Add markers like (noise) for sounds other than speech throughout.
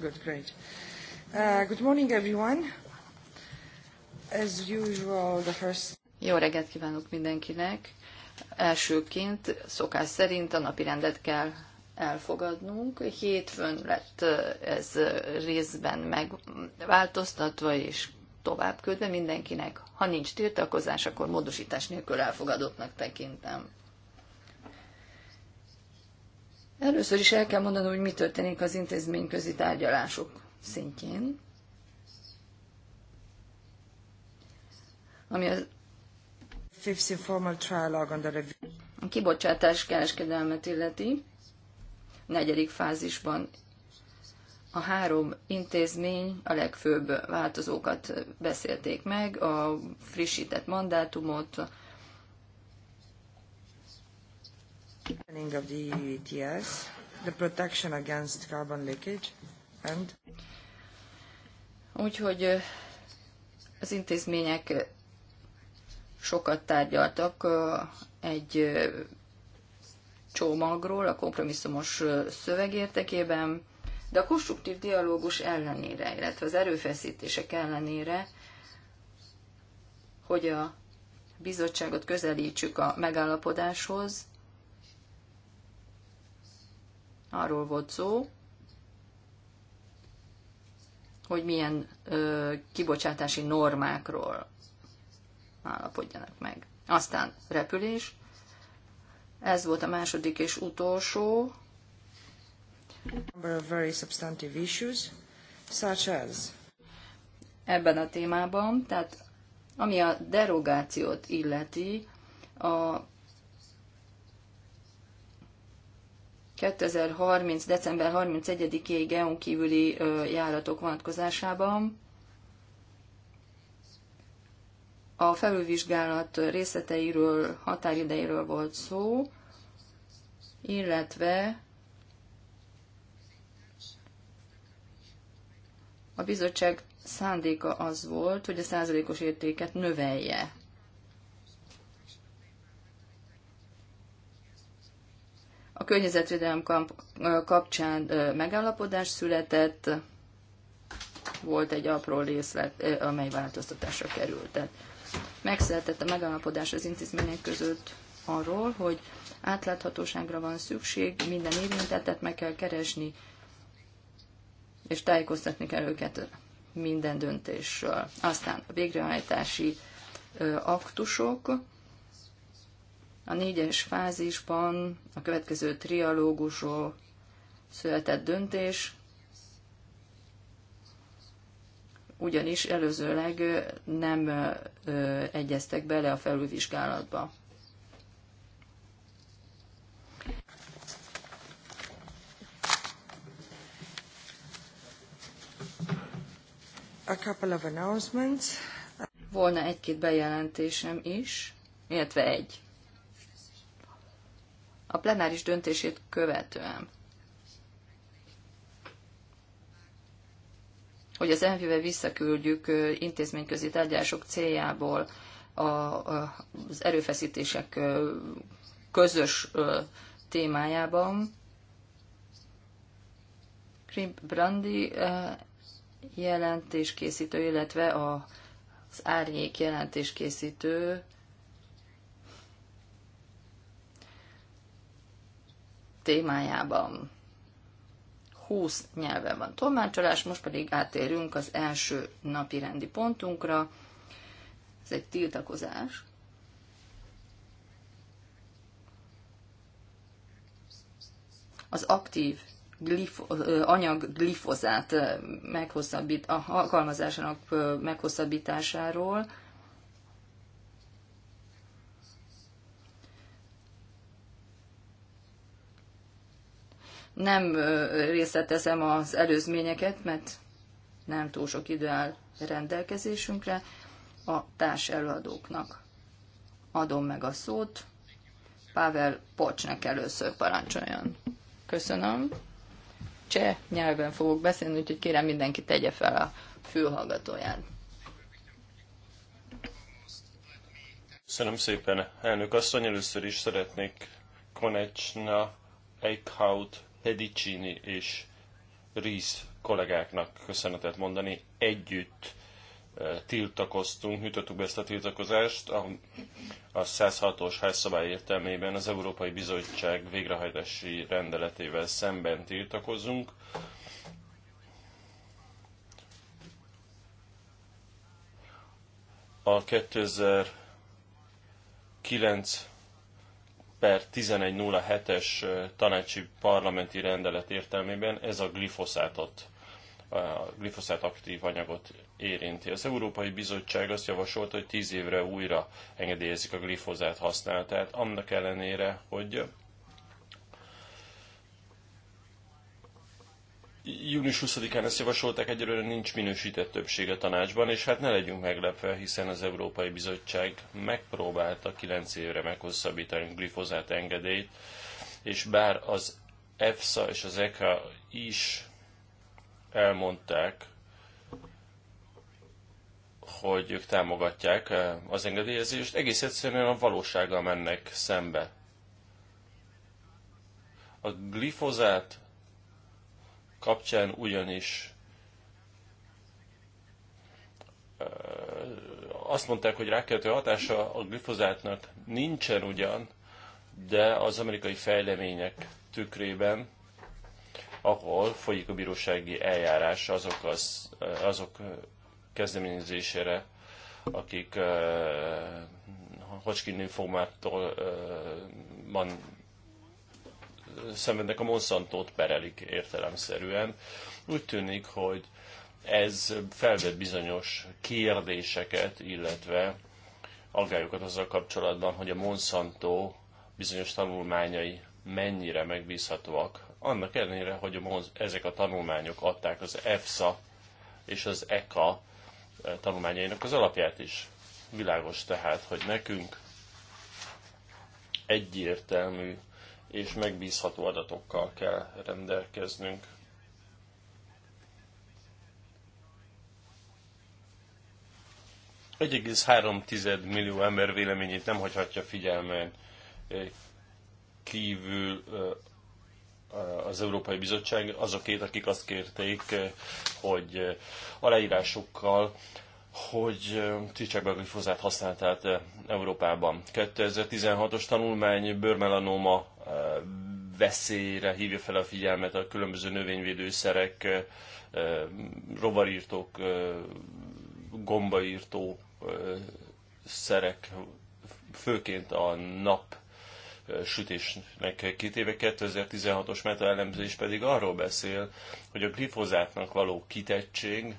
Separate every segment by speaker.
Speaker 1: good, great. Uh, good morning, everyone. As usual, the
Speaker 2: first... Jó reggelt kívánok mindenkinek! Elsőként szokás szerint a napi rendet kell elfogadnunk. Hétfőn lett uh, ez részben megváltoztatva és továbbködve mindenkinek. Ha nincs tiltakozás, akkor módosítás nélkül elfogadottnak tekintem. Először is el kell mondanom, hogy mi történik az intézményközi tárgyalások szintjén, ami az a kibocsátás kereskedelmet illeti, negyedik fázisban a három intézmény a legfőbb változókat beszélték meg, a frissített mandátumot, Of the ETS, the protection against carbon leakage and... Úgyhogy az intézmények sokat tárgyaltak egy csomagról, a kompromisszumos szöveg értekében, de a konstruktív dialógus ellenére, illetve az erőfeszítések ellenére, hogy a bizottságot közelítsük a megállapodáshoz, Arról volt szó, hogy milyen ö, kibocsátási normákról állapodjanak meg. Aztán repülés. Ez volt a második és utolsó. of very substantive issues, such as ebben a témában, tehát ami a derogációt illeti, a 2030. december 31-ig EON kívüli járatok vonatkozásában a felülvizsgálat részleteiről, határideiről volt szó, illetve a bizottság szándéka az volt, hogy a százalékos értéket növelje. A környezetvédelem kapcsán megállapodás született, volt egy apró részlet, amely változtatásra került. Tehát megszületett a megállapodás az intézmények között arról, hogy átláthatóságra van szükség, minden érintettet meg kell keresni, és tájékoztatni kell őket minden döntésről. Aztán a végrehajtási aktusok, a négyes fázisban a következő trialógusról született döntés, ugyanis előzőleg nem ö, egyeztek bele a felülvizsgálatba. A couple of announcements. Volna egy-két bejelentésem is, illetve egy a plenáris döntését követően. Hogy az MV-be visszaküldjük intézményközi tárgyalások céljából az erőfeszítések közös témájában. Krim Brandi jelentéskészítő, illetve az árnyék jelentéskészítő témájában. 20 nyelven van tolmácsolás, most pedig átérünk az első napi rendi pontunkra. Ez egy tiltakozás. Az aktív glifo, anyag glifozát meghosszabbít, a alkalmazásának meghosszabbításáról Nem részletezem az előzményeket, mert nem túl sok idő áll rendelkezésünkre. A társ előadóknak adom meg a szót. Pavel Pocsnak először parancsoljon. Köszönöm. Cseh nyelven fogok beszélni, úgyhogy kérem mindenki tegye fel a fülhallgatóját.
Speaker 3: Köszönöm szépen, elnök asszony. Először is szeretnék Konecsna Eichhaut Pedicini és Ries kollégáknak köszönetet mondani. Együtt tiltakoztunk, nyújtottuk be ezt a tiltakozást. A, a 106-os házszabály értelmében az Európai Bizottság végrehajtási rendeletével szemben tiltakozunk. A 2009 per 1107-es tanácsi parlamenti rendelet értelmében ez a glifoszátot a glifoszát aktív anyagot érinti. Az Európai Bizottság azt javasolta, hogy 10 évre újra engedélyezik a glifozát használatát, annak ellenére, hogy június 20-án ezt javasolták, egyelőre nincs minősített többség a tanácsban, és hát ne legyünk meglepve, hiszen az Európai Bizottság megpróbálta 9 évre meghosszabbítani a glifozát engedélyt, és bár az EFSA és az ECHA is elmondták, hogy ők támogatják eh, az engedélyezést, egész egyszerűen a valósággal mennek szembe. A glifozát kapcsán, ugyanis azt mondták, hogy rákkeltő hatása a glifozátnak nincsen ugyan, de az amerikai fejlemények tükrében, ahol folyik a bírósági eljárás azok, az, azok kezdeményezésére, akik uh, Hodgkin lymphomától uh, van szenvednek, a monsanto perelik értelemszerűen. Úgy tűnik, hogy ez felvet bizonyos kérdéseket, illetve aggályokat azzal kapcsolatban, hogy a Monsanto bizonyos tanulmányai mennyire megbízhatóak. Annak ellenére, hogy a Monz, ezek a tanulmányok adták az EFSA és az ECA tanulmányainak az alapját is. Világos tehát, hogy nekünk egyértelmű és megbízható adatokkal kell rendelkeznünk. tized millió ember véleményét nem hagyhatja figyelmen eh, kívül eh, az Európai Bizottság azokét, akik azt kérték, eh, hogy aláírásukkal hogy tiltsák be a glifozát Európában. 2016-os tanulmány bőrmelanoma veszélyre hívja fel a figyelmet a különböző növényvédőszerek, rovarírtók, gombaírtó szerek, főként a nap sütésnek két éve 2016-os metaelemzés pedig arról beszél, hogy a glifozátnak való kitettség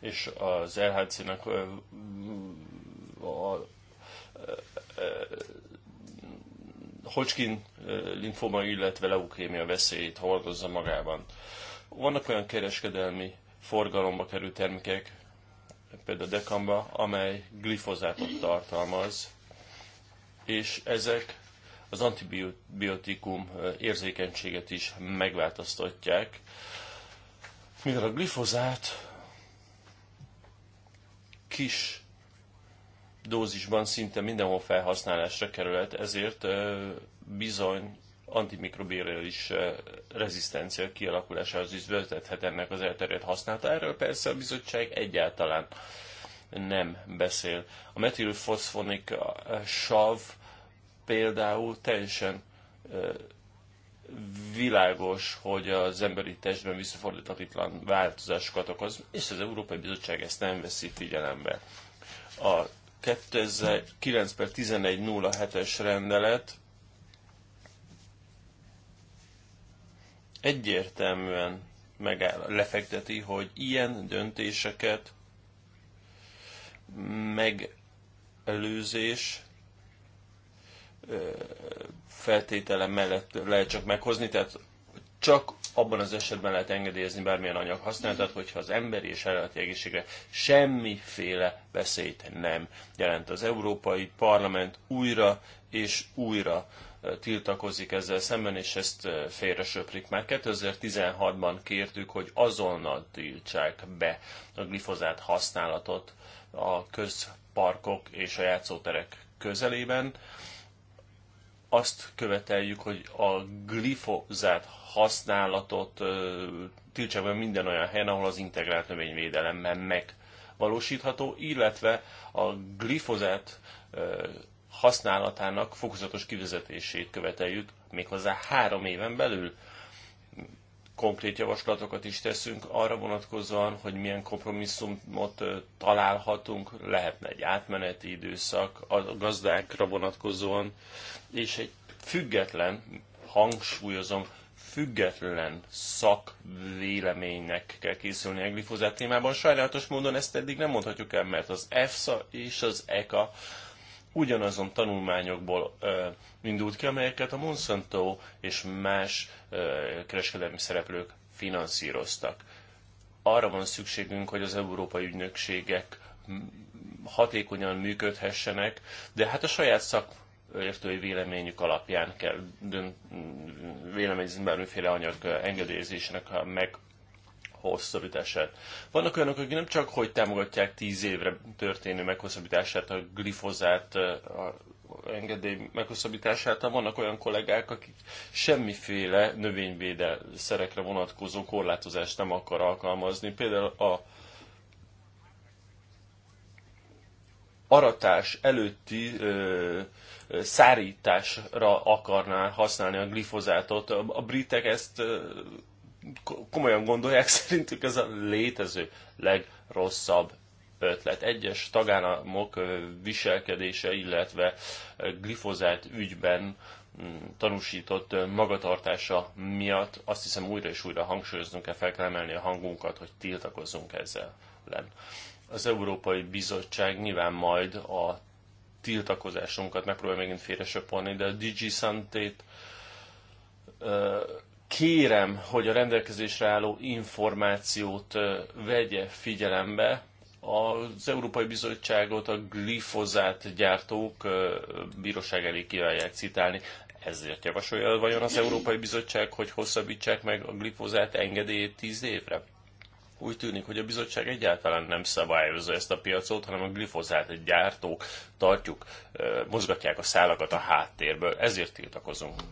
Speaker 3: és az LHC-nak a Hodgkin linfoma, illetve leukémia veszélyét hordozza magában. Vannak olyan kereskedelmi forgalomba került termékek, például Dekamba, amely glifozátot tartalmaz, és ezek az antibiotikum érzékenységet is megváltoztatják, mivel a glifozát kis dózisban szinte mindenhol felhasználásra kerülhet, ezért bizony antimikrobiális rezisztencia kialakulásához is vezethet ennek az elterjedt használata. Erről persze a bizottság egyáltalán nem beszél. A metilfoszfonik sav például teljesen világos, hogy az emberi testben visszafordíthatatlan változásokat okoz, és az Európai Bizottság ezt nem veszi figyelembe. A 2009 per 1107-es rendelet egyértelműen megáll, lefekteti, hogy ilyen döntéseket megelőzés feltétele mellett lehet csak meghozni, tehát csak abban az esetben lehet engedélyezni bármilyen anyag használatát, hogyha az emberi és állati egészségre semmiféle veszélyt nem jelent. Az Európai Parlament újra és újra eh, tiltakozik ezzel szemben, és ezt eh, félre söprik. Már 2016-ban kértük, hogy azonnal tiltsák be a glifozát használatot a közparkok és a játszóterek közelében. Azt követeljük, hogy a glifozát használatot tiltsák be minden olyan helyen, ahol az integrált növényvédelemben megvalósítható, illetve a glifozát használatának fokozatos kivezetését követeljük méghozzá három éven belül. Konkrét javaslatokat is teszünk arra vonatkozóan, hogy milyen kompromisszumot találhatunk, lehetne egy átmeneti időszak a gazdákra vonatkozóan, és egy független, hangsúlyozom, független szakvéleménynek kell készülni a glifozát témában. Sajnálatos módon ezt eddig nem mondhatjuk el, mert az EFSA és az ECA ugyanazon tanulmányokból ö, indult ki, amelyeket a Monsanto és más ö, kereskedelmi szereplők finanszíroztak. Arra van szükségünk, hogy az európai ügynökségek hatékonyan működhessenek, de hát a saját szak értői véleményük alapján kell dönt, véleményezni bármiféle anyag engedélyezésnek a meg hosszabbítását. Vannak olyanok, akik nem csak hogy támogatják 10 évre történő meghosszabbítását, a glifozát a engedély meghosszabbítását, hanem vannak olyan kollégák, akik semmiféle szerekre vonatkozó korlátozást nem akar alkalmazni. Például a aratás előtti ö, szárításra akarná használni a glifozátot. A britek ezt komolyan gondolják, (laughs) szerintük ez a létező legrosszabb ötlet. Egyes tagállamok viselkedése, illetve glifozát ügyben tanúsított magatartása miatt azt hiszem újra és újra hangsúlyoznunk kell, fel kell emelni a hangunkat, hogy tiltakozzunk ezzel ellen. Az Európai Bizottság nyilván majd a tiltakozásunkat megpróbál megint félre söpolni, de a DG Santét kérem, hogy a rendelkezésre álló információt vegye figyelembe. Az Európai Bizottságot a glifozát gyártók bíróság elé kívánják citálni. Ezért javasolja vajon az Európai Bizottság, hogy hosszabbítsák meg a glifozát engedélyét tíz évre? úgy tűnik, hogy a bizottság egyáltalán nem szabályozza ezt a piacot, hanem a glifozát gyártók tartjuk, mozgatják a szálakat a háttérből. Ezért tiltakozunk.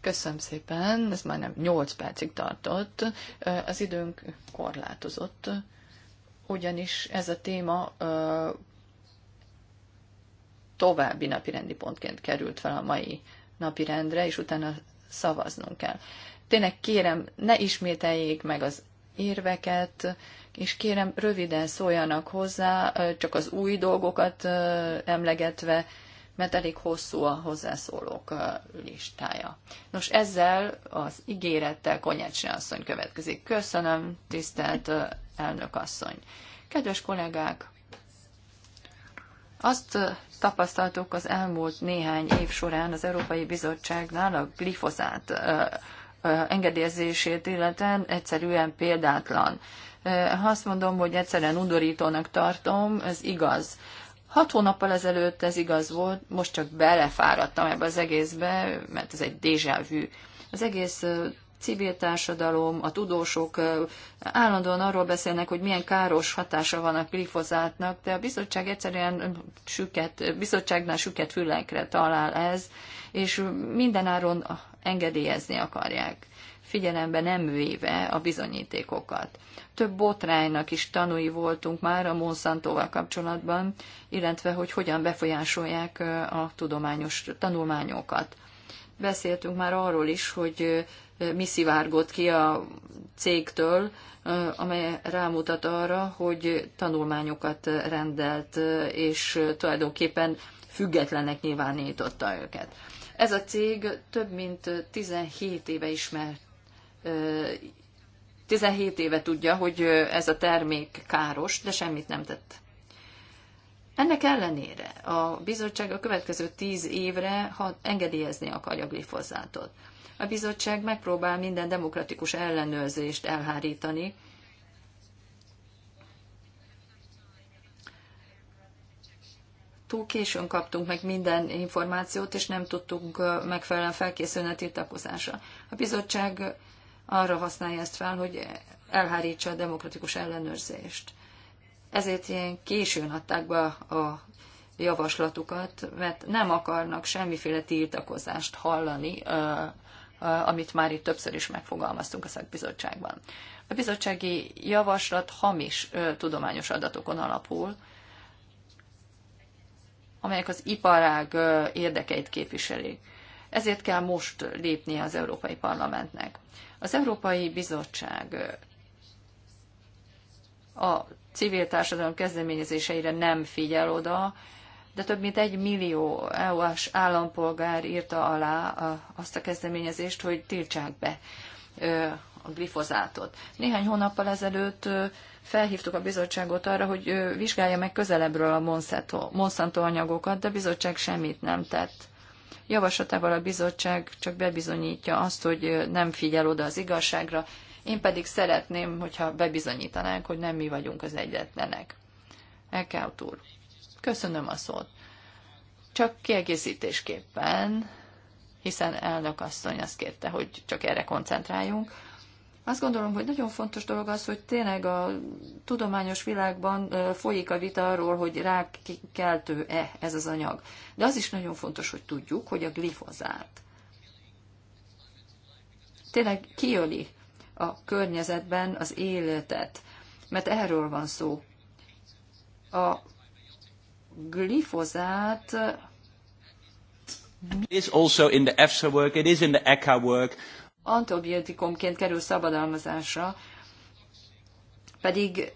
Speaker 2: Köszönöm szépen, ez már nem 8 percig tartott. Az időnk korlátozott, ugyanis ez a téma további napirendi pontként került fel a mai napirendre, és utána szavaznunk kell. Tényleg kérem, ne ismételjék meg az érveket, és kérem, röviden szóljanak hozzá, csak az új dolgokat emlegetve, mert elég hosszú a hozzászólók listája. Nos, ezzel az ígérettel Konyácsi asszony következik. Köszönöm, tisztelt elnök asszony. Kedves kollégák, azt tapasztaltuk az elmúlt néhány év során az Európai Bizottságnál a glifozát engedélyezését illetően egyszerűen példátlan. Ha azt mondom, hogy egyszerűen undorítónak tartom, ez igaz. Hat hónappal ezelőtt ez igaz volt, most csak belefáradtam ebbe az egészbe, mert ez egy déjà vu. Az egész civil társadalom, a tudósok állandóan arról beszélnek, hogy milyen káros hatása van a glifozátnak, de a bizottság egyszerűen süket, bizottságnál süket fülekre talál ez, és mindenáron engedélyezni akarják, figyelembe nem véve a bizonyítékokat. Több botránynak is tanúi voltunk már a Monsantóval kapcsolatban, illetve hogy hogyan befolyásolják a tudományos tanulmányokat. Beszéltünk már arról is, hogy mi szivárgott ki a cégtől, amely rámutat arra, hogy tanulmányokat rendelt, és tulajdonképpen függetlenek nyilvánította őket. Ez a cég több mint 17 éve ismert 17 éve tudja, hogy ez a termék káros, de semmit nem tett. Ennek ellenére a bizottság a következő 10 évre engedélyezni akarja a glifozátot. A bizottság megpróbál minden demokratikus ellenőrzést elhárítani, túl későn kaptunk meg minden információt, és nem tudtunk megfelelően felkészülni a tiltakozásra. A bizottság arra használja ezt fel, hogy elhárítsa a demokratikus ellenőrzést. Ezért ilyen későn adták be a javaslatukat, mert nem akarnak semmiféle tiltakozást hallani, amit már itt többször is megfogalmaztunk a szakbizottságban. A bizottsági javaslat hamis tudományos adatokon alapul, amelyek az iparág érdekeit képviselik. Ezért kell most lépnie az Európai Parlamentnek. Az Európai Bizottság a civil társadalom kezdeményezéseire nem figyel oda, de több mint egy millió EU-s állampolgár írta alá azt a kezdeményezést, hogy tiltsák be a glifozátot. Néhány hónappal ezelőtt felhívtuk a bizottságot arra, hogy vizsgálja meg közelebbről a Monsanto, Monsanto anyagokat, de a bizottság semmit nem tett. Javaslatával a bizottság csak bebizonyítja azt, hogy nem figyel oda az igazságra, én pedig szeretném, hogyha bebizonyítanánk, hogy nem mi vagyunk az egyetlenek. Elkáut úr, köszönöm a szót. Csak kiegészítésképpen, hiszen elnök asszony azt kérte, hogy csak erre koncentráljunk. Azt gondolom, hogy nagyon fontos dolog az, hogy tényleg a tudományos világban folyik a vita arról, hogy rákkeltő-e ez az anyag. De az is nagyon fontos, hogy tudjuk, hogy a glifozát tényleg kiöli a környezetben az életet, mert erről van szó. A glifozát It is
Speaker 4: also in the EFSA work, it is in the ECHA work,
Speaker 2: antibiotikumként kerül szabadalmazásra, pedig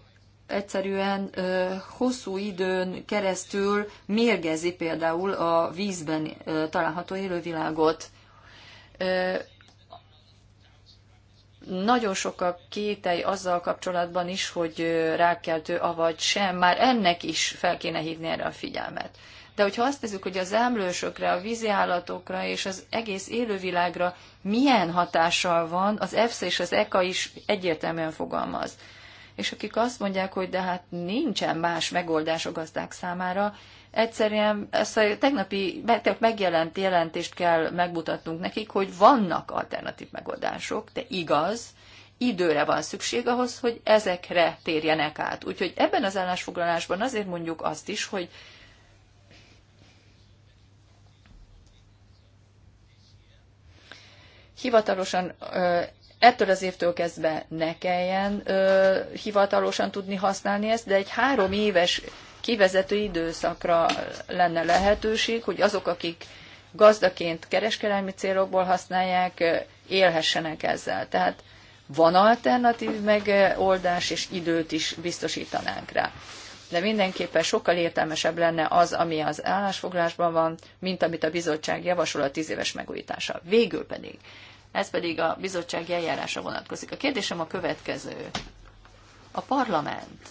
Speaker 2: egyszerűen ö, hosszú időn keresztül mérgezi például a vízben ö, található élővilágot. Ö, nagyon sok a kételj azzal kapcsolatban is, hogy rákkeltő avagy sem, már ennek is fel kéne hívni erre a figyelmet de hogyha azt tezzük, hogy az emlősökre, a állatokra és az egész élővilágra milyen hatással van, az EFSZ és az ECA is egyértelműen fogalmaz. És akik azt mondják, hogy de hát nincsen más megoldás a gazdák számára, egyszerűen ezt a tegnapi megjelent jelentést kell megmutatnunk nekik, hogy vannak alternatív megoldások, de igaz, időre van szükség ahhoz, hogy ezekre térjenek át. Úgyhogy ebben az állásfoglalásban azért mondjuk azt is, hogy hivatalosan ettől az évtől kezdve ne kelljen hivatalosan tudni használni ezt, de egy három éves kivezető időszakra lenne lehetőség, hogy azok, akik gazdaként kereskedelmi célokból használják, élhessenek ezzel. Tehát van alternatív megoldás, és időt is biztosítanánk rá. De mindenképpen sokkal értelmesebb lenne az, ami az állásfoglásban van, mint amit a bizottság javasol a tíz éves megújítása. Végül pedig ez pedig a bizottság eljárása vonatkozik. A kérdésem a következő. A parlament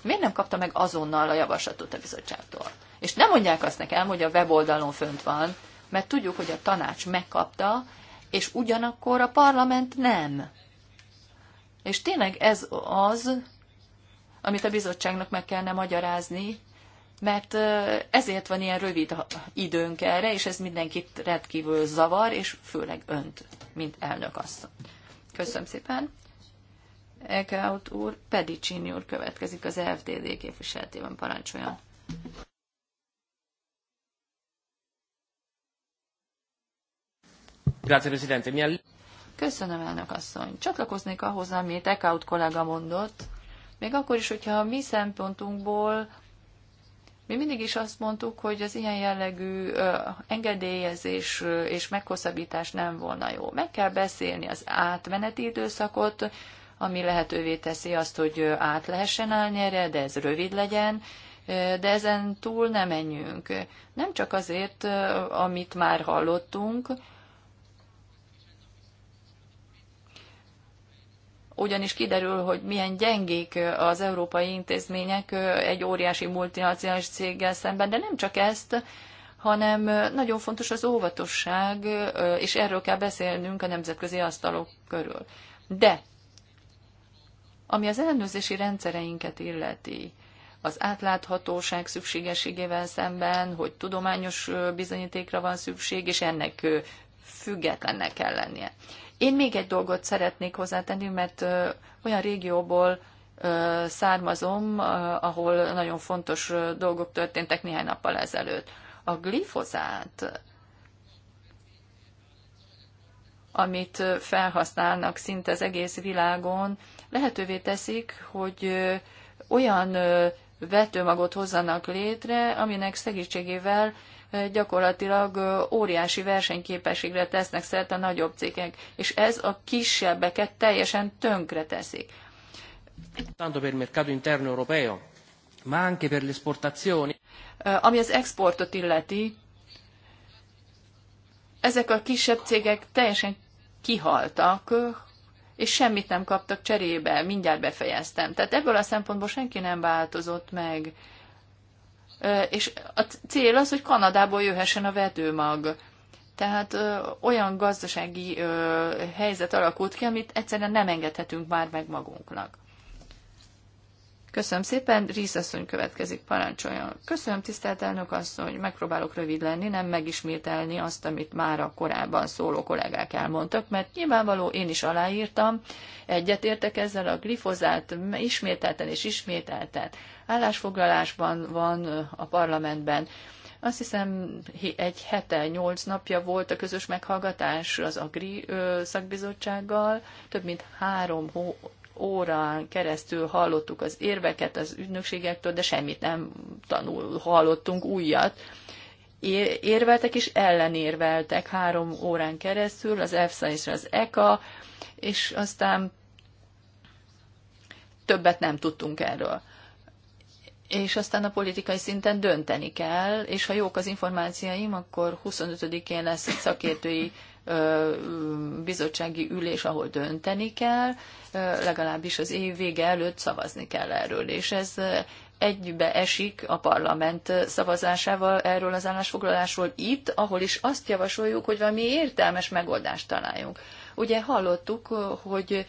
Speaker 2: miért nem kapta meg azonnal a javaslatot a bizottságtól? És nem mondják azt nekem, hogy a weboldalon fönt van, mert tudjuk, hogy a tanács megkapta, és ugyanakkor a parlament nem. És tényleg ez az, amit a bizottságnak meg kellene magyarázni, mert ezért van ilyen rövid időnk erre, és ez mindenkit rendkívül zavar, és főleg önt, mint elnök azt. Köszönöm szépen. Eckhout úr, Pedicsini úr következik az FDD képviseletében, parancsoljon. Köszönöm, elnök asszony. Csatlakoznék ahhoz, amit Eckhout kollega mondott, még akkor is, hogyha a mi szempontunkból mi mindig is azt mondtuk, hogy az ilyen jellegű engedélyezés és meghosszabbítás nem volna jó. Meg kell beszélni az átmeneti időszakot, ami lehetővé teszi azt, hogy át lehessen állni erre, de ez rövid legyen, de ezen túl nem menjünk. Nem csak azért, amit már hallottunk, ugyanis kiderül, hogy milyen gyengék az európai intézmények egy óriási multinacionális céggel szemben, de nem csak ezt, hanem nagyon fontos az óvatosság, és erről kell beszélnünk a nemzetközi asztalok körül. De, ami az ellenőrzési rendszereinket illeti, az átláthatóság szükségességével szemben, hogy tudományos bizonyítékra van szükség, és ennek függetlennek kell lennie. Én még egy dolgot szeretnék hozzátenni, mert olyan régióból származom, ahol nagyon fontos dolgok történtek néhány nappal ezelőtt. A glifozát, amit felhasználnak szinte az egész világon, lehetővé teszik, hogy olyan vetőmagot hozzanak létre, aminek segítségével gyakorlatilag óriási versenyképességre tesznek szert a nagyobb cégek, és ez a kisebbeket teljesen tönkre teszik. Tanto per il mercato interno europeo, ma anche per le esportazioni. Ami az exportot illeti, ezek a kisebb cégek teljesen kihaltak, és semmit nem kaptak cserébe, mindjárt befejeztem. Tehát ebből a szempontból senki nem változott meg és a cél az, hogy Kanadából jöhessen a vetőmag. Tehát ö, olyan gazdasági ö, helyzet alakult ki, amit egyszerűen nem engedhetünk már meg magunknak. Köszönöm szépen, Rízasszony következik, parancsoljon. Köszönöm, tisztelt elnök asszony, megpróbálok rövid lenni, nem megismételni azt, amit már a korábban szóló kollégák elmondtak, mert nyilvánvaló, én is aláírtam, egyetértek ezzel a glifozát, ismételten és ismételten állásfoglalásban van a parlamentben. Azt hiszem egy hete, nyolc napja volt a közös meghallgatás az Agri szakbizottsággal, több mint három hó, órán keresztül hallottuk az érveket az ügynökségektől, de semmit nem tanul, hallottunk újat. Érveltek és ellenérveltek három órán keresztül, az EFSA és az ECA, és aztán többet nem tudtunk erről. És aztán a politikai szinten dönteni kell, és ha jók az információim, akkor 25-én lesz egy szakértői bizottsági ülés, ahol dönteni kell, legalábbis az év vége előtt szavazni kell erről, és ez egybe esik a parlament szavazásával erről az állásfoglalásról itt, ahol is azt javasoljuk, hogy valami értelmes megoldást találjunk. Ugye hallottuk, hogy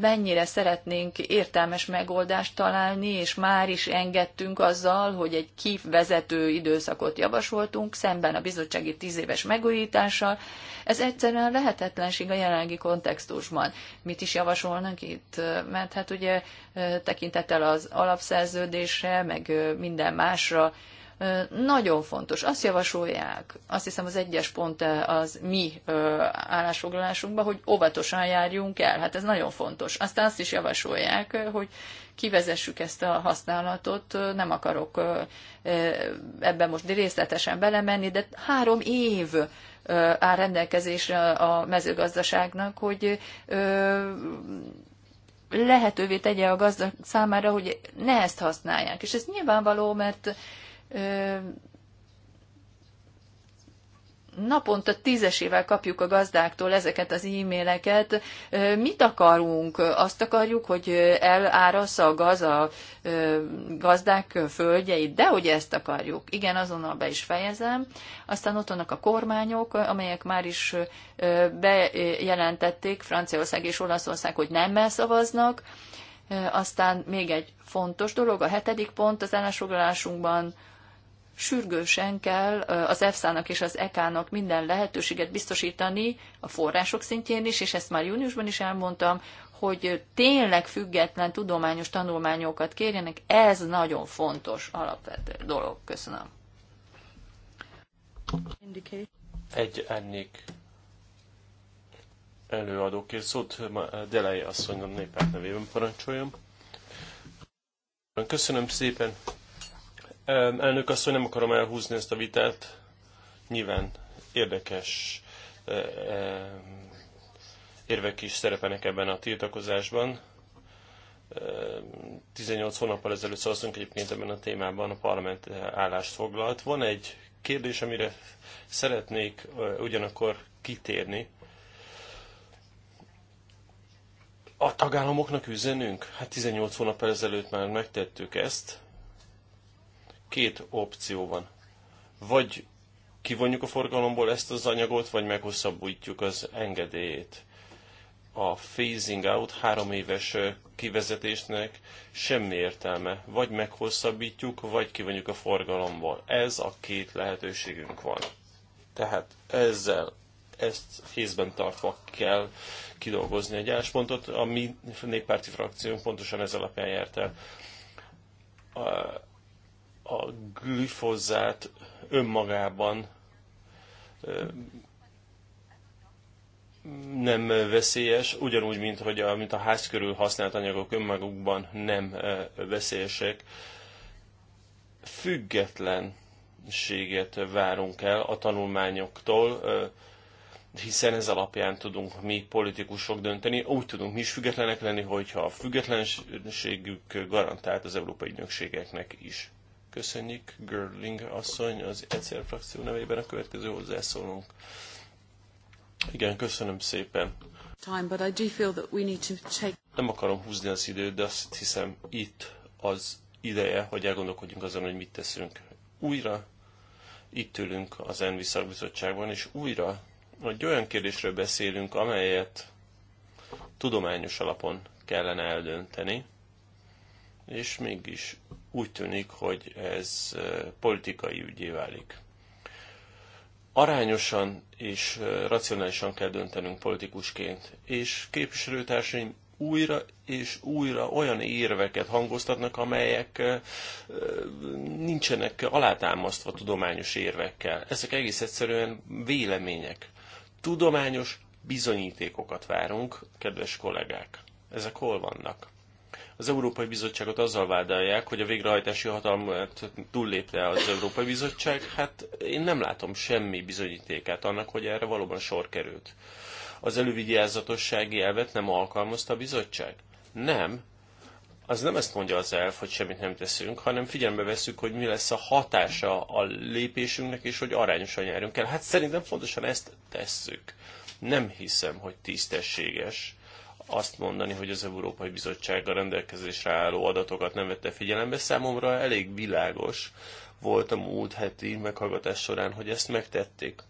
Speaker 2: mennyire szeretnénk értelmes megoldást találni, és már is engedtünk azzal, hogy egy kivezető időszakot javasoltunk, szemben a bizottsági tíz éves megújítással. Ez egyszerűen lehetetlenség a jelenlegi kontextusban. Mit is javasolnak itt? Mert hát ugye tekintettel az alapszerződésre, meg minden másra, nagyon fontos. Azt javasolják, azt hiszem az egyes pont az mi állásfoglalásunkban, hogy óvatosan járjunk el. Hát ez nagyon fontos. Aztán azt is javasolják, hogy kivezessük ezt a használatot. Nem akarok ebben most részletesen belemenni, de három év áll rendelkezésre a mezőgazdaságnak, hogy lehetővé tegye a gazda számára, hogy ne ezt használják. És ez nyilvánvaló, mert naponta tízesével kapjuk a gazdáktól ezeket az e-maileket. Mit akarunk? Azt akarjuk, hogy elárassza a gaz a gazdák földjeit, de hogy ezt akarjuk. Igen, azonnal be is fejezem. Aztán ott vannak a kormányok, amelyek már is bejelentették Franciaország és Olaszország, hogy nem szavaznak. Aztán még egy fontos dolog, a hetedik pont az állásfoglalásunkban, sürgősen kell az EFSA-nak és az EK-nak minden lehetőséget biztosítani a források szintjén is, és ezt már júniusban is elmondtam, hogy tényleg független tudományos tanulmányokat kérjenek, ez nagyon fontos alapvető dolog. Köszönöm.
Speaker 3: Egy ennyik előadókért szót, eh, Delei asszonynak népek nevében parancsoljam. Köszönöm szépen, Elnök asszony, nem akarom elhúzni ezt a vitát. Nyilván érdekes e, e, érvek is szerepelnek ebben a tiltakozásban. 18 e, hónappal ezelőtt szavaztunk egyébként ebben a témában, a parlament állást foglalt. Van egy kérdés, amire szeretnék ugyanakkor kitérni. A tagállamoknak üzenünk? Hát 18 hónap ezelőtt már megtettük ezt két opció van. Vagy kivonjuk a forgalomból ezt az anyagot, vagy meghosszabbítjuk az engedélyét. A phasing out három éves kivezetésnek semmi értelme. Vagy meghosszabbítjuk, vagy kivonjuk a forgalomból. Ez a két lehetőségünk van. Tehát ezzel ezt kézben tartva kell kidolgozni egy álláspontot. A mi néppárti frakciónk pontosan ez alapján járt el a glifozát önmagában nem veszélyes, ugyanúgy, mint, hogy a, mint a ház körül használt anyagok önmagukban nem veszélyesek. Függetlenséget várunk el a tanulmányoktól, hiszen ez alapján tudunk mi politikusok dönteni, úgy tudunk mi is függetlenek lenni, hogyha a függetlenségük garantált az európai ügynökségeknek is. Köszönjük, Görling asszony, az egyszer frakció nevében a következő hozzászólunk. Igen, köszönöm szépen.
Speaker 2: Time, but I do feel that we need to take...
Speaker 3: Nem akarom húzni az időt, de azt hiszem itt az ideje, hogy elgondolkodjunk azon, hogy mit teszünk. Újra itt ülünk az ENVI szakbizottságban, és újra egy olyan kérdésről beszélünk, amelyet tudományos alapon kellene eldönteni, és mégis úgy tűnik, hogy ez politikai ügyé válik. Arányosan és racionálisan kell döntenünk politikusként, és képviselőtársaim újra és újra olyan érveket hangoztatnak, amelyek nincsenek alátámasztva tudományos érvekkel. Ezek egész egyszerűen vélemények. Tudományos bizonyítékokat várunk, kedves kollégák. Ezek hol vannak? az Európai Bizottságot azzal vádálják, hogy a végrehajtási hatalmat túllépte az Európai Bizottság. Hát én nem látom semmi bizonyítékát annak, hogy erre valóban sor került. Az elővigyázatossági elvet nem alkalmazta a bizottság? Nem. Az nem ezt mondja az elf, hogy semmit nem teszünk, hanem figyelembe veszük, hogy mi lesz a hatása a lépésünknek, és hogy arányosan járjunk el. Hát szerintem fontosan ezt tesszük. Nem hiszem, hogy tisztességes azt mondani, hogy az Európai Bizottság a rendelkezésre álló adatokat nem vette figyelembe. Számomra elég világos volt a múlt heti meghallgatás során, hogy ezt megtették.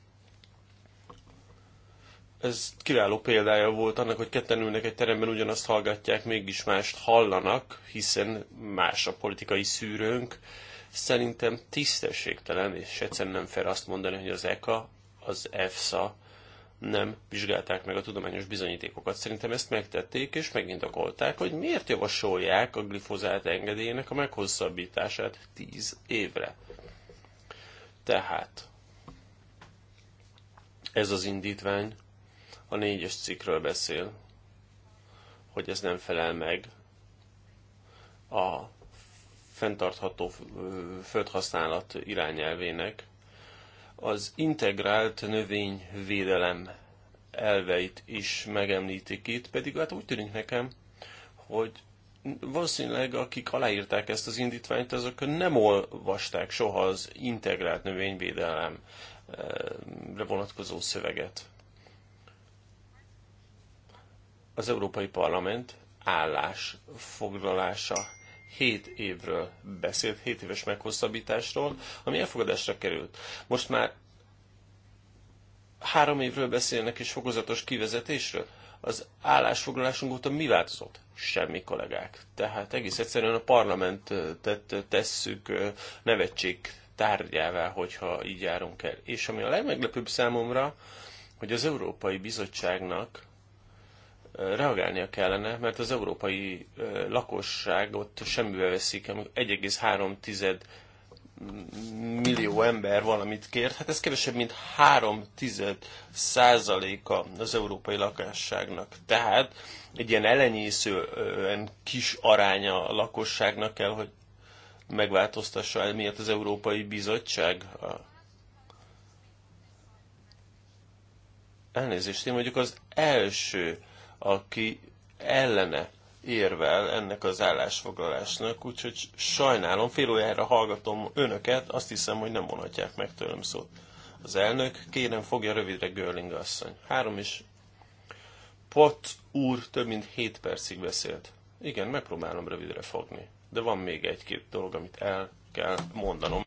Speaker 3: Ez kiváló példája volt annak, hogy ketten ülnek egy teremben, ugyanazt hallgatják, mégis mást hallanak, hiszen más a politikai szűrőnk. Szerintem tisztességtelen, és egyszerűen nem fel azt mondani, hogy az ECA, az EFSA, nem vizsgálták meg a tudományos bizonyítékokat. Szerintem ezt megtették és megindokolták, hogy miért javasolják a glifozát engedélyének a meghosszabbítását 10 évre. Tehát ez az indítvány a négyes cikkről beszél, hogy ez nem felel meg a fenntartható földhasználat irányelvének, az integrált növényvédelem elveit is megemlítik itt, pedig hát úgy tűnik nekem, hogy valószínűleg akik aláírták ezt az indítványt, azok nem olvasták soha az integrált növényvédelemre vonatkozó szöveget. Az Európai Parlament állásfoglalása 7 évről beszélt, 7 éves meghosszabbításról, ami elfogadásra került. Most már három évről beszélnek és fokozatos kivezetésről. Az állásfoglalásunk óta mi változott? Semmi kollégák. Tehát egész egyszerűen a parlamentet tesszük nevetség tárgyává, hogyha így járunk el. És ami a legmeglepőbb számomra, hogy az Európai Bizottságnak reagálnia kellene, mert az európai lakosságot semmibe veszik, 1,3 millió ember valamit kért, hát ez kevesebb, mint 3 tized százaléka az európai lakosságnak. Tehát egy ilyen elenyészően kis aránya a lakosságnak kell, hogy megváltoztassa miatt az Európai Bizottság a elnézést, én vagyok az első aki ellene érvel ennek az állásfoglalásnak, úgyhogy sajnálom, félójára hallgatom önöket, azt hiszem, hogy nem vonhatják meg tőlem szót. Az elnök, kérem fogja rövidre Görling asszony. Három is. Pot úr több mint hét percig beszélt. Igen, megpróbálom rövidre fogni. De van még egy-két dolog, amit el kell mondanom.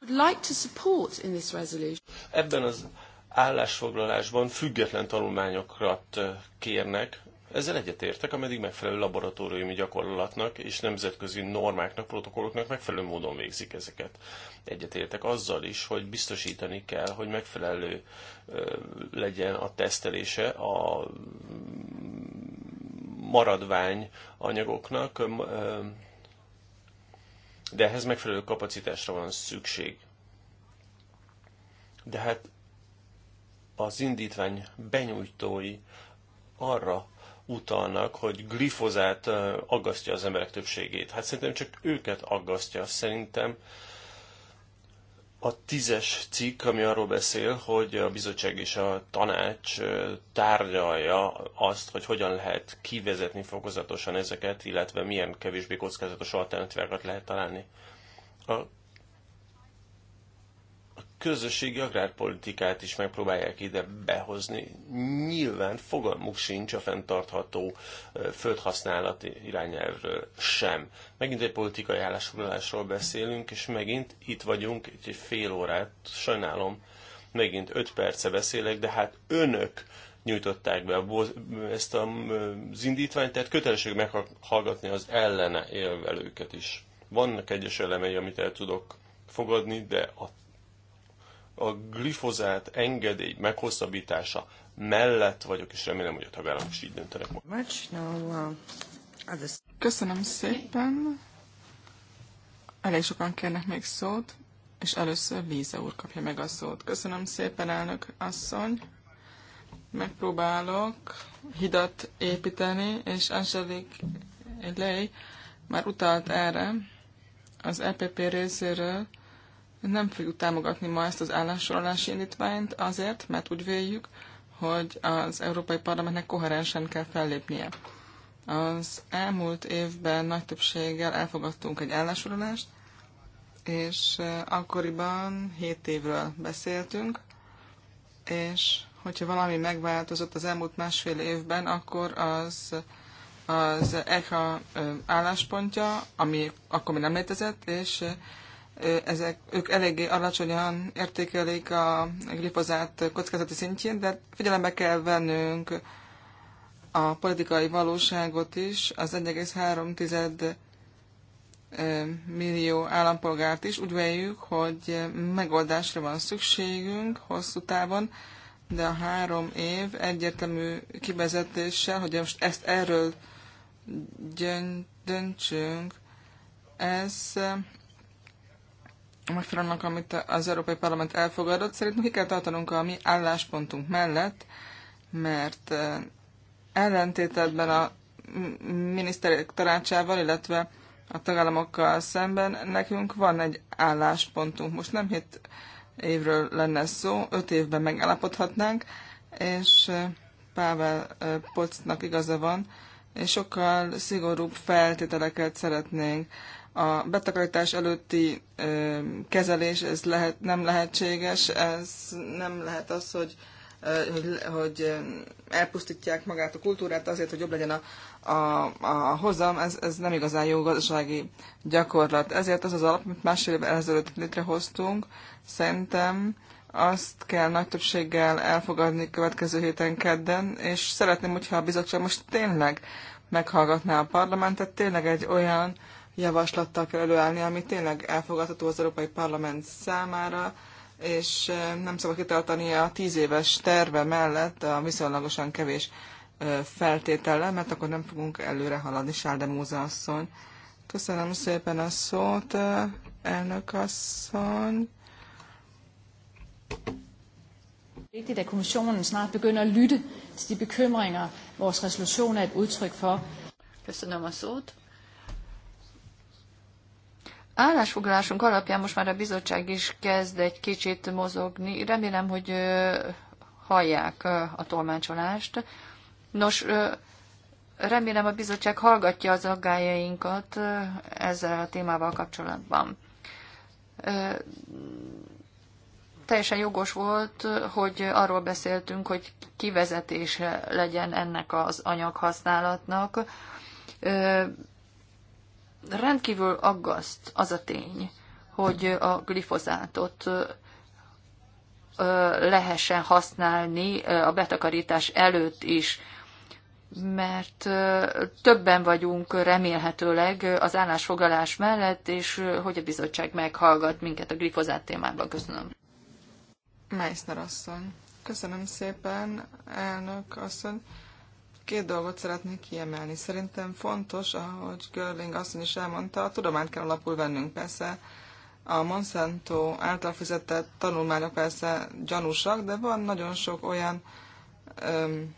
Speaker 3: Ebben az állásfoglalásban független tanulmányokat kérnek, ezzel egyetértek, ameddig megfelelő laboratóriumi gyakorlatnak és nemzetközi normáknak, protokolloknak megfelelő módon végzik ezeket. Egyetértek azzal is, hogy biztosítani kell, hogy megfelelő legyen a tesztelése a maradvány anyagoknak, de ehhez megfelelő kapacitásra van szükség. De hát az indítvány benyújtói arra utalnak, hogy glifozát aggasztja az emberek többségét. Hát szerintem csak őket aggasztja. Szerintem a tízes cikk, ami arról beszél, hogy a bizottság és a tanács tárgyalja azt, hogy hogyan lehet kivezetni fokozatosan ezeket, illetve milyen kevésbé kockázatos alternatívákat lehet találni. A közösségi agrárpolitikát is megpróbálják ide behozni. Nyilván fogalmuk sincs a fenntartható földhasználati irányelvről sem. Megint egy politikai állásfoglalásról beszélünk, és megint itt vagyunk, egy fél órát, sajnálom, megint öt perce beszélek, de hát önök nyújtották be ezt az indítványt, tehát kötelesség meghallgatni az ellene élvelőket is. Vannak egyes elemei, amit el tudok fogadni, de a a glifozát engedély meghosszabbítása mellett vagyok, és remélem, hogy a tagállamok is így döntenek.
Speaker 1: Uh, Köszönöm szépen. Elég sokan kérnek még szót, és először Líza úr kapja meg a szót. Köszönöm szépen, elnök asszony. Megpróbálok hidat építeni, és Angelik Lej már utalt erre az EPP részéről, nem fogjuk támogatni ma ezt az állásorolási indítványt azért, mert úgy véljük, hogy az Európai Parlamentnek koherensen kell fellépnie. Az elmúlt évben nagy többséggel elfogadtunk egy állásorolást, és akkoriban 7 évről beszéltünk, és hogyha valami megváltozott az elmúlt másfél évben, akkor az az eha álláspontja, ami akkor még nem létezett, és ezek, ők eléggé alacsonyan értékelik a glifozát kockázati szintjén, de figyelembe kell vennünk a politikai valóságot is, az 1,3 millió állampolgárt is. Úgy véljük, hogy megoldásra van szükségünk hosszú távon, de a három év egyértelmű kivezetéssel, hogy most ezt erről döntsünk, ez megfelelnek, amit az Európai Parlament elfogadott. Szerintem ki kell tartanunk a mi álláspontunk mellett, mert eh, ellentétedben a miniszterek tanácsával, illetve a tagállamokkal szemben nekünk van egy álláspontunk. Most nem hét évről lenne szó, öt évben megállapodhatnánk, és eh, Pável eh, Pocnak igaza van, és sokkal szigorúbb feltételeket szeretnénk a betakarítás előtti ö, kezelés ez lehet, nem lehetséges, ez nem lehet az, hogy, ö, hogy, hogy elpusztítják magát a kultúrát azért, hogy jobb legyen a, a, a hozam, ez, ez nem igazán jó gazdasági gyakorlat. Ezért az az alap, amit másfél évvel ezelőtt létrehoztunk, szerintem azt kell nagy többséggel elfogadni következő héten kedden, és szeretném, hogyha a bizottság most tényleg meghallgatná a parlamentet, tényleg egy olyan javaslattal kell előállni, ami tényleg elfogadható az Európai Parlament számára, és nem szabad kitartani a tíz éves terve mellett a viszonylagosan kevés feltétele, mert akkor nem fogunk előre haladni, Sálde Múza asszony. Köszönöm szépen a szót, elnök asszony. Er vigtigt, at kommissionen snart begynder at lytte til de
Speaker 2: bekymringer, vores resolution er et udtryk for. Köszönöm a szót állásfoglalásunk alapján most már a bizottság is kezd egy kicsit mozogni. Remélem, hogy hallják a tolmácsolást. Nos, remélem a bizottság hallgatja az aggájainkat ezzel a témával kapcsolatban. Teljesen jogos volt, hogy arról beszéltünk, hogy kivezetése legyen ennek az anyaghasználatnak rendkívül aggaszt az a tény, hogy a glifozátot lehessen használni a betakarítás előtt is, mert többen vagyunk remélhetőleg az állásfoglalás mellett, és hogy a bizottság meghallgat minket a glifozát témában. Köszönöm.
Speaker 1: Meissner asszony. Köszönöm szépen, elnök asszony. Két dolgot szeretnék kiemelni. Szerintem fontos, ahogy Görling azt is elmondta, a tudományt kell alapul vennünk. Persze a Monsanto által fizetett tanulmányok persze gyanúsak, de van nagyon sok olyan öm,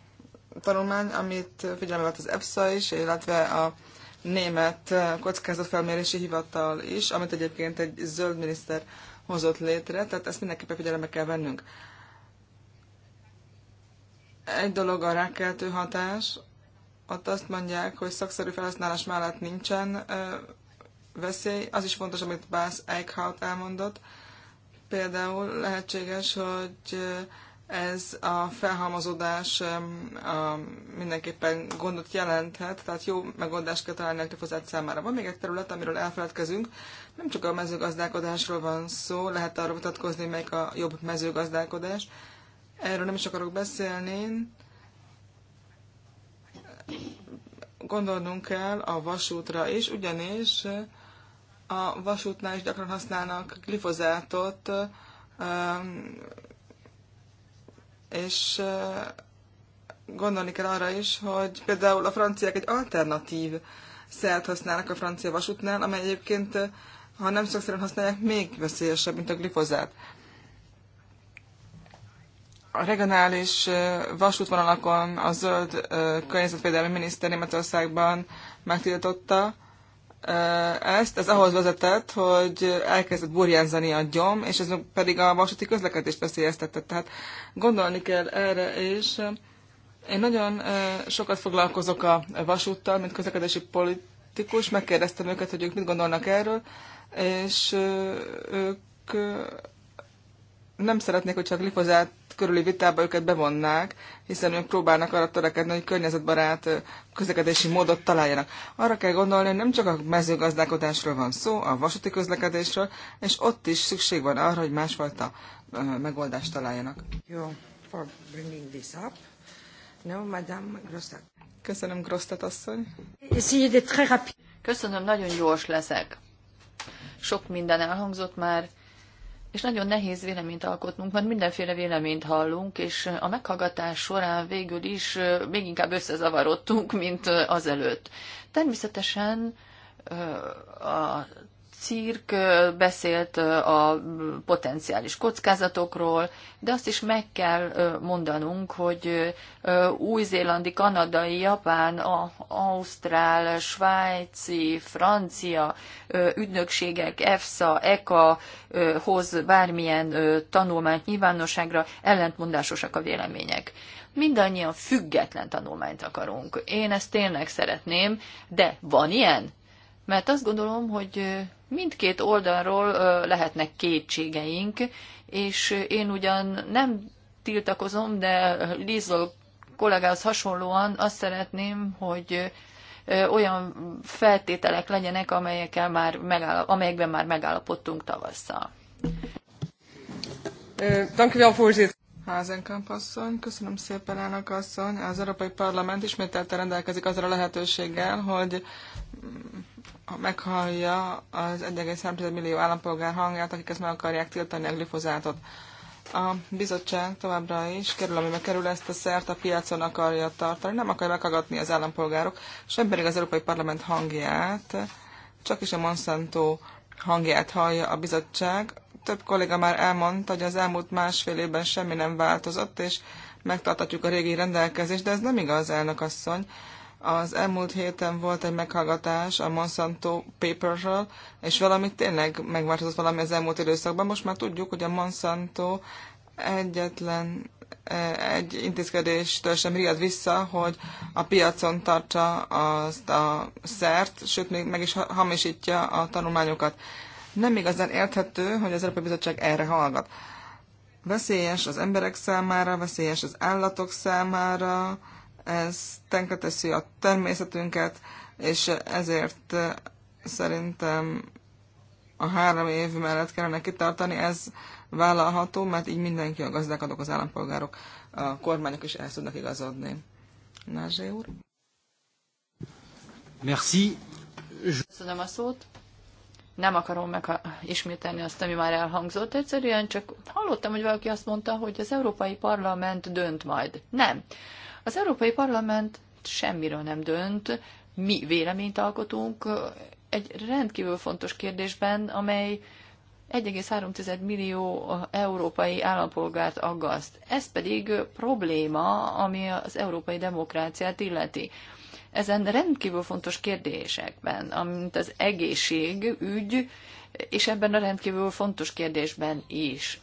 Speaker 1: tanulmány, amit figyelembe az EFSA is, illetve a német kockázatfelmérési hivatal is, amit egyébként egy zöld miniszter hozott létre, tehát ezt mindenképpen figyelembe kell vennünk. Egy dolog a rákkeltő hatás, ott azt mondják, hogy szakszerű felhasználás mellett nincsen ö, veszély. Az is fontos, amit Bász Eichhout elmondott. Például lehetséges, hogy ez a felhalmozódás ö, ö, mindenképpen gondot jelenthet, tehát jó megoldást kell találni a glifozát számára. Van még egy terület, amiről elfeledkezünk. Nem csak a mezőgazdálkodásról van szó, lehet arra mutatkozni, melyik a jobb mezőgazdálkodás, erről nem is akarok beszélni. Gondolnunk kell a vasútra is, ugyanis a vasútnál is gyakran használnak glifozátot, um, és uh, gondolni kell arra is, hogy például a franciák egy alternatív szert használnak a francia vasútnál, amely egyébként, ha nem szakszerűen használják, még veszélyesebb, mint a glifozát a regionális vasútvonalakon a zöld környezetvédelmi miniszter Németországban megtiltotta ezt. Ez ahhoz vezetett, hogy elkezdett burjánzani a gyom, és ez pedig a vasúti közlekedést veszélyeztette. Tehát gondolni kell erre, és én nagyon sokat foglalkozok a vasúttal, mint közlekedési politikus, megkérdeztem őket, hogy ők mit gondolnak erről, és ők nem szeretnék, hogyha a glifozát körüli vitába őket bevonnák, hiszen ők próbálnak arra törekedni, hogy környezetbarát közlekedési módot találjanak. Arra kell gondolni, hogy nem csak a mezőgazdálkodásról van szó, a vasúti közlekedésről, és ott is szükség van arra, hogy másfajta megoldást találjanak. Jó, for bringing this up. No, Madame Grosset. Köszönöm, Grosztat asszony. Köszönöm, nagyon
Speaker 2: gyors leszek. Sok minden elhangzott már, és nagyon nehéz véleményt alkotnunk, mert mindenféle véleményt hallunk, és a meghallgatás során végül is még inkább összezavarodtunk, mint azelőtt. Természetesen a Cirk beszélt a potenciális kockázatokról, de azt is meg kell mondanunk, hogy új-zélandi, kanadai, japán, ausztrál, svájci, francia ügynökségek, EFSA, ECA hoz bármilyen tanulmányt nyilvánosságra ellentmondásosak a vélemények mindannyian független tanulmányt akarunk. Én ezt tényleg szeretném, de van ilyen? Mert azt gondolom, hogy mindkét oldalról lehetnek kétségeink, és én ugyan nem tiltakozom, de Lizol kollégához hasonlóan azt szeretném, hogy olyan feltételek legyenek, amelyekkel már megállap, amelyekben már megállapodtunk tavasszal.
Speaker 1: Házenkamp asszony, köszönöm szépen, elnök asszony. Az Európai Parlament ismételten rendelkezik azzal a lehetőséggel, hogy meghallja az 1,3 millió állampolgár hangját, akik ezt meg akarják tiltani a glifozátot. A bizottság továbbra is kerül, amiben kerül ezt a szert, a piacon akarja tartani, nem akarja meghallgatni az állampolgárok, sem pedig az Európai Parlament hangját, csak is a Monsanto hangját hallja a bizottság. Több kolléga már elmondta, hogy az elmúlt másfél évben semmi nem változott, és megtartatjuk a régi rendelkezést, de ez nem igaz, elnök asszony. Az elmúlt héten volt egy meghallgatás a Monsanto Papers-ről, és valami tényleg megváltozott valami az elmúlt időszakban. Most már tudjuk, hogy a Monsanto egyetlen e, egy intézkedéstől sem riad vissza, hogy a piacon tartsa azt a szert, sőt, még meg is hamisítja a tanulmányokat. Nem igazán érthető, hogy az Európai Bizottság erre hallgat. Veszélyes az emberek számára, veszélyes az állatok számára, ez tenkreteszi a természetünket, és ezért eh, szerintem a három év mellett kellene kitartani, ez vállalható, mert így mindenki, a adok az állampolgárok, a kormányok is el tudnak igazodni. Názsé úr. Merci. Köszönöm a
Speaker 2: szót. Nem akarom meg ismételni azt, ami már elhangzott. Egyszerűen csak hallottam, hogy valaki azt mondta, hogy az Európai Parlament dönt majd. Nem. Az Európai Parlament semmiről nem dönt, mi véleményt alkotunk egy rendkívül fontos kérdésben, amely 1,3 millió európai állampolgárt aggaszt. Ez pedig probléma, ami az európai demokráciát illeti. Ezen rendkívül fontos kérdésekben, amint az egészség, ügy, és ebben a rendkívül fontos kérdésben is.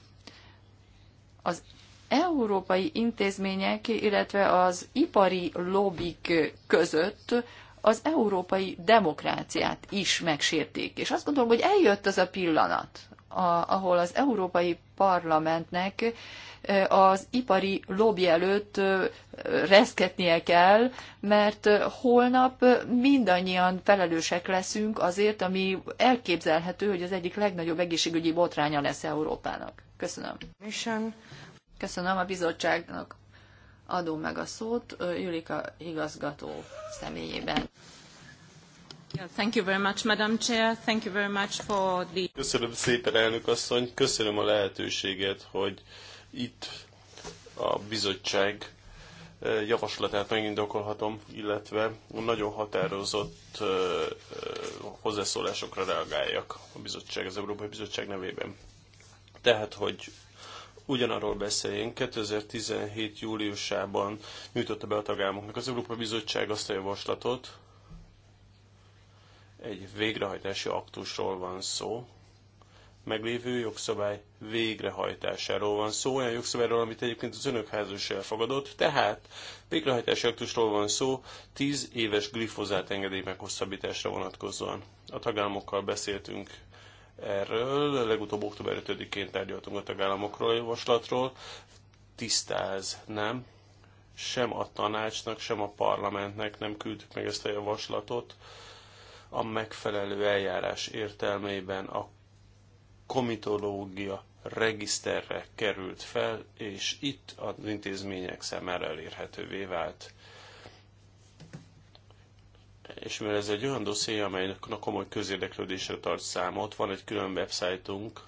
Speaker 2: Az európai intézmények, illetve az ipari lobbik között az európai demokráciát is megsérték. És azt gondolom, hogy eljött az a pillanat, ahol az Európai Parlamentnek az ipari lobby előtt reszketnie kell, mert holnap mindannyian felelősek leszünk azért, ami elképzelhető, hogy az egyik legnagyobb egészségügyi botránya lesz Európának. Köszönöm. Köszönöm a bizottságnak adom meg a szót Julika igazgató személyében. Thank you very much, Madam Chair. Thank you very much for the...
Speaker 3: Köszönöm szépen, elnök asszony. Köszönöm a lehetőséget, hogy itt a bizottság javaslatát megindokolhatom, illetve nagyon határozott hozzászólásokra reagáljak a bizottság, az Európai Bizottság nevében. Tehát, hogy ugyanarról beszéljünk. 2017. júliusában nyújtotta be a tagállamoknak az Európai Bizottság azt a javaslatot, egy végrehajtási aktusról van szó, meglévő jogszabály végrehajtásáról van szó, olyan jogszabályról, amit egyébként az önök ház is elfogadott, tehát végrehajtási aktusról van szó 10 éves glifozát engedély meghosszabbításra vonatkozóan. A tagállamokkal beszéltünk erről. Legutóbb október 5-én tárgyaltunk a tagállamokról a javaslatról. Tisztáz, nem? Sem a tanácsnak, sem a parlamentnek nem küldtük meg ezt a javaslatot. A megfelelő eljárás értelmében a komitológia regiszterre került fel, és itt az intézmények számára elérhetővé vált és mivel ez egy olyan dosszé, amelynek a komoly közérdeklődésre tart számot, van egy külön websájtunk,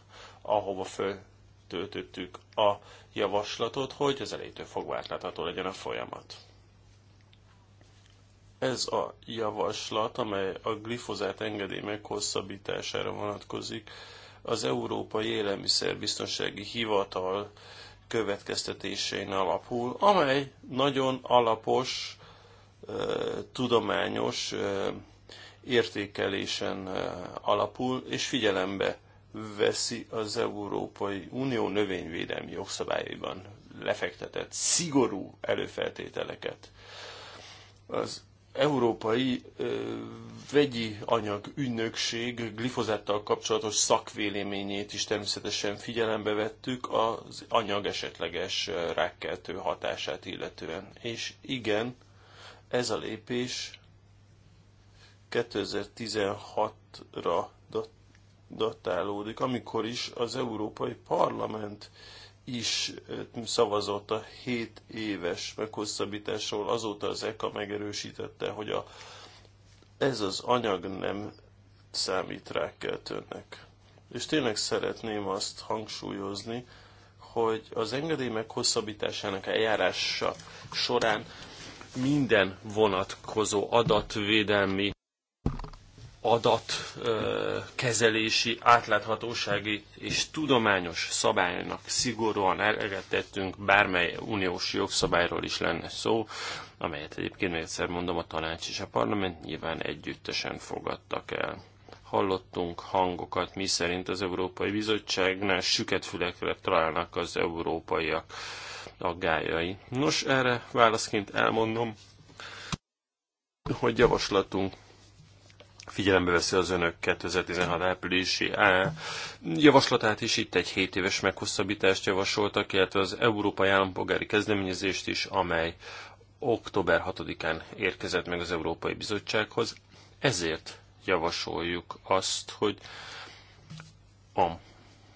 Speaker 3: ahova feltöltöttük a javaslatot, hogy az elejétől fogva átlátható legyen a folyamat. Ez a javaslat, amely a glifozát engedély meghosszabbítására vonatkozik, az Európai Élelmiszerbiztonsági Hivatal következtetésén alapul, amely nagyon alapos, tudományos értékelésen alapul, és figyelembe veszi az Európai Unió növényvédelmi jogszabályaiban lefektetett szigorú előfeltételeket. Az Európai ö, Vegyi Anyag Ügynökség glifozáttal kapcsolatos szakvéleményét is természetesen figyelembe vettük az anyag esetleges rákkeltő hatását illetően. És igen, ez a lépés 2016-ra datálódik, amikor is az Európai Parlament is szavazott a 7 éves meghosszabbításról, azóta az ECA megerősítette, hogy a, ez az anyag nem számít rákkeltőnek. És tényleg szeretném azt hangsúlyozni, hogy az engedély meghosszabbításának eljárása során minden vonatkozó adatvédelmi, adatkezelési, átláthatósági és tudományos szabálynak szigorúan eleget tettünk, bármely uniós jogszabályról is lenne szó, amelyet egyébként még egyszer mondom, a tanács és a parlament nyilván együttesen fogadtak el hallottunk hangokat, mi szerint az Európai Bizottságnál süket fülekre találnak az európaiak aggájai. Nos, erre válaszként elmondom, hogy javaslatunk figyelembe veszi az önök 2016 áprilisi á, javaslatát is, itt egy 7 éves meghosszabbítást javasoltak, illetve az Európai Állampolgári Kezdeményezést is, amely október 6-án érkezett meg az Európai Bizottsághoz. Ezért javasoljuk azt, hogy a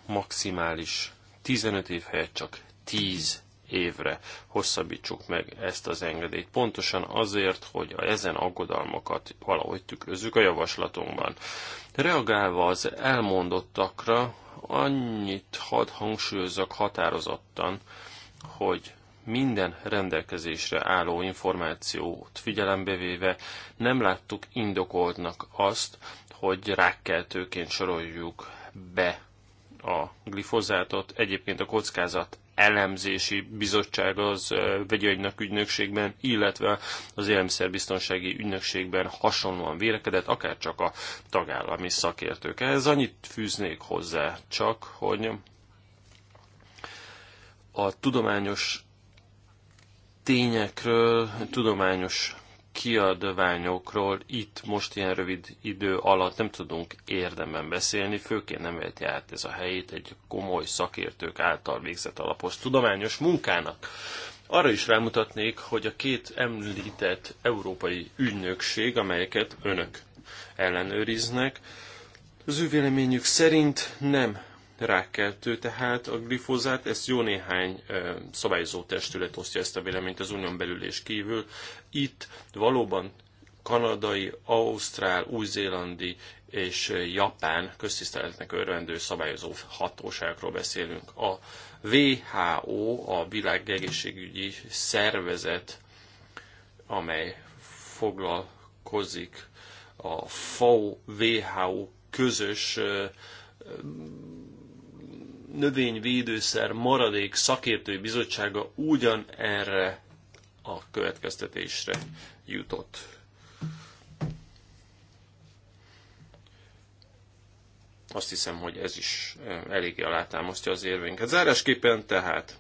Speaker 3: maximális 15 év helyett csak 10 évre hosszabbítsuk meg ezt az engedélyt. Pontosan azért, hogy ezen aggodalmakat valahogy tükrözzük a javaslatunkban. Reagálva az elmondottakra, annyit hadd hangsúlyozzak határozottan, hogy minden rendelkezésre álló információt figyelembe véve nem láttuk indokoltnak azt, hogy rákkeltőként soroljuk be a glifozátot. Egyébként a kockázat elemzési bizottság az vegyőgynak ügynökségben, illetve az élelmiszerbiztonsági ügynökségben hasonlóan vélekedett, akár csak a tagállami szakértők. Ez annyit fűznék hozzá csak, hogy a tudományos tényekről, tudományos kiadványokról itt most ilyen rövid idő alatt nem tudunk érdemben beszélni, főként nem veheti át ez a helyét egy komoly szakértők által végzett alapos tudományos munkának. Arra is rámutatnék, hogy a két említett európai ügynökség, amelyeket önök ellenőriznek, az ő véleményük szerint nem rákkeltő, tehát a glifozát, ezt jó néhány szabályozó testület osztja ezt a véleményt az unión belül és kívül. Itt valóban kanadai, ausztrál, új-zélandi és japán köztiszteletnek örvendő szabályozó hatóságról beszélünk. A WHO, a Világegészségügyi Szervezet, amely foglalkozik a FAO-WHO közös növényvédőszer maradék szakértői bizottsága ugyan erre a következtetésre jutott. Azt hiszem, hogy ez is eh, eléggé alátámasztja az érvénket. Zárásképpen tehát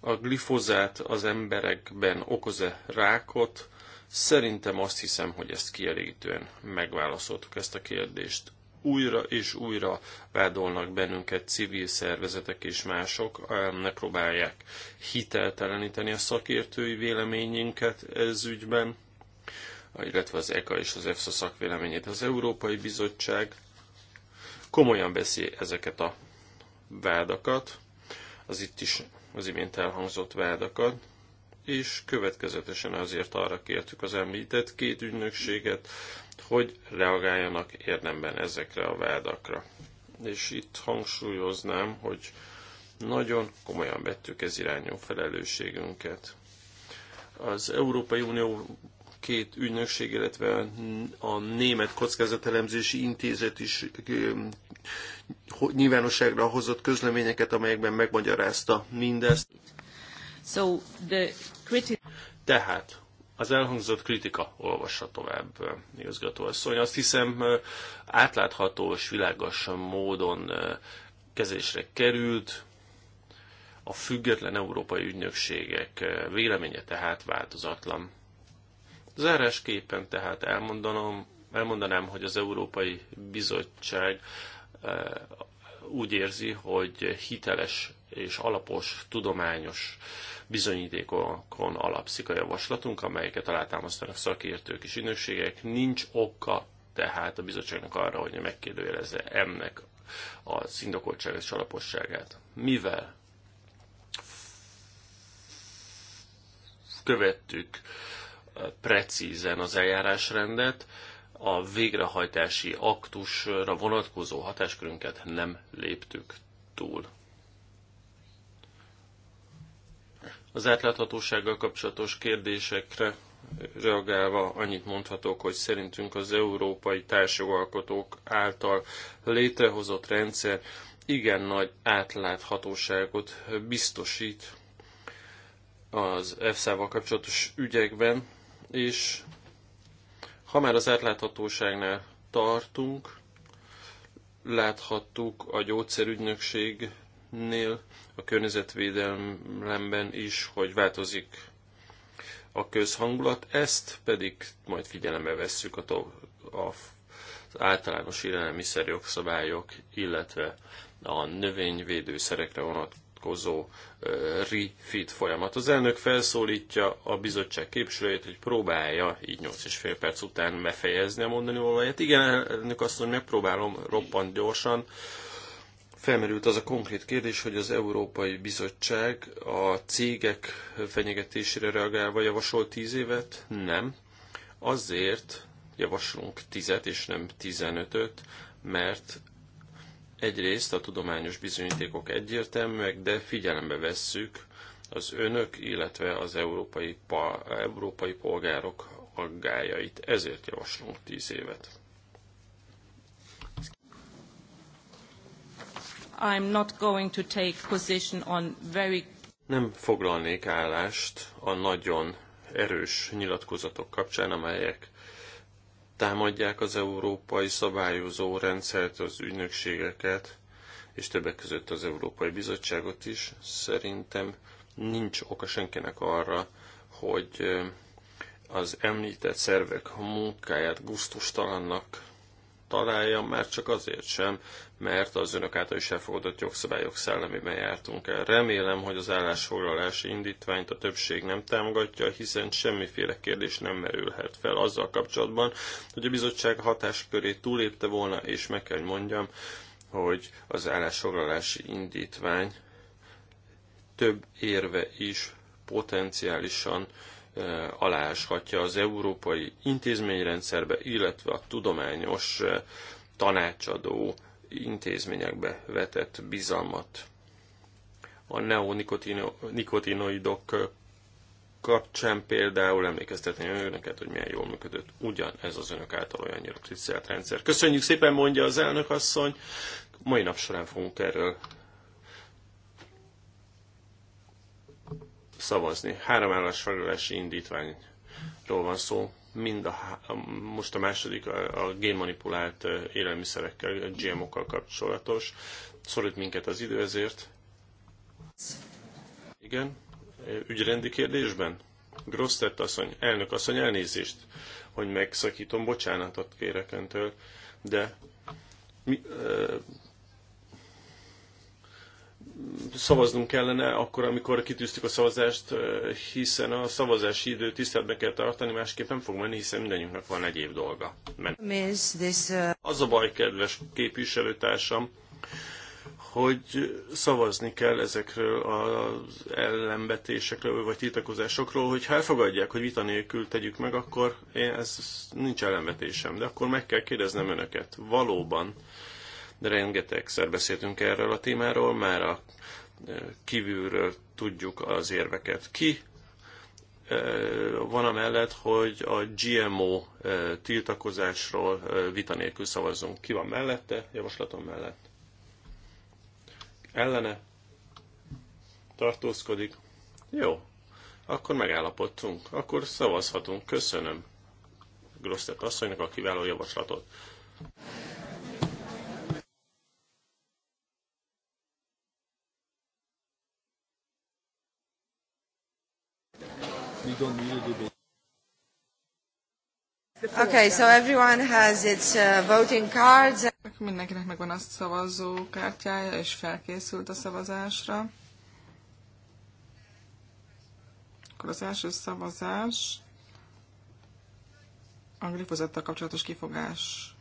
Speaker 3: a glifozát az emberekben okoz-e rákot? Szerintem azt hiszem, hogy ezt kielégítően megválaszoltuk ezt a kérdést újra és újra vádolnak bennünket civil szervezetek és mások, próbálják hitelteleníteni a szakértői véleményünket ez ügyben, illetve az ECA és az EFSA szakvéleményét. Az Európai Bizottság komolyan veszi ezeket a vádakat, az itt is az imént elhangzott vádakat, és következetesen azért arra kértük az említett két ügynökséget, hogy reagáljanak érdemben ezekre a vádakra. És itt hangsúlyoznám, hogy nagyon komolyan vettük ez irányú felelősségünket. Az Európai Unió két ügynökség, illetve a Német Kockázatelemzési Intézet is nyilvánosságra hozott közleményeket, amelyekben megmagyarázta mindezt. So the criti- Tehát az elhangzott kritika, olvassa tovább igazgatóasszony, azt hiszem átlátható és világos módon kezésre került, a független európai ügynökségek véleménye tehát változatlan. Zárásképpen tehát elmondanom, elmondanám, hogy az Európai Bizottság úgy érzi, hogy hiteles és alapos tudományos bizonyítékokon alapszik a javaslatunk, amelyeket alátámasztanak szakértők és ügynökségek. Nincs oka tehát a bizottságnak arra, hogy megkérdőjelezze emnek a indokoltságát és alaposságát. Mivel követtük eh, precízen az eljárásrendet, a végrehajtási aktusra vonatkozó hatáskörünket nem léptük túl. Az átláthatósággal kapcsolatos kérdésekre reagálva annyit mondhatok, hogy szerintünk az európai társjogalkotók által létrehozott rendszer igen nagy átláthatóságot biztosít az EFSA-val kapcsolatos ügyekben, és ha már az átláthatóságnál tartunk, láthattuk a gyógyszerügynökségnél a környezetvédelemben is, hogy változik a közhangulat, ezt pedig majd figyelembe vesszük a, a az általános élelmiszer jogszabályok, illetve a növényvédőszerekre vonatkozó refit folyamat. Az elnök felszólítja a bizottság képviselőjét, hogy próbálja így 8 és fél perc után befejezni a mondani valóját. Igen, elnök azt mondja, megpróbálom roppant gyorsan. Felmerült az a konkrét kérdés, hogy az Európai Bizottság a cégek fenyegetésére reagálva javasol tíz évet? Nem. Azért javaslunk tizet és nem tizenötöt, mert egyrészt a tudományos bizonyítékok egyértelműek, de figyelembe vesszük az önök, illetve az európai, európai polgárok aggájait. Ezért javaslunk tíz évet.
Speaker 2: I'm not going to take position on very...
Speaker 3: Nem foglalnék állást a nagyon erős nyilatkozatok kapcsán, amelyek támadják az európai szabályozó rendszert, az ügynökségeket, és többek között az Európai Bizottságot is. Szerintem nincs oka senkinek arra, hogy az említett szervek munkáját guztustalannak találja, már csak azért sem, mert az önök által is elfogadott jogszabályok szellemében jártunk el. Remélem, hogy az állásfoglalási indítványt a többség nem támogatja, hiszen semmiféle kérdés nem merülhet fel azzal kapcsolatban, hogy a bizottság hatáskörét túlépte volna, és meg kell mondjam, hogy az állásfoglalási indítvány több érve is potenciálisan aláshatja az európai intézményrendszerbe, illetve a tudományos tanácsadó intézményekbe vetett bizalmat. A neonikotinoidok kapcsán például emlékeztetni önöket, hogy milyen jól működött ugyan ez az önök által olyan kritizált rendszer. Köszönjük szépen, mondja az elnök asszony. Mai nap során fogunk erről szavazni. Három állásfoglalási indítványról van szó, mind a, most a második a, a génmanipulált élelmiszerekkel, a GMO-kkal kapcsolatos. Szorít minket az idő ezért. Igen, ügyrendi kérdésben? tett asszony, elnök asszony, elnézést, hogy megszakítom, bocsánatot kérek öntől, de mi, ö, szavaznunk kellene akkor, amikor kitűztük a szavazást, hiszen a szavazási idő tiszteletben kell tartani, másképp nem fog menni, hiszen mindannyiunknak van egy év dolga. Az a baj, kedves képviselőtársam, hogy szavazni kell ezekről az ellenbetésekről, vagy tiltakozásokról, hogy ha elfogadják, hogy vita nélkül tegyük meg, akkor én ez nincs ellenvetésem, de akkor meg kell kérdeznem önöket. Valóban de rengetegszer beszéltünk erről a témáról, már a e, kívülről tudjuk az érveket. Ki e, van amellett, hogy a GMO e, tiltakozásról vita nélkül szavazzunk. Ki van mellette? Javaslatom mellett. Ellene? Tartózkodik? Jó. Akkor megállapodtunk. Akkor szavazhatunk. Köszönöm. Grosztett asszonynak a kiváló javaslatot.
Speaker 4: We don't need a debate.
Speaker 1: Okay, so everyone has its uh, voting cards. Mindenkinek megvan a szavazó kártyája, és felkészült a szavazásra. Akkor az első szavazás a glifozattal kapcsolatos kifogásra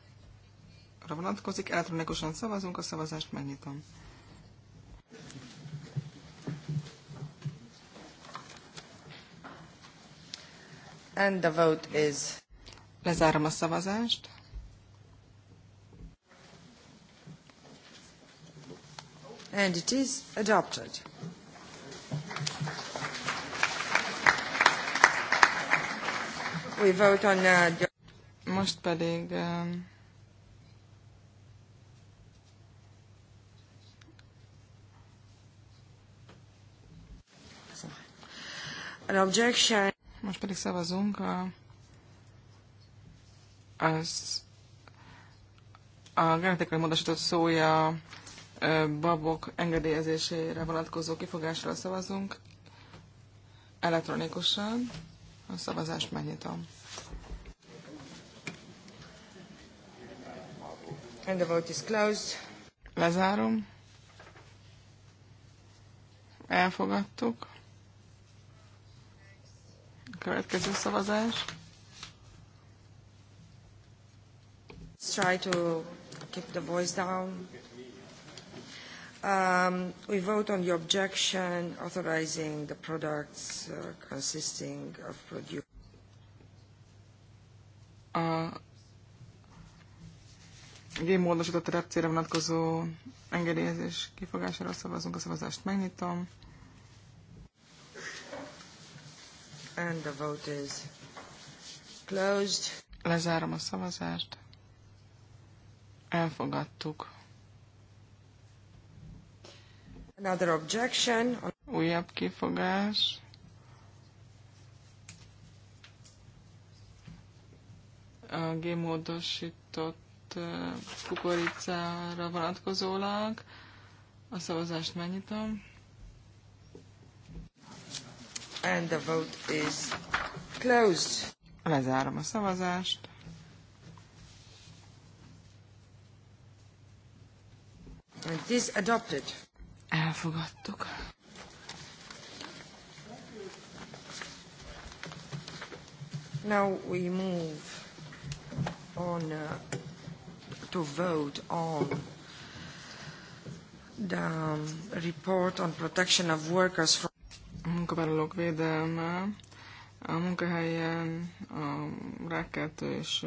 Speaker 1: vonatkozik. Elektronikusan szavazunk, a szavazást megnyitom. And the vote is... Lezárom a szavazást. And it is adopted. We vote on... Uh, Most pedig... Um, an objection most pedig szavazunk a, az, a genetikai módosított szója babok engedélyezésére vonatkozó kifogásra szavazunk. Elektronikusan a szavazást megnyitom. And the vote is closed. Lezárom. Elfogadtuk következő szavazás. Let's try to keep the voice down. Um, we vote on the objection authorizing the products uh, consisting of produce. A gémmódosított repcére vonatkozó engedélyezés kifogására szavazunk, a szavazást megnyitom. And the vote is closed. Lezárom a szavazást. Elfogadtuk. Another objection. Újabb kifogás. A gémódosított kukoricára vonatkozólag. A szavazást megnyitom. And the vote is closed. Lezárom a szavazást.
Speaker 2: It is adopted.
Speaker 1: Elfogadtuk. Now we move on uh, to vote on the um, report on protection of workers from munkavállalók védelme a munkahelyen a rákkeltő és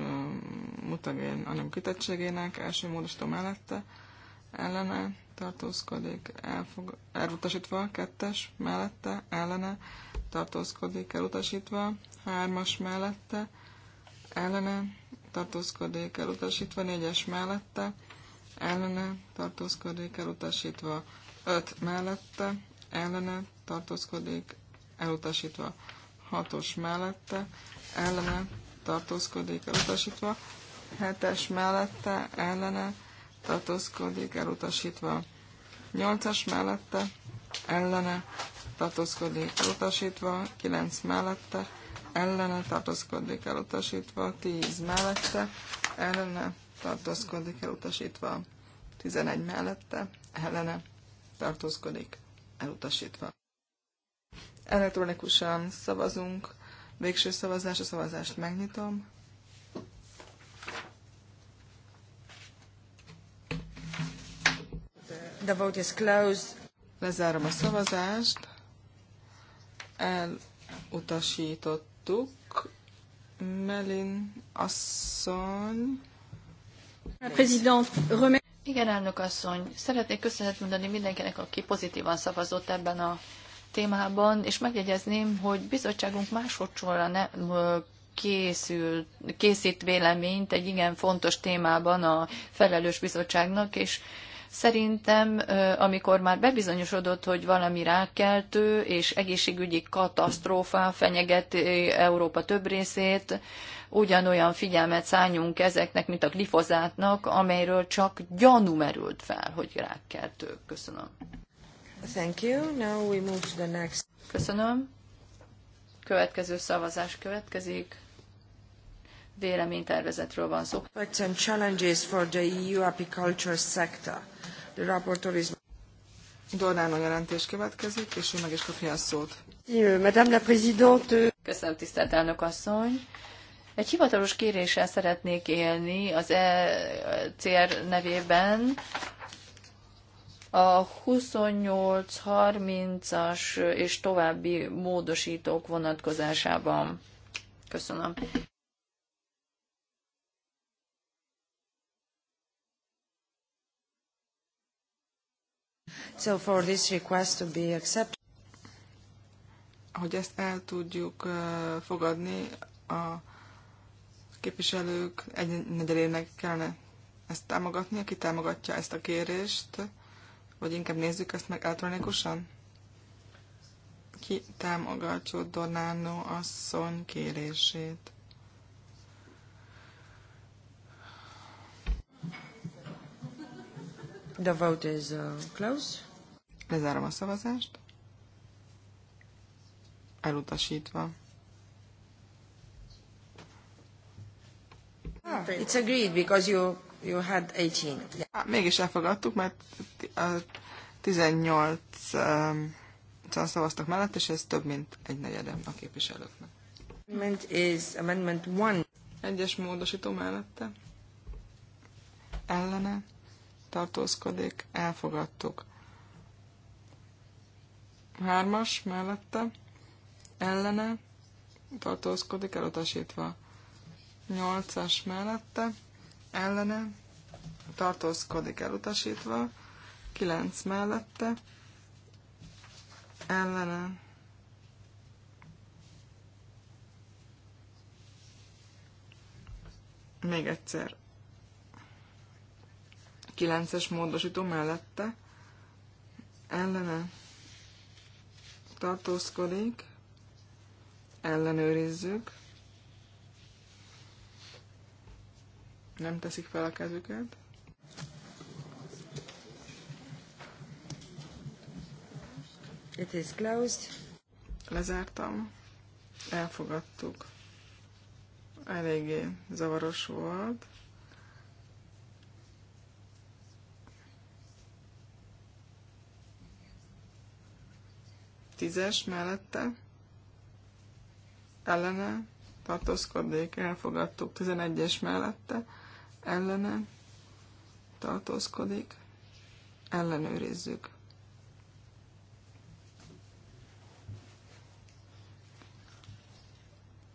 Speaker 1: mutagén anyag kitettségének első módosító mellette ellene tartózkodik, elfog, elutasítva, kettes mellette, ellene tartózkodik, elutasítva, hármas mellette, ellene tartózkodik, elutasítva, négyes mellette, ellene tartózkodik, elutasítva, öt mellette, ellene tartózkodik, elutasítva. Hatos mellette, ellene tartózkodik, elutasítva. Hetes mellette, ellene tartózkodik, elutasítva. Nyolcas mellette, ellene tartózkodik, elutasítva. Kilenc mellette, ellene tartózkodik, elutasítva. Tíz mellette, ellene tartózkodik, elutasítva. 11 mellette, ellene tartózkodik, elutasítva. Elektronikusan szavazunk. Végső szavazás, a szavazást megnyitom. The vote is closed. Lezárom a szavazást. Elutasítottuk. Melin asszony. remé-
Speaker 2: igen, elnök asszony, szeretnék köszönet mondani mindenkinek, aki pozitívan szavazott ebben a témában, és megjegyezném, hogy bizottságunk másodszorra ne, készül, készít véleményt egy igen fontos témában a felelős bizottságnak, és Szerintem, amikor már bebizonyosodott, hogy valami rákeltő és egészségügyi katasztrófa fenyegeti Európa több részét, ugyanolyan figyelmet szálljunk ezeknek, mint a glifozátnak, amelyről csak gyanú merült fel, hogy rákkeltő. Köszönöm. Thank you. Now we move to the next. Köszönöm. Következő szavazás következik. Véleménytervezetről van
Speaker 1: szó. Facts and challenges for the EU apiculture sector. The rapporteur is... Dornánó jelentés következik, és ő meg is kapja a szót.
Speaker 2: Euh, Madame la Présidente. Köszönöm, tisztelt elnök asszony. Egy hivatalos kéréssel szeretnék élni az ECR nevében, a 28-30-as és további módosítók vonatkozásában. Köszönöm.
Speaker 1: So for this request to be accepted. Hogy ezt el tudjuk uh, fogadni, a képviselők egy negyedének kellene ezt támogatni, aki támogatja ezt a kérést, vagy inkább nézzük ezt meg elektronikusan? Ki támogatja Donánó asszony kérését? The vote is uh, closed. Lezárom a szavazást. Elutasítva. Ah, it's agreed because you You had 18. Hát, mégis elfogadtuk, mert a 18 um, szavaztak mellett, és ez több, mint egy negyede a képviselőknek. Amendment is amendment one. Egyes módosító mellette. Ellene tartózkodik, elfogadtuk. Hármas mellette. Ellene tartózkodik, elutasítva. Nyolcas mellette ellene, tartózkodik elutasítva, 9 mellette, ellene, még egyszer, 9-es módosító mellette, ellene, tartózkodik, ellenőrizzük, Nem teszik fel a kezüket. It is closed. Lezártam. Elfogadtuk. Eléggé zavaros volt. Tízes mellette. Ellene tartózkodnék, elfogadtuk Tizenegyes mellette ellene tartózkodik, ellenőrizzük.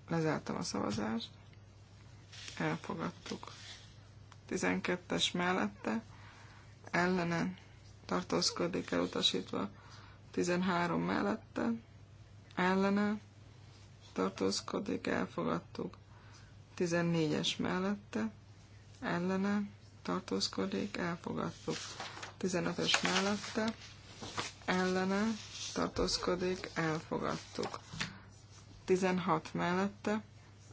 Speaker 1: Lezártam a szavazást, elfogadtuk. 12-es mellette ellene tartózkodik elutasítva, 13 mellette ellene tartózkodik, elfogadtuk. 14-es mellette ellene tartózkodik, elfogadtuk. 15-ös mellette ellene tartózkodik, elfogadtuk. 16 mellette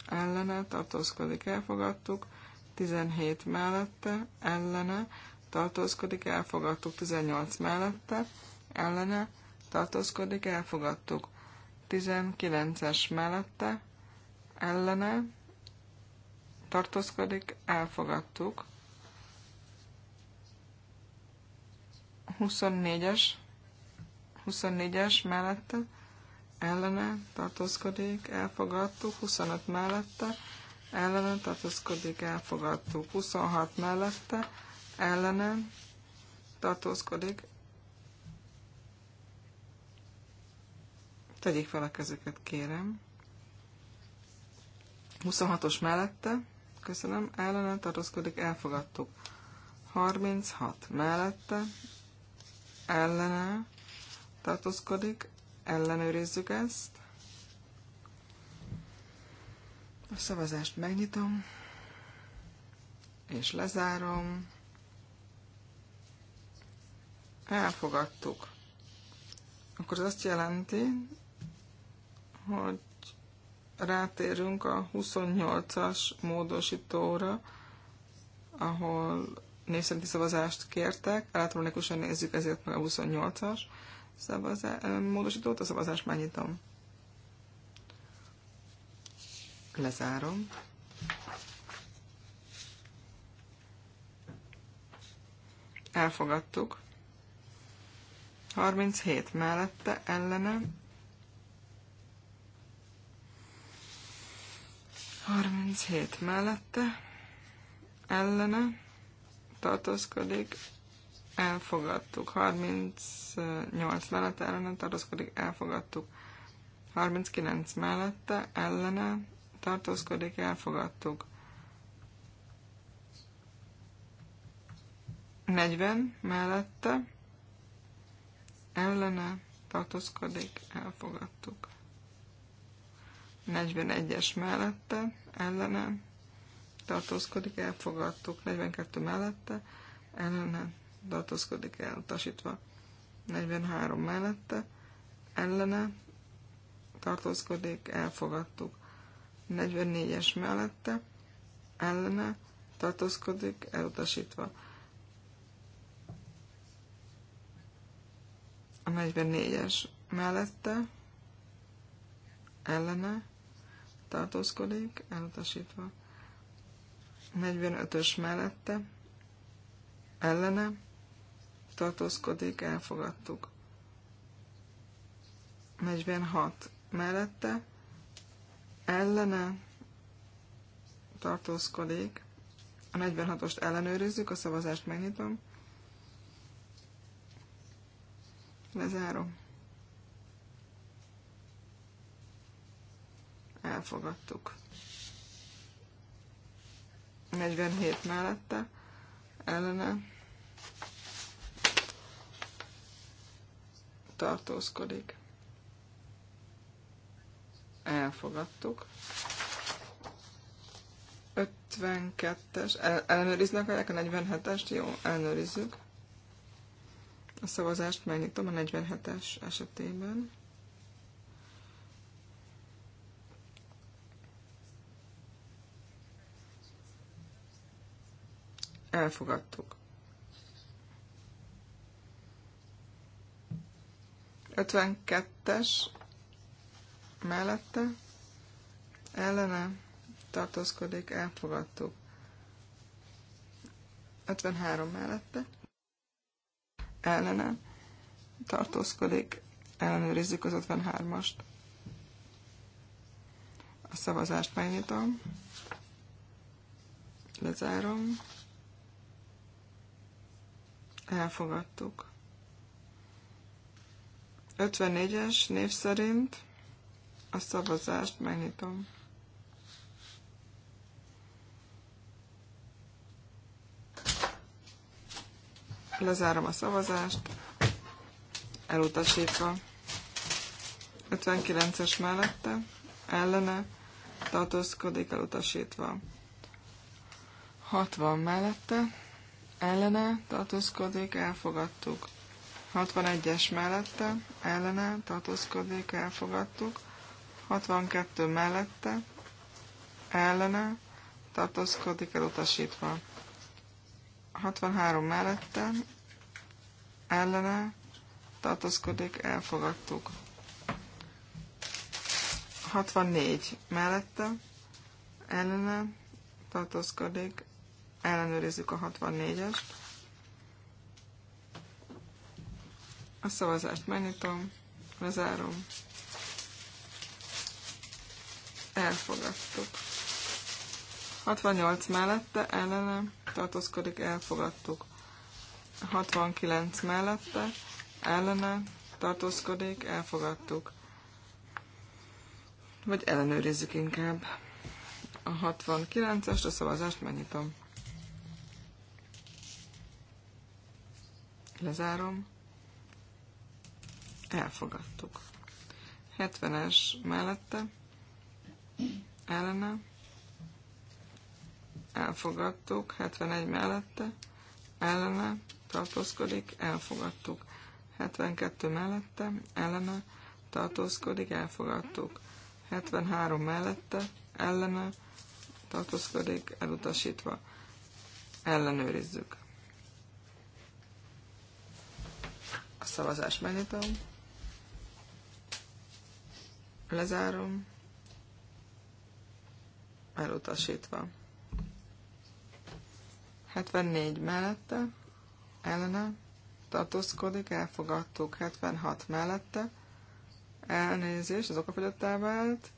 Speaker 1: ellene tartózkodik, elfogadtuk. 17 mellette ellene tartózkodik, elfogadtuk. 18 mellette ellene tartózkodik, elfogadtuk. 19-es mellette ellene tartózkodik, elfogadtuk. 24-es, 24-es mellette, ellene tartózkodik, elfogadtuk, 25 mellette, ellene tartózkodik, elfogadtuk, 26 mellette, ellene tartózkodik, Tegyék fel a kezüket, kérem. 26-os mellette, Köszönöm. Ellenem tartózkodik. Elfogadtuk. 36 mellette. Ellene tartózkodik. Ellenőrizzük ezt. A szavazást megnyitom. És lezárom. Elfogadtuk. Akkor ez azt jelenti, hogy rátérünk a 28-as módosítóra, ahol népszerinti szavazást kértek, elektronikusan nézzük ezért meg a 28-as módosítót, a szavazást már nyitom. Lezárom. Elfogadtuk. 37 mellette, ellenem. 37 mellette, ellene, tartózkodik, elfogadtuk. 38 mellette, ellene, tartózkodik, elfogadtuk. 39 mellette, ellene, tartózkodik, elfogadtuk. 40 mellette, ellene, tartózkodik, elfogadtuk. 41-es mellette, ellene tartózkodik, fogadtuk 42 mellette, ellene tartózkodik, utasítva 43 mellette, ellene tartózkodik, elfogadtuk 44-es mellette, ellene tartózkodik, elutasítva a 44-es mellette, ellene tartózkodik, elutasítva. 45-ös mellette, ellene, tartózkodik, elfogadtuk. 46 mellette, ellene, tartózkodik. A 46-ost ellenőrizzük, a szavazást megnyitom. Lezárom. elfogadtuk. 47 mellette ellene tartózkodik. Elfogadtuk. 52-es. El, ellenőriznek a 47-est? Jó, ellenőrizzük. A szavazást megnyitom a 47-es esetében. elfogadtuk. 52-es mellette ellene tartózkodik, elfogadtuk. 53 mellette ellene tartózkodik, ellenőrizzük az 53-ast. A szavazást megnyitom, lezárom, elfogadtuk. 54-es név szerint a szavazást megnyitom. Lezárom a szavazást, elutasítva. 59-es mellette, ellene, tartózkodik elutasítva. 60 mellette, ellene tartózkodik, elfogadtuk. 61-es mellette, ellene tartózkodik, elfogadtuk. 62 mellette, ellene tartózkodik, elutasítva. 63 mellette, ellene tartózkodik, elfogadtuk. 64 mellette, ellene tartózkodik, ellenőrizzük a 64-est. A szavazást megnyitom, lezárom. Elfogadtuk. 68 mellette ellene tartózkodik, elfogadtuk. 69 mellette ellene tartózkodik, elfogadtuk. Vagy ellenőrizzük inkább. A 69-est a szavazást megnyitom. Lezárom. Elfogadtuk. 70-es mellette. Ellene. Elfogadtuk. 71 mellette. Ellene. Tartózkodik. Elfogadtuk. 72 mellette. Ellene. Tartózkodik. Elfogadtuk. 73 mellette. Ellene. Tartózkodik. Elutasítva. Ellenőrizzük. A szavazás megnyitom. Lezárom. Elutasítva. 74 mellette, ellene, tartózkodik, elfogadtuk 76 mellette, elnézés, az okafogyottá vált,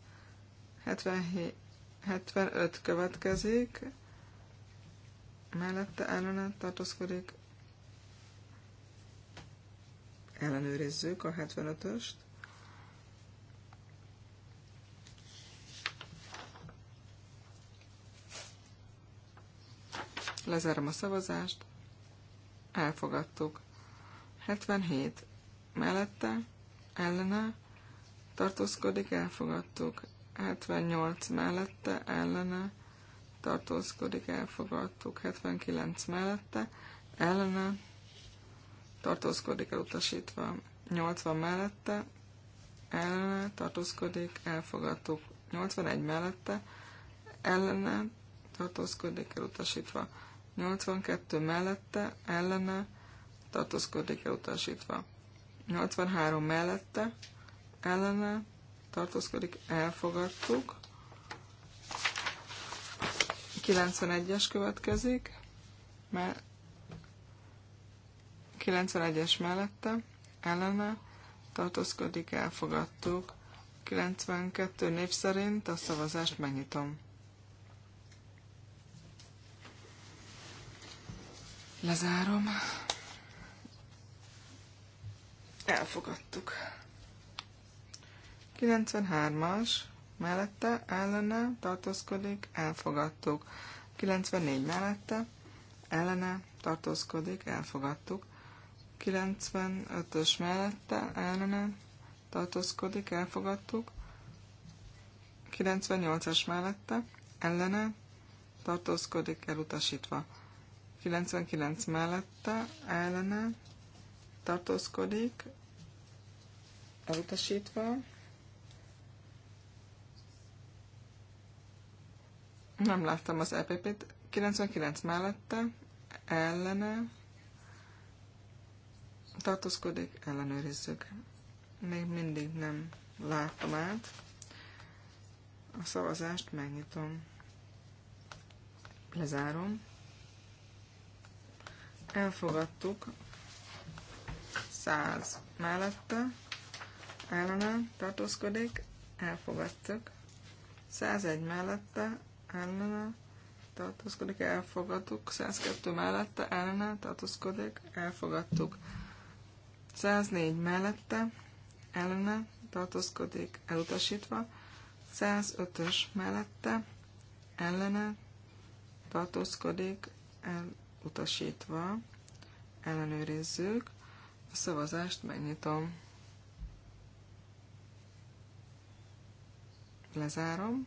Speaker 1: 77, 75 következik, mellette ellene tartózkodik, ellenőrizzük a 75-öst. Lezárom a szavazást. Elfogadtuk. 77. Mellette, ellene, tartózkodik, elfogadtuk. 78 mellette, ellene, tartózkodik, elfogadtuk. 79 mellette, ellene, tartózkodik elutasítva. 80 mellette ellene tartózkodik, elfogadtuk. 81 mellette ellene tartózkodik, elutasítva. 82 mellette ellene tartózkodik, elutasítva. 83 mellette ellene tartózkodik, elfogadtuk. 91-es következik, mert 91-es mellette ellene tartózkodik, elfogadtuk. 92 név szerint a szavazást megnyitom. Lezárom. Elfogadtuk. 93-as mellette ellene tartózkodik, elfogadtuk. 94 mellette ellene tartózkodik, elfogadtuk. 95-ös mellette ellene tartózkodik, elfogadtuk. 98-as mellette ellene tartózkodik, elutasítva. 99 mellette ellene tartózkodik, elutasítva. Nem láttam az EPP-t. 99 mellette ellene tartózkodik, ellenőrizzük. Még mindig nem láttam át. A szavazást megnyitom. Lezárom. Elfogadtuk. 100 mellette. Ellene tartózkodik. Elfogadtuk. 101 mellette. Ellene tartózkodik. Elfogadtuk. 102 mellette. Ellene tartózkodik. Elfogadtuk. 104 mellette ellene tartózkodik elutasítva, 105-ös mellette ellene tartózkodik elutasítva, ellenőrizzük, a szavazást megnyitom. Lezárom.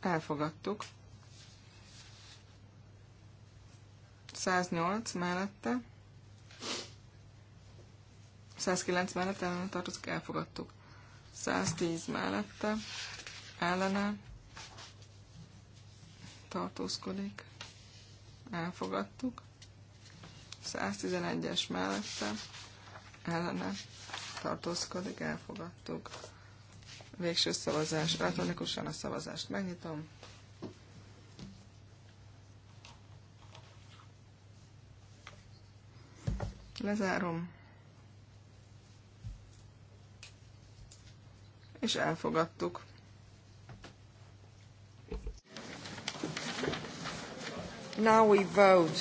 Speaker 1: Elfogadtuk. 108 mellette. 109 mellette, ellene tartozik, elfogadtuk. 110 mellette ellene tartózkodik, elfogadtuk. 111-es mellette ellene tartózkodik, elfogadtuk. Végső szavazás, elektronikusan a szavazást megnyitom. lezárom. És elfogadtuk.
Speaker 2: Now we vote.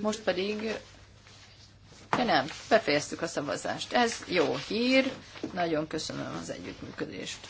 Speaker 2: Most pedig de nem, befejeztük a szavazást. Ez jó hír, nagyon köszönöm az együttműködést.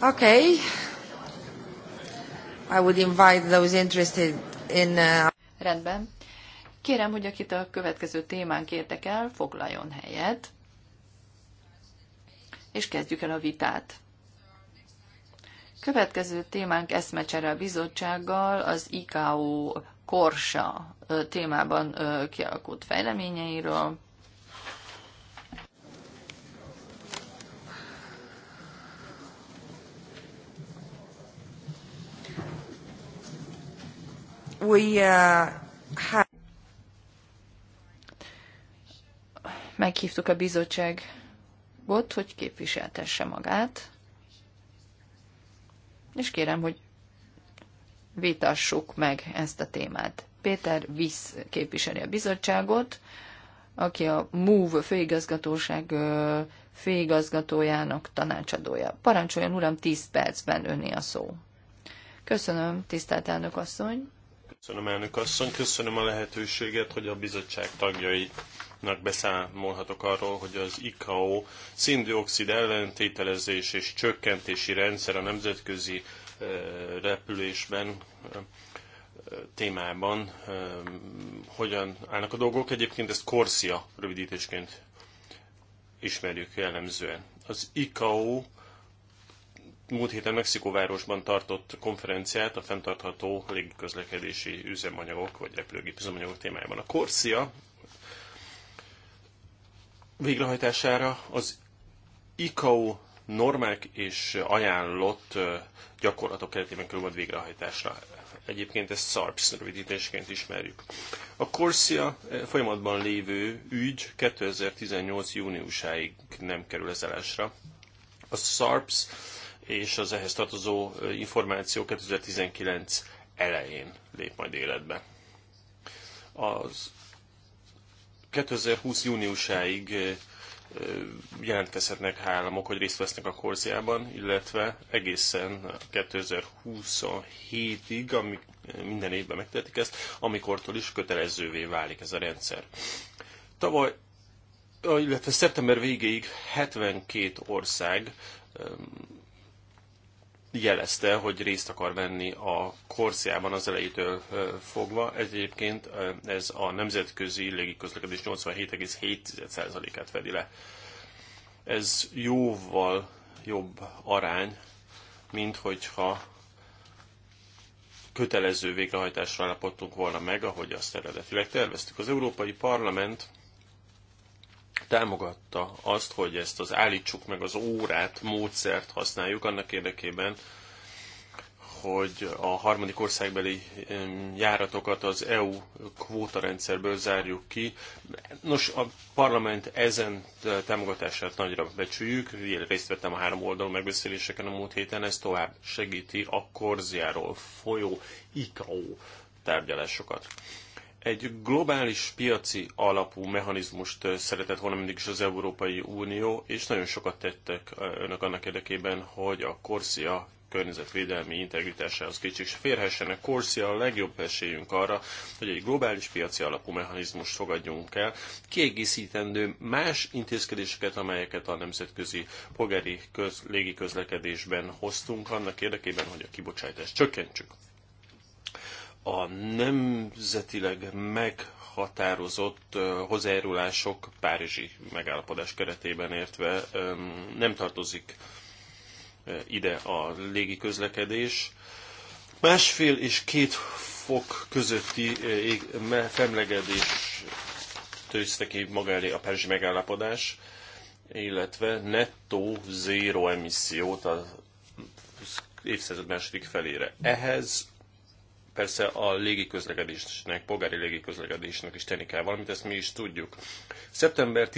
Speaker 2: Okay. I would invite those interested in... Uh... Rendben. Kérem, hogy akit a következő témánk érdekel, foglaljon helyet, és kezdjük el a vitát. Következő témánk eszmecsere a bizottsággal, az ICAO Korsa témában kialakult fejleményeiről. Uh, Meghívtuk a bizottságot, hogy képviseltesse magát, és kérem, hogy vitassuk meg ezt a témát. Péter Visz képviseli a bizottságot, aki a MOVE főigazgatóság főigazgatójának tanácsadója. Parancsoljon, uram, 10 percben öné a szó. Köszönöm, tisztelt elnök asszony.
Speaker 3: Köszönöm, elnök asszony, köszönöm a lehetőséget, hogy a bizottság tagjainak beszámolhatok arról, hogy az ICAO szindioxid ellentételezés és csökkentési rendszer a nemzetközi eh, repülésben eh, témában eh, hogyan állnak a dolgok. Egyébként ezt Corsia rövidítésként ismerjük jellemzően. Az ICAO múlt héten Mexikóvárosban tartott konferenciát a fenntartható légiközlekedési üzemanyagok vagy repülőgép üzemanyagok témájában. A Corsia végrehajtására az ICAO normák és ajánlott gyakorlatok keretében kerül végrehajtásra. Egyébként ezt SARPS rövidítésként ismerjük. A Corsia folyamatban lévő ügy 2018. júniusáig nem kerül lezárásra. A SARPS és az ehhez tartozó információ 2019 elején lép majd életbe. Az 2020 júniusáig jelentkezhetnek államok, hogy részt vesznek a korziában, illetve egészen 2027-ig, amik minden évben megtehetik ezt, amikortól is kötelezővé válik ez a rendszer. Tavaly, illetve szeptember végéig 72 ország jelezte, hogy részt akar venni a Korciában az elejétől fogva. Egyébként ez a nemzetközi légiközlekedés 87,7%-át fedi le. Ez jóval jobb arány, mint hogyha kötelező végrehajtásra állapodtunk volna meg, ahogy azt eredetileg terveztük. Az Európai Parlament támogatta azt, hogy ezt az állítsuk meg az órát, módszert használjuk annak érdekében, hogy a harmadik országbeli járatokat az EU kvótarendszerből zárjuk ki. Nos, a parlament ezen támogatását nagyra becsüljük. Részt vettem a három oldalú megbeszéléseken a múlt héten, ez tovább segíti a Korziáról folyó ICAO tárgyalásokat. Egy globális piaci alapú mechanizmust szeretett volna mindig is az Európai Unió, és nagyon sokat tettek önök annak érdekében, hogy a Corsia környezetvédelmi integritásához kicsit se férhessenek. Corsia a legjobb esélyünk arra, hogy egy globális piaci alapú mechanizmust fogadjunk el, kiegészítendő más intézkedéseket, amelyeket a nemzetközi polgári köz, légiközlekedésben hoztunk, annak érdekében, hogy a kibocsátást csökkentsük a nemzetileg meghatározott hozzájárulások Párizsi megállapodás keretében értve nem tartozik ide a légi közlekedés. Másfél és két fok közötti femlegedés tőzte ki maga elé a Párizsi megállapodás, illetve nettó zéro emissziót az évszázad második felére. Ehhez Persze a légiközlekedésnek, polgári légiközlekedésnek is tenni kell valamit, ezt mi is tudjuk. Szeptember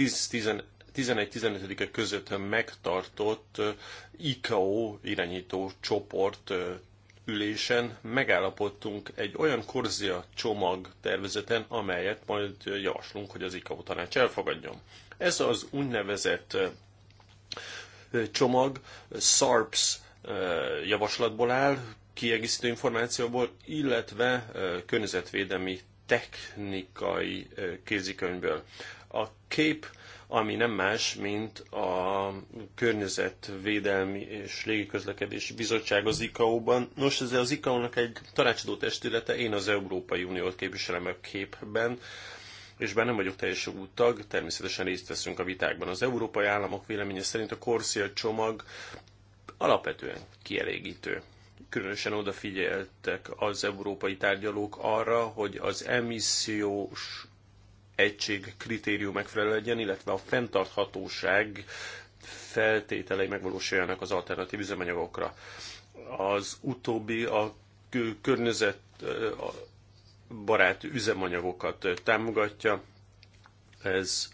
Speaker 3: 11-15-e között megtartott ICAO irányító csoport ülésen megállapodtunk egy olyan korzia csomag tervezeten, amelyet majd javaslunk, hogy az ICAO tanács elfogadjon. Ez az úgynevezett csomag SARPS javaslatból áll, kiegészítő információból, illetve környezetvédelmi technikai kézikönyvből. A kép ami nem más, mint a Környezetvédelmi és Légiközlekedési Bizottság az ICAO-ban. Nos, ez az ICAO-nak egy tanácsadó testülete, én az Európai Uniót képviselem a képben, és bár nem vagyok teljes jogú tag, természetesen részt veszünk a vitákban. Az európai államok véleménye szerint a Corsia csomag alapvetően kielégítő különösen odafigyeltek az európai tárgyalók arra, hogy az emissziós egység kritérium megfelelő legyen, illetve a fenntarthatóság feltételei megvalósuljanak az alternatív üzemanyagokra. Az utóbbi a környezet barát üzemanyagokat támogatja, ez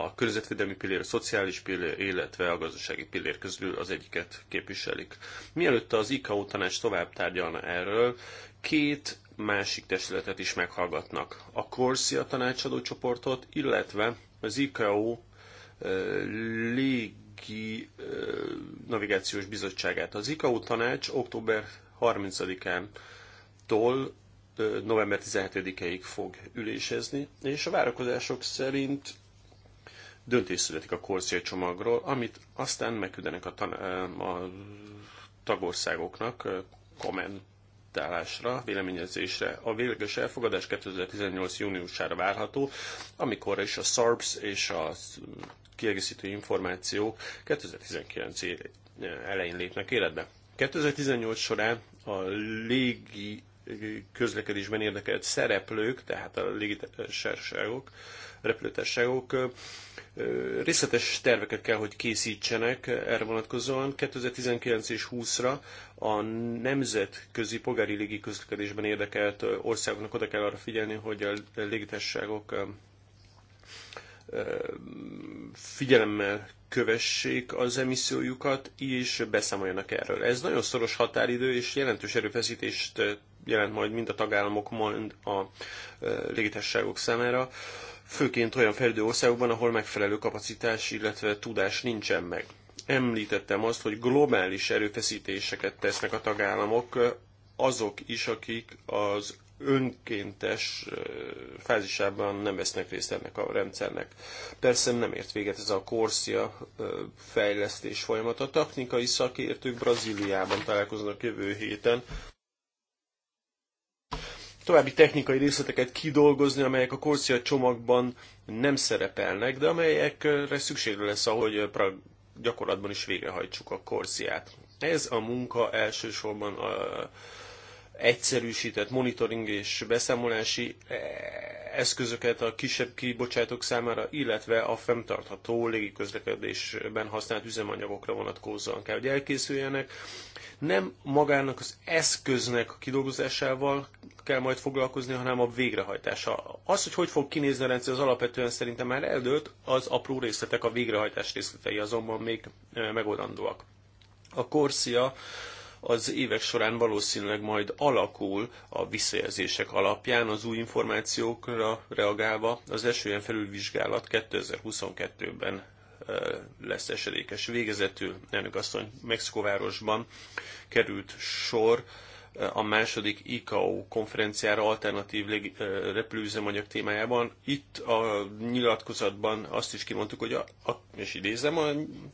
Speaker 3: a környezetvédelmi pillér, a szociális pillér, illetve a gazdasági pillér közül az egyiket képviselik. Mielőtt az ICAO tanács tovább tárgyalna erről, két másik testületet is meghallgatnak. A Corsia tanácsadó csoportot, illetve az ICAO légi navigációs bizottságát. Az ICAO tanács október 30-án tól november 17-ig fog ülésezni, és a várakozások szerint döntés születik a korszél csomagról, amit aztán megküldenek a, tan- a tagországoknak kommentálásra, véleményezésre. A végleges elfogadás 2018. júniusára várható, amikor is a SARPS és a kiegészítő információk 2019 elején lépnek életbe. 2018 során a légi közlekedésben érdekelt szereplők, tehát a légitársaságok, repülőtársaságok részletes terveket kell, hogy készítsenek erre vonatkozóan. 2019 és 20-ra a nemzetközi polgári légi közlekedésben érdekelt országoknak oda kell arra figyelni, hogy a légitárságok figyelemmel kövessék az emissziójukat, és beszámoljanak erről. Ez nagyon szoros határidő, és jelentős erőfeszítést jelent majd mind a tagállamok, mind a légitárságok számára főként olyan fejlődő országokban, ahol megfelelő kapacitás, illetve tudás nincsen meg. Említettem azt, hogy globális erőfeszítéseket tesznek a tagállamok, azok is, akik az önkéntes fázisában nem vesznek részt ennek a rendszernek. Persze nem ért véget ez a korszia fejlesztés folyamata. Technikai szakértők Brazíliában találkoznak jövő héten, további technikai részleteket kidolgozni, amelyek a Corsia csomagban nem szerepelnek, de amelyekre szükségre lesz, ahogy gyakorlatban is végrehajtsuk a Corsiát. Ez a munka elsősorban a egyszerűsített monitoring és beszámolási e, eszközöket a kisebb kibocsátók számára, illetve a fenntartható légiközlekedésben használt üzemanyagokra vonatkozóan kell, hogy elkészüljenek. Nem magának az eszköznek a kidolgozásával kell majd foglalkozni, hanem a végrehajtása. Az, hogy hogy fog kinézni a rendszer, az alapvetően szerintem már eldőlt, az apró részletek, a végrehajtás részletei azonban még megoldandóak. A Corsia az évek során valószínűleg majd alakul a visszajelzések alapján, az új információkra reagálva. Az esőjen felülvizsgálat 2022-ben lesz esedékes. Végezetül, elnök asszony, Mexikóvárosban került sor a második ICAO konferenciára alternatív repülőüzemanyag témájában. Itt a nyilatkozatban azt is kimondtuk, hogy a, a és idézem, a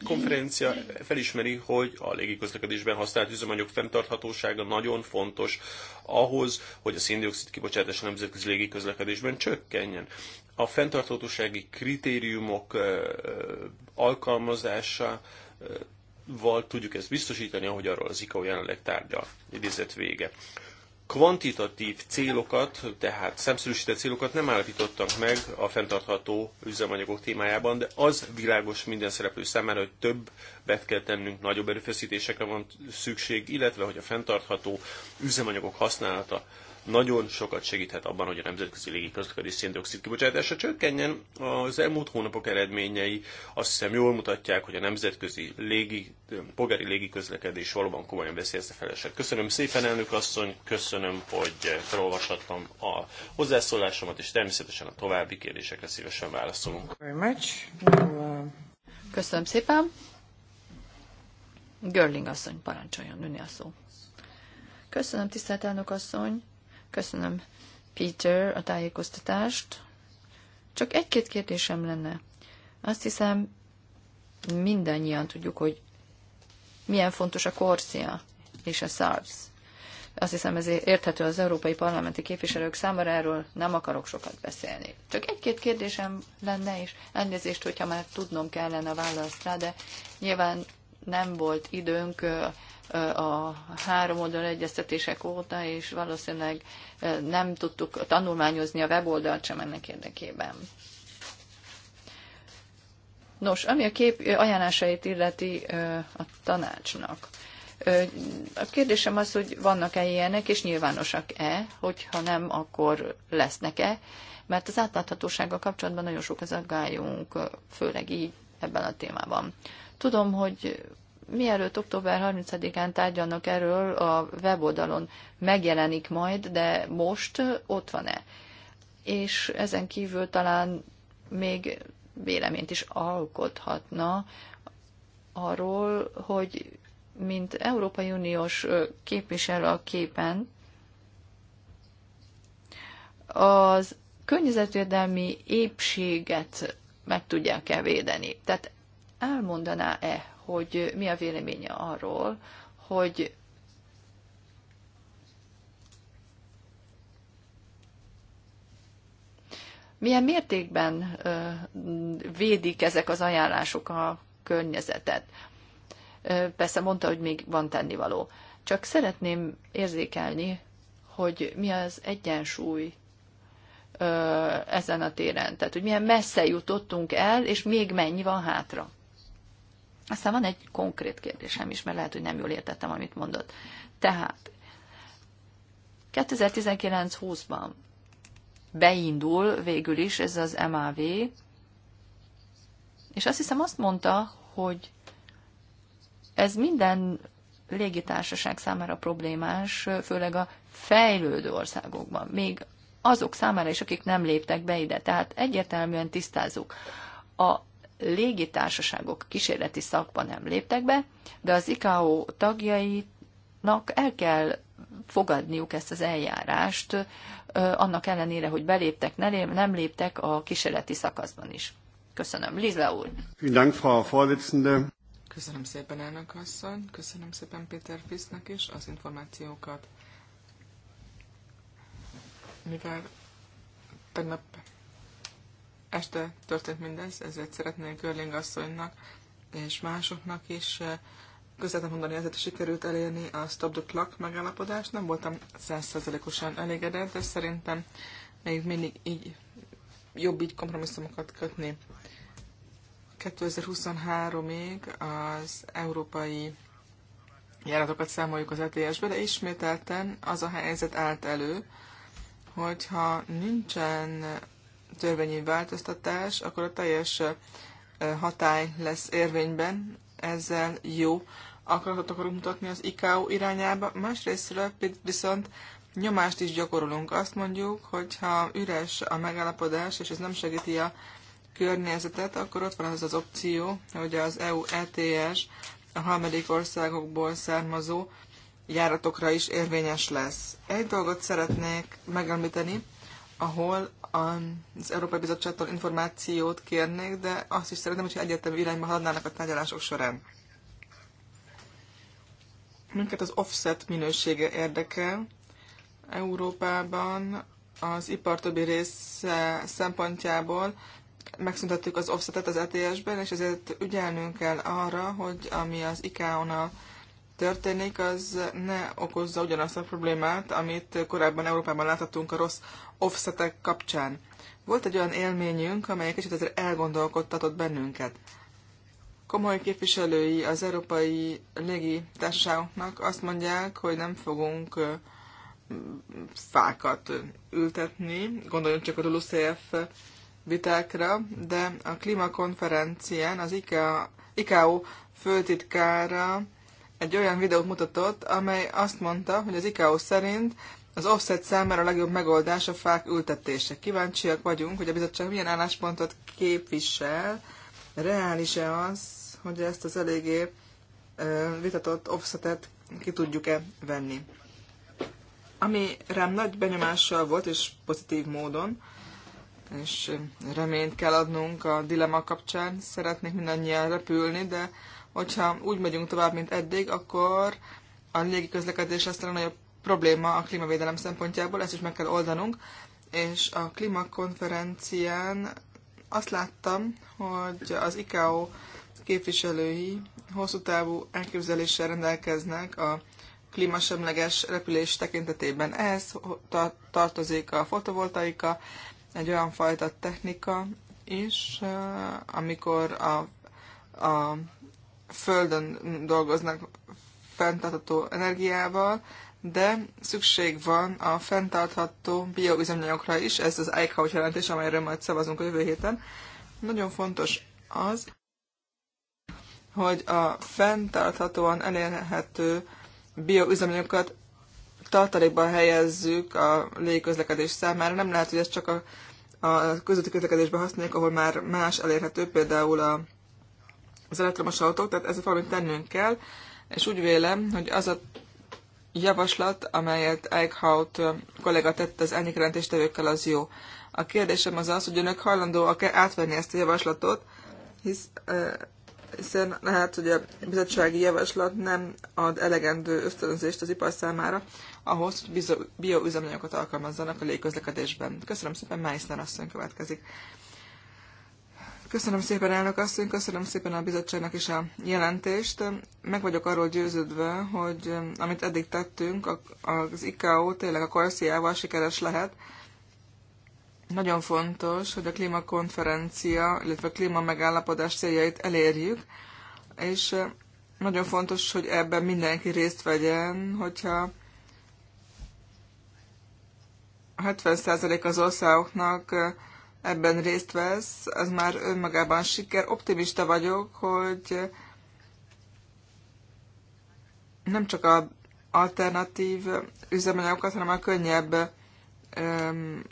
Speaker 3: konferencia felismeri, hogy a légiközlekedésben használt üzemanyag fenntarthatósága nagyon fontos ahhoz, hogy a széndiokszid kibocsátás a nemzetközi légiközlekedésben csökkenjen. A fenntarthatósági kritériumok alkalmazása val tudjuk ezt biztosítani, ahogy arról az ICAO jelenleg tárgya idézett vége. Kvantitatív célokat, tehát szemszerűsített célokat nem állapítottak meg a fenntartható üzemanyagok témájában, de az világos minden szereplő számára, hogy több bet kell tennünk, nagyobb erőfeszítésekre van szükség, illetve hogy a fenntartható üzemanyagok használata nagyon sokat segíthet abban, hogy a nemzetközi légiközlekedés közlekedés széndiokszid kibocsátása csökkenjen. Az elmúlt hónapok eredményei azt hiszem jól mutatják, hogy a nemzetközi légi, polgári légiközlekedés valóban komolyan veszélyezte ezt feleset. Köszönöm szépen, elnök asszony, köszönöm, hogy felolvashattam a hozzászólásomat, és természetesen a további kérdésekre szívesen válaszolunk.
Speaker 2: Uh, köszönöm szépen. Görling asszony, parancsoljon, nőni a szó. Köszönöm, tisztelt elnök asszony. Köszönöm, Peter, a tájékoztatást. Csak egy-két kérdésem lenne. Azt hiszem, mindannyian tudjuk, hogy milyen fontos a Korszia és a SARS. Azt hiszem, ez érthető az európai parlamenti képviselők számára, erről nem akarok sokat beszélni. Csak egy-két kérdésem lenne, és elnézést, hogyha már tudnom kellene a választ rá, de nyilván nem volt időnk a három oldal egyeztetések óta, és valószínűleg nem tudtuk tanulmányozni a weboldalt sem ennek érdekében. Nos, ami a kép ajánlásait illeti a tanácsnak. A kérdésem az, hogy vannak-e ilyenek, és nyilvánosak-e, hogyha nem, akkor lesznek-e, mert az átláthatósággal kapcsolatban nagyon sok az aggályunk, főleg így ebben a témában. Tudom, hogy mielőtt október 30-án tárgyalnak erről, a weboldalon megjelenik majd, de most ott van-e? És ezen kívül talán még véleményt is alkothatna arról, hogy mint Európai Uniós képviselő a képen, az környezetvédelmi épséget meg tudják-e védeni. Tehát elmondaná-e, hogy mi a véleménye arról, hogy milyen mértékben védik ezek az ajánlások a környezetet. Persze mondta, hogy még van tennivaló. Csak szeretném érzékelni, hogy mi az egyensúly ezen a téren. Tehát, hogy milyen messze jutottunk el, és még mennyi van hátra. Aztán van egy konkrét kérdésem is, mert lehet, hogy nem jól értettem, amit mondott. Tehát 2019-20-ban beindul végül is ez az MAV, és azt hiszem azt mondta, hogy ez minden légitársaság számára problémás, főleg a fejlődő országokban, még azok számára is, akik nem léptek be ide. Tehát egyértelműen tisztázunk. A légitársaságok kísérleti szakban nem léptek be, de az ICAO tagjainak el kell fogadniuk ezt az eljárást, annak ellenére, hogy beléptek, nem léptek a kísérleti szakaszban is. Köszönöm. Lizle úr.
Speaker 1: Köszönöm szépen, elnök asszony. Köszönöm szépen Péter Fisznek is az információkat. Mivel tegnap este történt mindez, ezért szeretnék Görling asszonynak és másoknak is eh, közvetem mondani, ezért sikerült elérni a Stop the Clock megállapodást. Nem voltam százszerzelékosan elégedett, de szerintem még mindig így jobb így kompromisszumokat kötni. 2023-ig az európai járatokat számoljuk az ETS-be, de ismételten az a helyzet állt elő, hogyha nincsen törvényi változtatás, akkor a teljes hatály lesz érvényben, ezzel jó akaratot akarunk mutatni az ICAO irányába, másrésztről viszont nyomást is gyakorolunk. Azt mondjuk, hogy ha üres a megállapodás, és ez nem segíti a környezetet, akkor ott van az az opció, hogy az EU ETS a harmadik országokból származó járatokra is érvényes lesz. Egy dolgot szeretnék megemlíteni, ahol az Európai Bizottságtól információt kérnék, de azt is szeretném, hogyha egyértelmű irányba haladnának a tárgyalások során. Minket az offset minősége érdekel. Európában az ipar többi része szempontjából megszüntettük az offsetet az ETS-ben, és ezért ügyelnünk kell arra, hogy ami az ICAO-nal történik, az ne okozza ugyanazt a problémát, amit korábban Európában láthatunk a rossz offsetek kapcsán. Volt egy olyan élményünk, amely kicsit azért elgondolkodtatott bennünket. Komoly képviselői az európai légi társaságoknak azt mondják, hogy nem fogunk fákat ültetni, gondoljunk csak a LULUCF vitákra, de a klímakonferencián az ICAO főtitkára egy olyan videót mutatott, amely azt mondta, hogy az ICAO szerint az offset számára a legjobb megoldás a fák ültetése. Kíváncsiak vagyunk, hogy a bizottság milyen álláspontot képvisel, reális-e az, hogy ezt az eléggé vitatott offsetet ki tudjuk-e venni. Ami rám nagy benyomással volt, és pozitív módon, és reményt kell adnunk a dilema kapcsán. Szeretnék mindannyian repülni, de hogyha úgy megyünk tovább, mint eddig, akkor a légi közlekedés lesz a nagyobb probléma a klímavédelem szempontjából, ezt is meg kell oldanunk. És a klímakonferencián azt láttam, hogy az ICAO képviselői hosszú távú elképzeléssel rendelkeznek a klímasemleges repülés tekintetében. Ehhez tartozik a fotovoltaika, egy olyan fajta technika is, eh, amikor a, a földön dolgoznak fenntartható energiával, de szükség van a fenntartható bioüzemanyagokra is, ez az ICAO jelentés, amelyre majd szavazunk a jövő héten. Nagyon fontos az, hogy a fenntarthatóan elérhető bioüzemanyagokat tartalékba helyezzük a légközlekedés számára. Nem lehet, hogy ezt csak a, a közötti közlekedésben használjuk, ahol már más elérhető, például a az elektromos autók, tehát ezzel valamit tennünk kell, és úgy vélem, hogy az a javaslat, amelyet Eichhout kollega tett az elnök jelentéstevőkkel, az jó. A kérdésem az az, hogy önök hajlandó -e átvenni ezt a javaslatot, hisz, hiszen lehet, hogy a bizottsági javaslat nem ad elegendő ösztönzést az ipar számára ahhoz, hogy bioüzemanyagokat alkalmazzanak a légközlekedésben. Köszönöm szépen, Meissner asszony következik. Köszönöm szépen, elnök asszony, köszönöm szépen a bizottságnak is a jelentést. Meg vagyok arról győződve, hogy amit eddig tettünk, az ICAO tényleg a Korsziával sikeres lehet. Nagyon fontos, hogy a klímakonferencia, illetve a megállapodás céljait elérjük, és nagyon fontos, hogy ebben mindenki részt vegyen, hogyha 70% az országoknak ebben részt vesz, az már önmagában siker. Optimista vagyok, hogy nem csak a alternatív üzemanyagokat, hanem a könnyebb öm,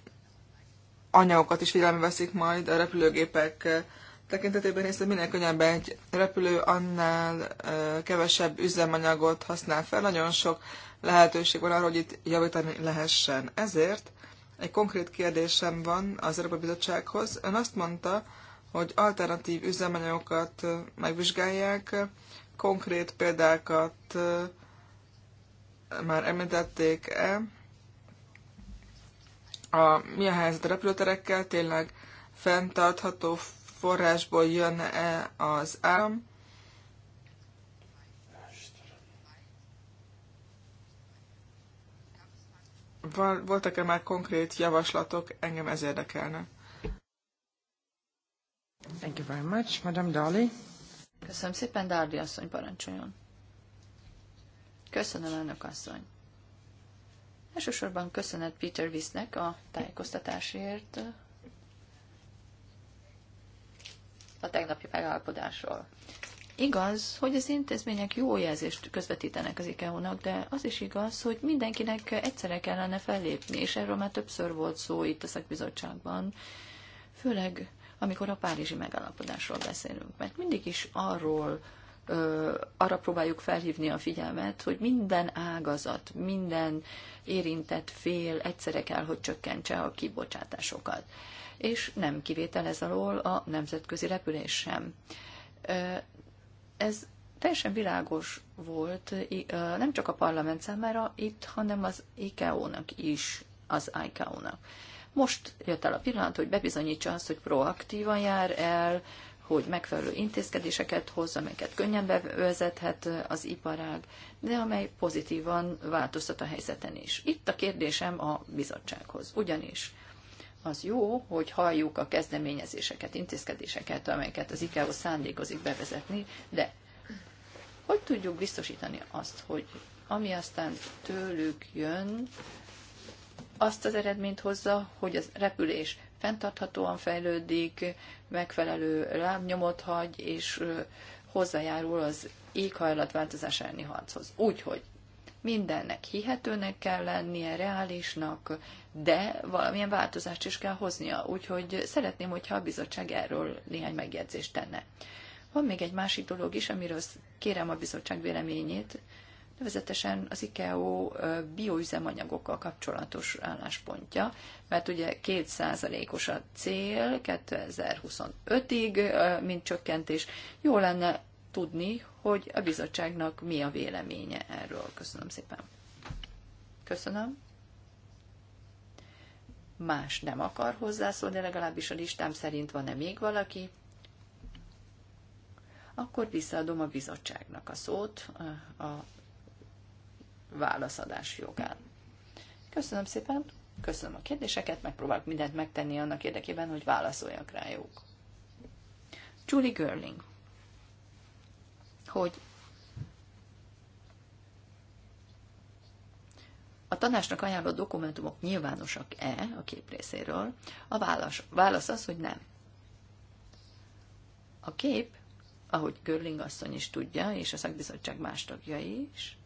Speaker 1: anyagokat is figyelembe veszik majd a repülőgépek tekintetében, hiszen minél könnyebben egy repülő, annál kevesebb üzemanyagot használ fel. Nagyon sok lehetőség van arra, hogy itt javítani lehessen. Ezért egy konkrét kérdésem van az Európai Bizottsághoz. Ön azt mondta, hogy alternatív üzemanyagokat megvizsgálják, konkrét példákat már említették-e. A, mi a helyzet a repülőterekkel? Tényleg fenntartható forrásból jön-e az áram? voltak-e már konkrét javaslatok, engem ez érdekelne. Thank you very much, Madame Dali.
Speaker 2: Köszönöm szépen, Dárdi asszony, parancsoljon. Köszönöm, elnök asszony. Elsősorban köszönet Peter Visznek a tájékoztatásért a tegnapi megállapodásról. Igaz, hogy az intézmények jó jelzést közvetítenek az ikeo de az is igaz, hogy mindenkinek egyszerre kellene fellépni, és erről már többször volt szó itt a szakbizottságban, főleg amikor a párizsi megállapodásról beszélünk, mert mindig is arról ö, arra próbáljuk felhívni a figyelmet, hogy minden ágazat, minden érintett fél egyszerre kell, hogy csökkentse a kibocsátásokat. És nem kivétel ez alól a nemzetközi repülés sem ez teljesen világos volt, nem csak a parlament számára itt, hanem az iko nak is, az iko nak Most jött el a pillanat, hogy bebizonyítsa azt, hogy proaktívan jár el, hogy megfelelő intézkedéseket hoz, amelyeket könnyen bevezethet az iparág, de amely pozitívan változtat a helyzeten is. Itt a kérdésem a bizottsághoz. Ugyanis az jó, hogy halljuk a kezdeményezéseket, intézkedéseket, amelyeket az ICAO szándékozik bevezetni, de hogy tudjuk biztosítani azt, hogy ami aztán tőlük jön, azt az eredményt hozza, hogy az repülés fenntarthatóan fejlődik, megfelelő lábnyomot hagy, és hozzájárul az éghajlatváltozás elleni harchoz. Úgyhogy mindennek hihetőnek kell lennie, reálisnak, de valamilyen változást is kell hoznia. Úgyhogy szeretném, hogyha a bizottság erről néhány megjegyzést tenne. Van még egy másik dolog is, amiről kérem a bizottság véleményét, nevezetesen az IKEO bioüzemanyagokkal kapcsolatos álláspontja, mert ugye 2%-os a cél 2025-ig, mint csökkentés. Jó lenne tudni, hogy a bizottságnak mi a véleménye erről. Köszönöm szépen. Köszönöm. Más nem akar hozzászólni, legalábbis a listám szerint van-e még valaki? Akkor visszaadom a bizottságnak a szót a válaszadás jogán. Köszönöm szépen, köszönöm a kérdéseket, megpróbálok mindent megtenni annak érdekében, hogy válaszoljak rájuk. Julie Görling hogy a tanácsnak ajánlott dokumentumok nyilvánosak-e a kép részéről? A válasz, válasz az, hogy nem. A kép, ahogy Görling asszony is tudja, és a szakbizottság más tagjai is,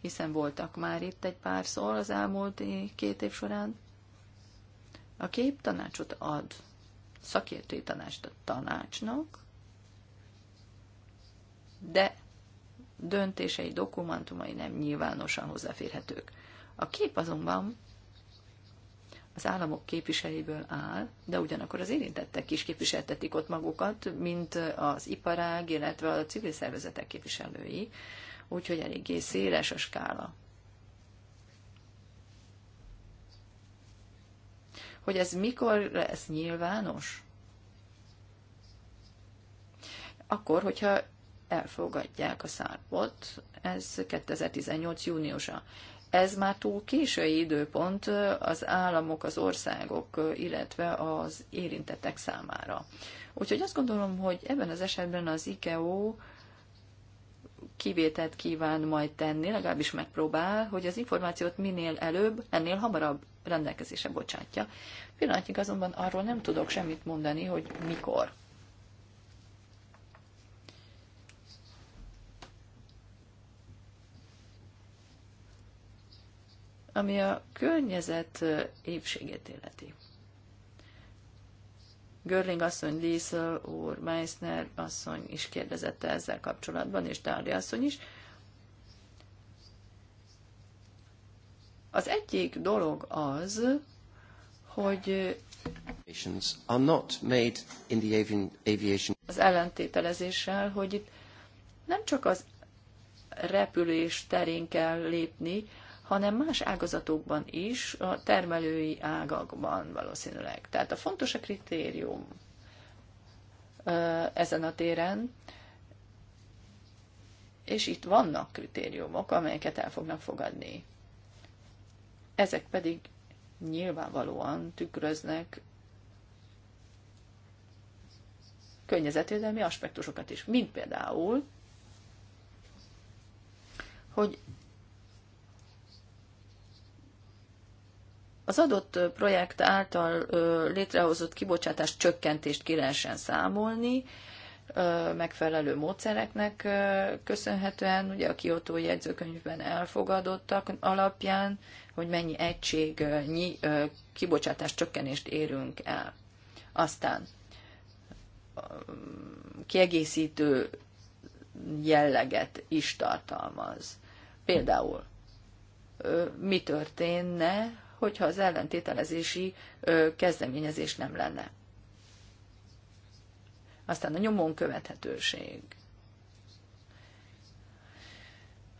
Speaker 2: hiszen voltak már itt egy pár szól az elmúlt két év során, a kép tanácsot ad, szakértői tanácsot a tanácsnak, de döntései, dokumentumai nem nyilvánosan hozzáférhetők. A kép azonban az államok képviseléből áll, de ugyanakkor az érintettek is képviseltetik ott magukat, mint az iparág, illetve a civil szervezetek képviselői, úgyhogy eléggé széles a skála. Hogy ez mikor lesz nyilvános? Akkor, hogyha elfogadják a szárpot, ez 2018. júniusa. Ez már túl késői időpont az államok, az országok, illetve az érintettek számára. Úgyhogy azt gondolom, hogy ebben az esetben az IKEO kivételt kíván majd tenni, legalábbis megpróbál, hogy az információt minél előbb, ennél hamarabb rendelkezésre bocsátja. Pillanatnyilag azonban arról nem tudok semmit mondani, hogy mikor. ami a környezet épségét illeti. Görling asszony, Liesel úr, Meissner asszony is kérdezette ezzel kapcsolatban, és Dári asszony is. Az egyik dolog az, hogy az ellentételezéssel, hogy itt nem csak az repülés terén kell lépni, hanem más ágazatokban is, a termelői ágakban valószínűleg. Tehát a fontos a kritérium ezen a téren, és itt vannak kritériumok, amelyeket el fognak fogadni. Ezek pedig nyilvánvalóan tükröznek környezetvédelmi aspektusokat is, mint például, hogy az adott projekt által létrehozott kibocsátás csökkentést ki lehessen számolni, megfelelő módszereknek köszönhetően, ugye a Kyoto jegyzőkönyvben elfogadottak alapján, hogy mennyi egységnyi kibocsátás csökkenést érünk el. Aztán kiegészítő jelleget is tartalmaz. Például mi történne, hogyha az ellentételezési kezdeményezés nem lenne. Aztán a nyomon követhetőség.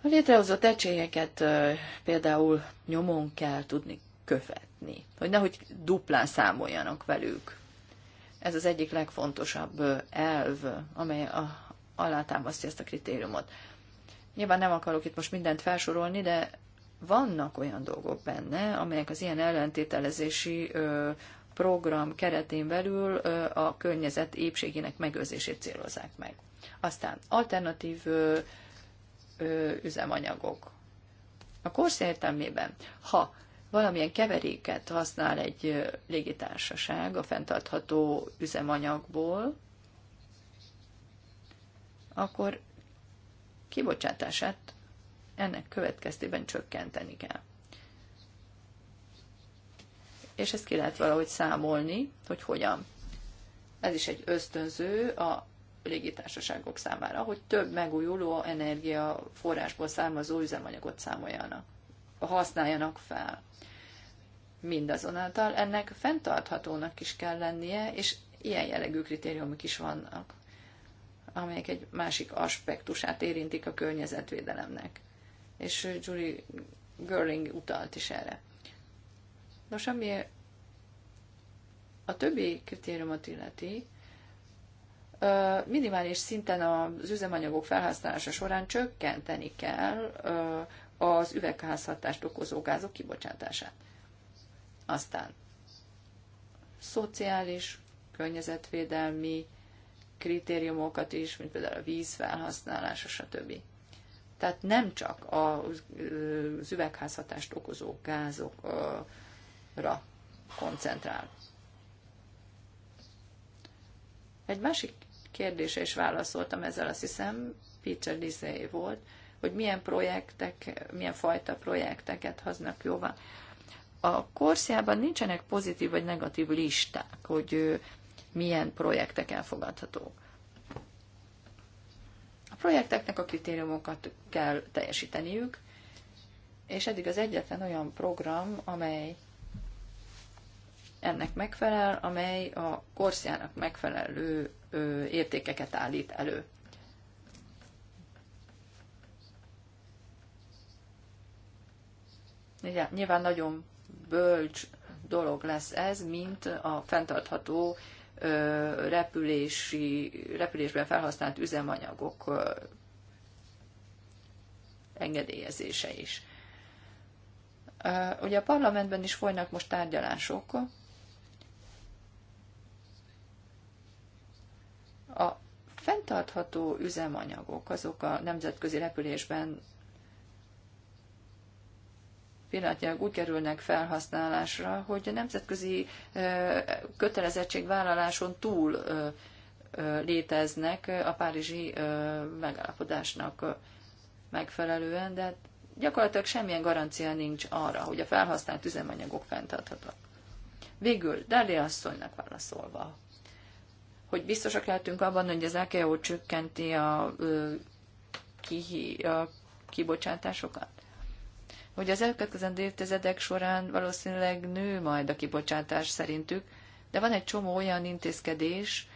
Speaker 2: A létrehozott egységeket például nyomon kell tudni követni, hogy nehogy duplán számoljanak velük. Ez az egyik legfontosabb elv, amely alátámasztja ezt a kritériumot. Nyilván nem akarok itt most mindent felsorolni, de vannak olyan dolgok benne, amelyek az ilyen ellentételezési program keretén belül a környezet épségének megőrzését célozzák meg. Aztán alternatív üzemanyagok. A korsz értelmében, ha valamilyen keveréket használ egy légitársaság a fenntartható üzemanyagból, akkor kibocsátását ennek következtében csökkenteni kell. És ezt ki lehet valahogy számolni, hogy hogyan. Ez is egy ösztönző a légitársaságok számára, hogy több megújuló energiaforrásból származó üzemanyagot számoljanak, használjanak fel. Mindazonáltal ennek fenntarthatónak is kell lennie, és ilyen jellegű kritériumok is vannak, amelyek egy másik aspektusát érintik a környezetvédelemnek és Julie Girling utalt is erre. Nos, ami a többi kritériumot illeti, minimális szinten az üzemanyagok felhasználása során csökkenteni kell az üvegházhatást okozó gázok kibocsátását. Aztán szociális, környezetvédelmi kritériumokat is, mint például a víz felhasználása, stb tehát nem csak a üvegházhatást okozó gázokra koncentrál. Egy másik kérdése is válaszoltam ezzel, azt hiszem, Peter Lizé volt, hogy milyen projektek, milyen fajta projekteket haznak jóvá. A korszában nincsenek pozitív vagy negatív listák, hogy milyen projektek elfogadhatók projekteknek a kritériumokat kell teljesíteniük, és eddig az egyetlen olyan program, amely ennek megfelel, amely a korszjának megfelelő értékeket állít elő. Nyilván nagyon bölcs dolog lesz ez, mint a fenntartható repülési, repülésben felhasznált üzemanyagok engedélyezése is. Ugye a parlamentben is folynak most tárgyalások a fenntartható üzemanyagok, azok a nemzetközi repülésben pillanatnyilag úgy kerülnek felhasználásra, hogy a nemzetközi kötelezettségvállaláson túl léteznek a párizsi megállapodásnak megfelelően, de gyakorlatilag semmilyen garancia nincs arra, hogy a felhasznált üzemanyagok fenntarthatóak. Végül Dali asszonynak válaszolva, hogy biztosak lehetünk abban, hogy az EKO csökkenti a, a kibocsátásokat? hogy az elkövetkezendő évtizedek során valószínűleg nő majd a kibocsátás szerintük, de van egy csomó olyan intézkedés,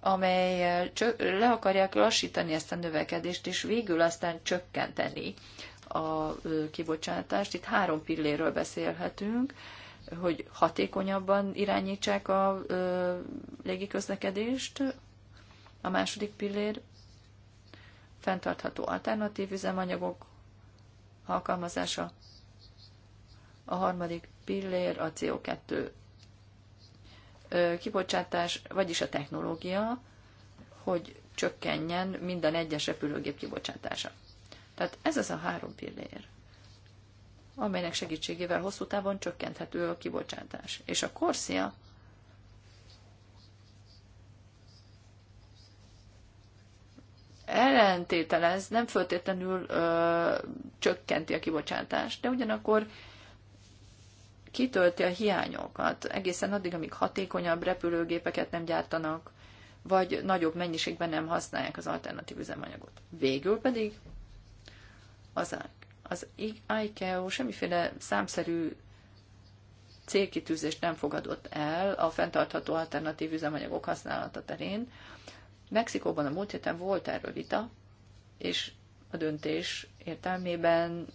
Speaker 2: amely le akarják lassítani ezt a növekedést, és végül aztán csökkenteni a kibocsátást. Itt három pilléről beszélhetünk, hogy hatékonyabban irányítsák a légiközlekedést. A második pillér fenntartható alternatív üzemanyagok alkalmazása. A harmadik pillér a CO2 kibocsátás, vagyis a technológia, hogy csökkenjen minden egyes repülőgép kibocsátása. Tehát ez az a három pillér, amelynek segítségével hosszú távon csökkenthető a kibocsátás. És a korszia ellentételez, nem föltétlenül ö, csökkenti a kibocsátást, de ugyanakkor kitölti a hiányokat egészen addig, amíg hatékonyabb repülőgépeket nem gyártanak, vagy nagyobb mennyiségben nem használják az alternatív üzemanyagot. Végül pedig az, az ICAO e semmiféle számszerű célkitűzést nem fogadott el a fenntartható alternatív üzemanyagok használata terén. Mexikóban a múlt héten volt erről vita, és a döntés értelmében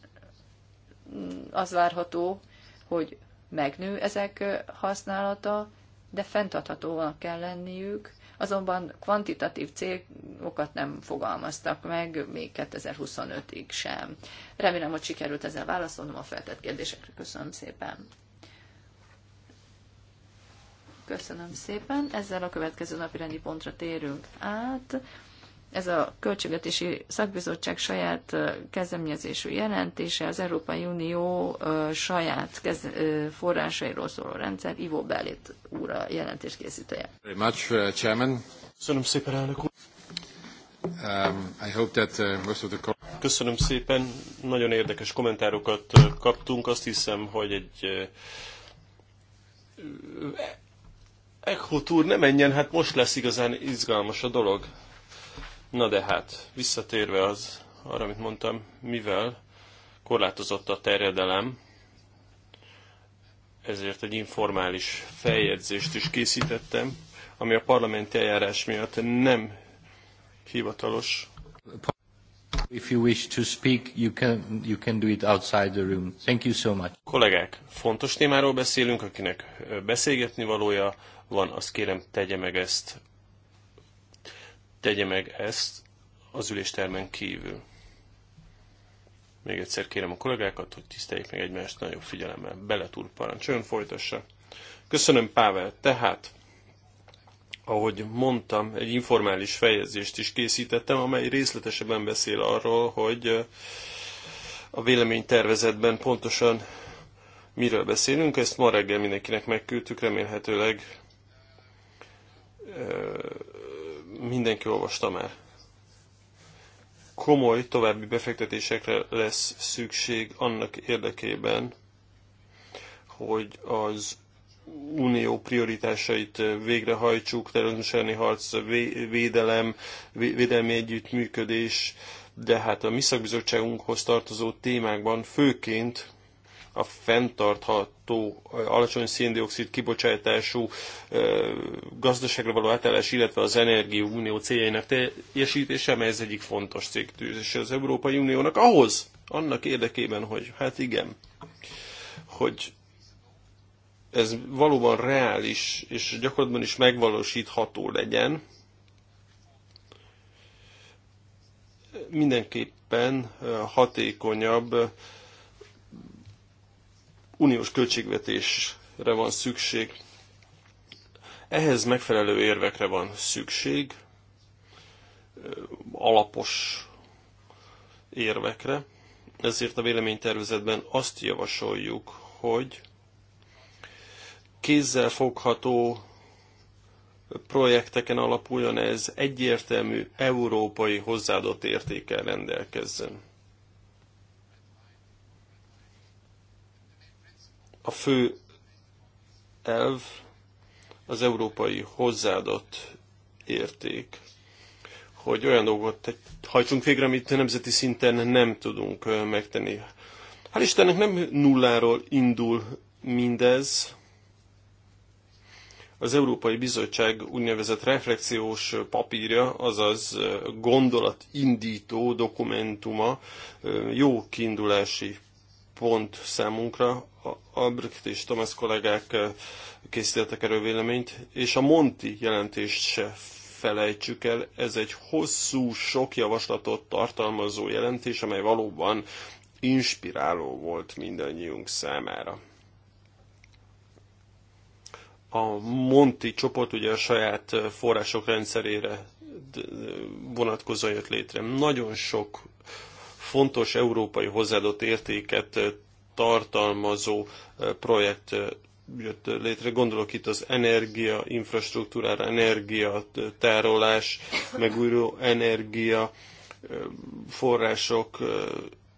Speaker 2: az várható, hogy megnő ezek használata, de fenntarthatóan kell lenniük, azonban kvantitatív célokat nem fogalmaztak meg, még 2025-ig sem. Remélem, hogy sikerült ezzel válaszolnom a feltett kérdésekre. Köszönöm szépen. Köszönöm szépen. Ezzel a következő napi rendi pontra térünk át. Ez a Költségvetési Szakbizottság saját kezdeményezésű jelentése, az Európai Unió saját forrásairól szóló rendszer, Ivo Belit úr a jelentés készítője.
Speaker 3: Uh, Köszönöm szépen, elnök úr. Um, uh, Köszönöm szépen, nagyon érdekes kommentárokat kaptunk. Azt hiszem, hogy egy e- Echo Tour ne menjen, hát most lesz igazán izgalmas a dolog. Na de hát, visszatérve az, arra, amit mondtam, mivel korlátozott a terjedelem, ezért egy informális feljegyzést is készítettem, ami a parlamenti eljárás miatt nem hivatalos.
Speaker 4: If you wish to speak, you can, you can do it outside the room. Thank you so much.
Speaker 3: Kollégák, fontos témáról beszélünk, akinek beszélgetni valója van, azt kérem tegye meg ezt tegye meg ezt az üléstermen kívül. Még egyszer kérem a kollégákat, hogy tiszteljék meg egymást nagyobb figyelemmel. Beletúr parancs, ön folytassa. Köszönöm, Pável. Tehát, ahogy mondtam, egy informális fejezést is készítettem, amely részletesebben beszél arról, hogy a véleménytervezetben pontosan miről beszélünk. Ezt ma reggel mindenkinek megküldtük, remélhetőleg mindenki olvasta már. Komoly további befektetésekre lesz szükség annak érdekében, hogy az unió prioritásait végrehajtsuk, terrorizmus harc, védelem, védelmi együttműködés, de hát a mi szakbizottságunkhoz tartozó témákban főként a fenntartható alacsony széndiokszid kibocsátású gazdaságra való átállás, illetve az Energia Unió céljainak teljesítése, mely ez egyik fontos és az Európai Uniónak ahhoz, annak érdekében, hogy hát igen, hogy ez valóban reális és gyakorlatban is megvalósítható legyen, mindenképpen hatékonyabb uniós költségvetésre van szükség. Ehhez megfelelő érvekre van szükség, alapos érvekre. Ezért a véleménytervezetben azt javasoljuk, hogy kézzel fogható projekteken alapuljon ez egyértelmű európai hozzáadott értékkel rendelkezzen. A fő elv az európai hozzáadott érték, hogy olyan dolgot hajtsunk végre, amit nemzeti szinten nem tudunk megtenni. Hál' Istennek nem nulláról indul mindez. Az Európai Bizottság úgynevezett reflexiós papírja, azaz gondolatindító dokumentuma jó kiindulási pont számunkra. Albrecht és Thomas kollégák készítettek erről véleményt, és a Monti jelentést se felejtsük el, ez egy hosszú, sok javaslatot tartalmazó jelentés, amely valóban inspiráló volt mindannyiunk számára. A Monti csoport ugye a saját források rendszerére vonatkozóan jött létre. Nagyon sok fontos európai hozzáadott értéket tartalmazó projekt jött létre. Gondolok itt az energia infrastruktúrára, energia tárolás, megújuló energia források,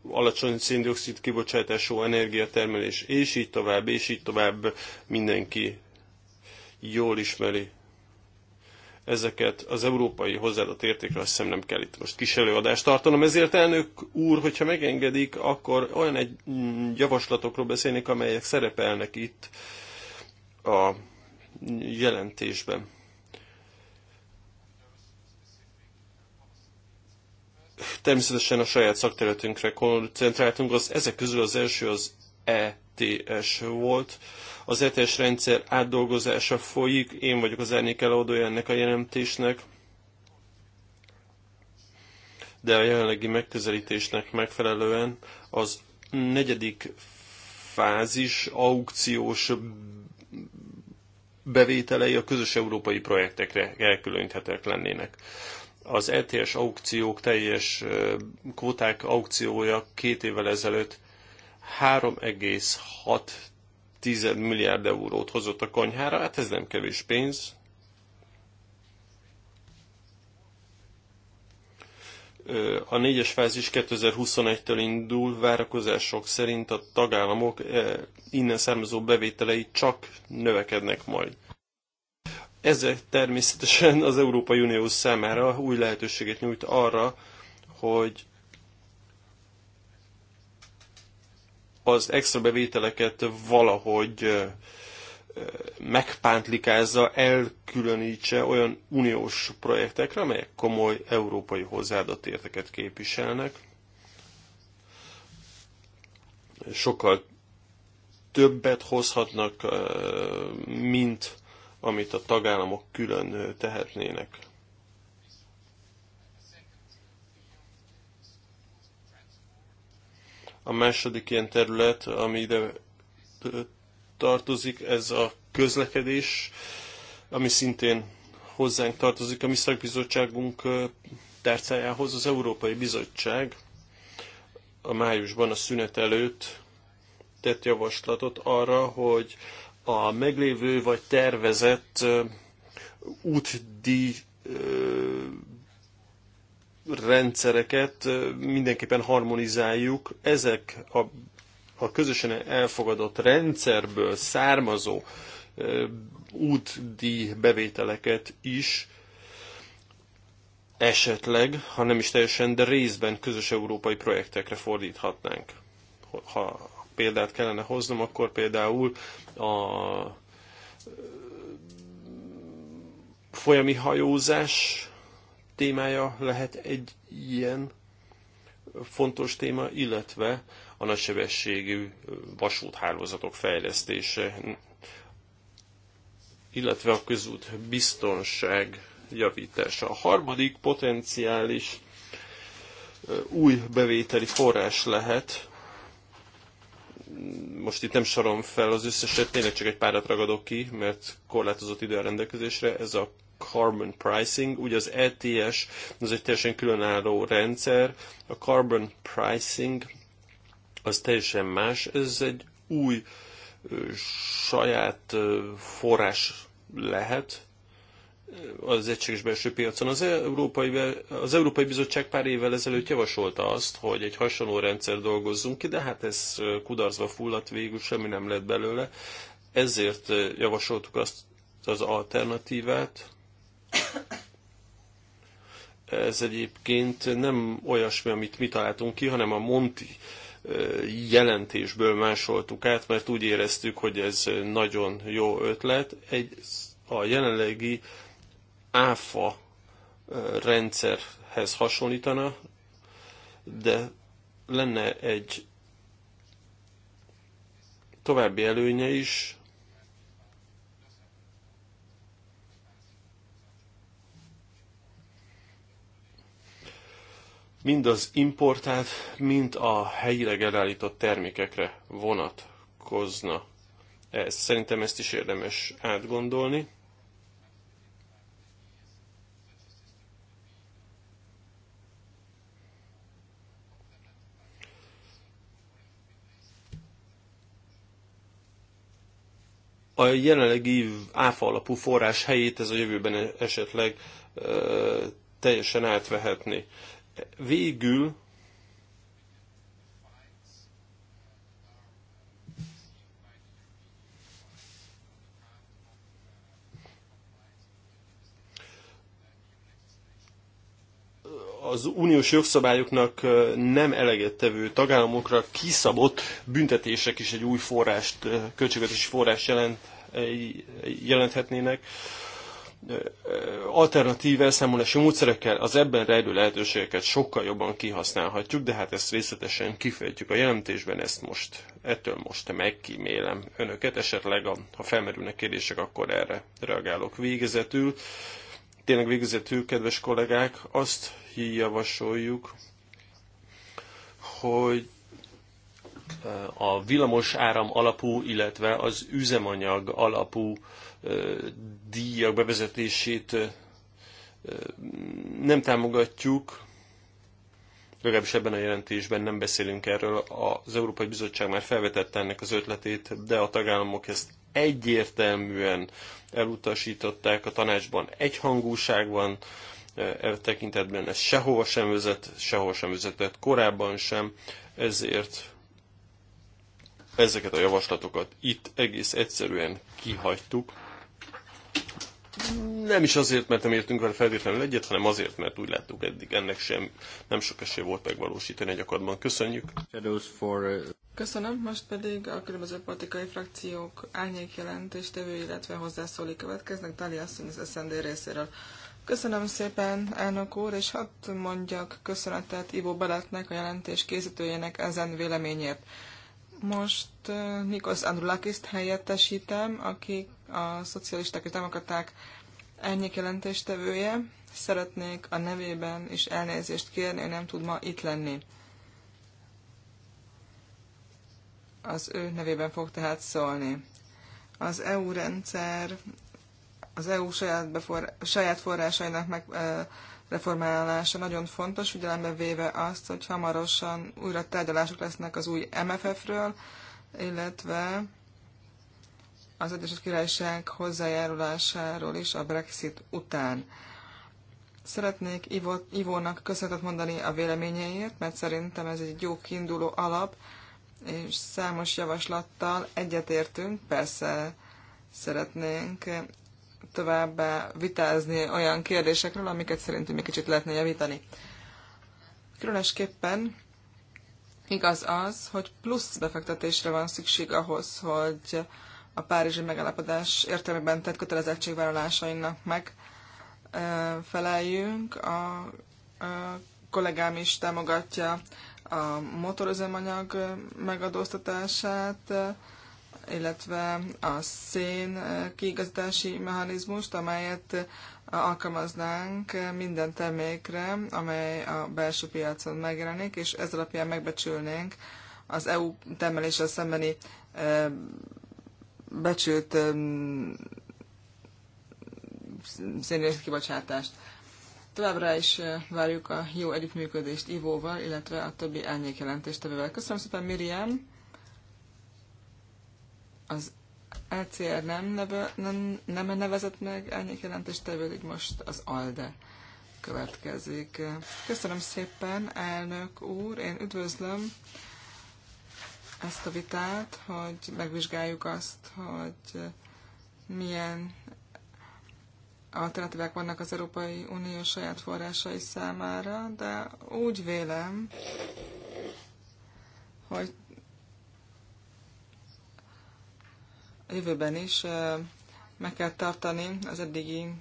Speaker 3: alacsony széndiokszid kibocsátású energiatermelés, és így tovább, és így tovább mindenki jól ismeri ezeket az európai hozzáadott értékre azt hiszem nem kell itt most kis előadást tartanom. Ezért elnök úr, hogyha megengedik, akkor olyan egy mm, javaslatokról beszélnék, amelyek szerepelnek itt a jelentésben. Természetesen a saját szakterületünkre koncentráltunk, az, ezek közül az első az ETS volt, az ETS rendszer átdolgozása folyik, én vagyok az árnyék előadója ennek a jelentésnek, de a jelenlegi megközelítésnek megfelelően az negyedik fázis aukciós bevételei a közös európai projektekre elkülöníthetek lennének. Az ETS aukciók teljes kvóták aukciója két évvel ezelőtt 3,6 10 milliárd eurót hozott a konyhára, hát ez nem kevés pénz. A négyes fázis 2021-től indul, várakozások szerint a tagállamok innen származó bevételei csak növekednek majd. Ezek természetesen az Európai Unió számára új lehetőséget nyújt arra, hogy az extra bevételeket valahogy megpántlikázza, elkülönítse olyan uniós projektekre, amelyek komoly európai hozzáadott érteket képviselnek. Sokkal többet hozhatnak, mint amit a tagállamok külön tehetnének. A második ilyen terület, ami ide tartozik, ez a közlekedés, ami szintén hozzánk tartozik a mi szakbizottságunk tárcájához. Az Európai Bizottság a májusban a szünet előtt tett javaslatot arra, hogy a meglévő vagy tervezett útdíj rendszereket mindenképpen harmonizáljuk. Ezek a, a közösen elfogadott rendszerből származó útdíj bevételeket is esetleg, ha nem is teljesen, de részben közös európai projektekre fordíthatnánk. Ha példát kellene hoznom, akkor például a folyami hajózás témája lehet egy ilyen fontos téma, illetve a nagysebességű vasúthálózatok fejlesztése, illetve a közút biztonság javítása. A harmadik potenciális új bevételi forrás lehet, most itt nem sorom fel az összeset, tényleg csak egy párat ragadok ki, mert korlátozott idő a rendelkezésre, ez a carbon pricing, ugye az ETS, az egy teljesen különálló rendszer, a carbon pricing az teljesen más, ez egy új saját forrás lehet, az egységes belső piacon. Az Európai, az Európai Bizottság pár évvel ezelőtt javasolta azt, hogy egy hasonló rendszer dolgozzunk ki, de hát ez kudarzva fulladt végül, semmi nem lett belőle. Ezért javasoltuk azt az alternatívát, ez egyébként nem olyasmi, amit mi találtunk ki, hanem a Monti jelentésből másoltuk át, mert úgy éreztük, hogy ez nagyon jó ötlet. Egy, a jelenlegi áfa rendszerhez hasonlítana, de lenne egy további előnye is, mind az importált, mind a helyileg elállított termékekre vonatkozna. Ez, szerintem ezt is érdemes átgondolni. a jelenlegi áfa alapú forrás helyét ez a jövőben esetleg ö, teljesen átvehetni. Végül az uniós jogszabályoknak nem eleget tevő tagállamokra kiszabott büntetések is egy új forrást, költségvetési forrást jelent, jelenthetnének alternatív elszámolási módszerekkel az ebben rejlő lehetőségeket sokkal jobban kihasználhatjuk, de hát ezt részletesen kifejtjük a jelentésben, ezt most, ettől most megkímélem önöket, esetleg a, ha felmerülnek kérdések, akkor erre reagálok végezetül. Tényleg végezetül, kedves kollégák, azt javasoljuk, hogy e, a villamos áram alapú, illetve az üzemanyag alapú díjak bevezetését nem támogatjuk, legalábbis ebben a jelentésben nem beszélünk erről. Az Európai Bizottság már felvetette ennek az ötletét, de a tagállamok ezt egyértelműen elutasították a tanácsban. Egyhangúság van, e tekintetben ez sehova sem vezet, sehol sem vezetett korábban sem, ezért ezeket a javaslatokat itt egész egyszerűen kihagytuk nem is azért, mert nem értünk vele feltétlenül egyet, hanem azért, mert úgy láttuk eddig ennek sem, nem sok esély volt megvalósítani a gyakorlatban. Köszönjük! Uh,
Speaker 1: Köszönöm, most pedig a különböző politikai frakciók árnyék tevő, illetve hozzászólói következnek, Tali asszony az SZND részéről. Köszönöm szépen, elnök úr, és hadd mondjak köszönetet Ivo Beletnek, a jelentés készítőjének ezen véleményért. Most Nikos Andrulakiszt helyettesítem, aki a szocialisták és demokraták ennyi jelentéstevője. Szeretnék a nevében is elnézést kérni, hogy nem tud ma itt lenni. Az ő nevében fog tehát szólni. Az EU rendszer, az EU saját, befor, saját forrásainak meg, reformálása nagyon fontos, figyelembe véve azt, hogy hamarosan újra tárgyalások lesznek az új MFF-ről, illetve az Egyesült Királyság hozzájárulásáról is a Brexit után. Szeretnék Ivo, Ivónak köszönetet mondani a véleményeért, mert szerintem ez egy jó kiinduló alap, és számos javaslattal egyetértünk, persze szeretnénk továbbá vitázni olyan kérdésekről, amiket szerintünk még kicsit lehetne javítani. Különösképpen igaz az, hogy plusz befektetésre van szükség ahhoz, hogy a Párizsi megállapodás értelmében tett kötelezettségvállalásainak meg feleljünk. A, a kollégám is támogatja a motorüzemanyag megadóztatását, illetve a szén eh, kiigazítási mechanizmust, amelyet eh, alkalmaznánk eh, minden termékre, amely a belső piacon megjelenik, és ez alapján megbecsülnénk az EU termeléssel szembeni becsült szénrész kibocsátást. Továbbra is várjuk a jó együttműködést Ivóval, illetve a többi elnyékjelentéstevővel. Köszönöm szépen, Miriam! Az LCR e nem, neve, nem, nem nevezett meg elnyék jelentéstevőt, így most az ALDE következik. Köszönöm szépen, elnök úr, én üdvözlöm ezt a vitát, hogy megvizsgáljuk azt, hogy milyen alternatívák vannak az Európai Unió saját forrásai számára, de úgy vélem, hogy jövőben is meg kell tartani az eddigi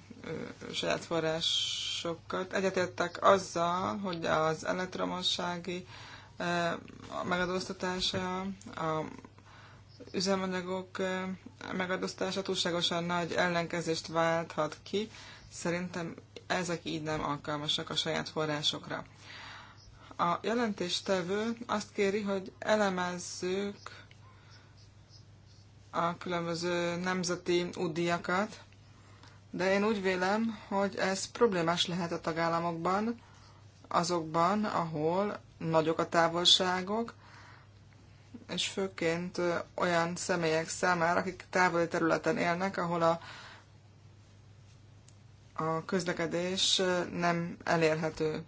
Speaker 1: saját forrásokat. Egyetértek azzal, hogy az elektromossági megadóztatása, a üzemanyagok megadóztatása túlságosan nagy ellenkezést válthat ki. Szerintem ezek így nem alkalmasak a saját forrásokra. A jelentéstevő azt kéri, hogy elemezzük a különböző nemzeti útdíjakat, de én úgy vélem, hogy ez problémás lehet a tagállamokban, azokban, ahol nagyok a távolságok, és főként olyan személyek számára, akik távoli területen élnek, ahol a, a közlekedés nem elérhető.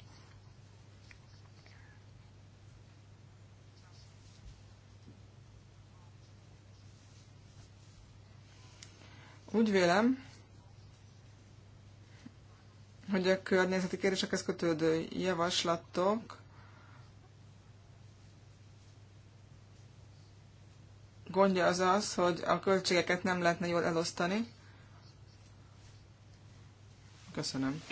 Speaker 1: Úgy vélem, hogy a környezeti kérdésekhez kötődő javaslatok gondja az az, hogy a költségeket nem lehetne jól elosztani. Köszönöm.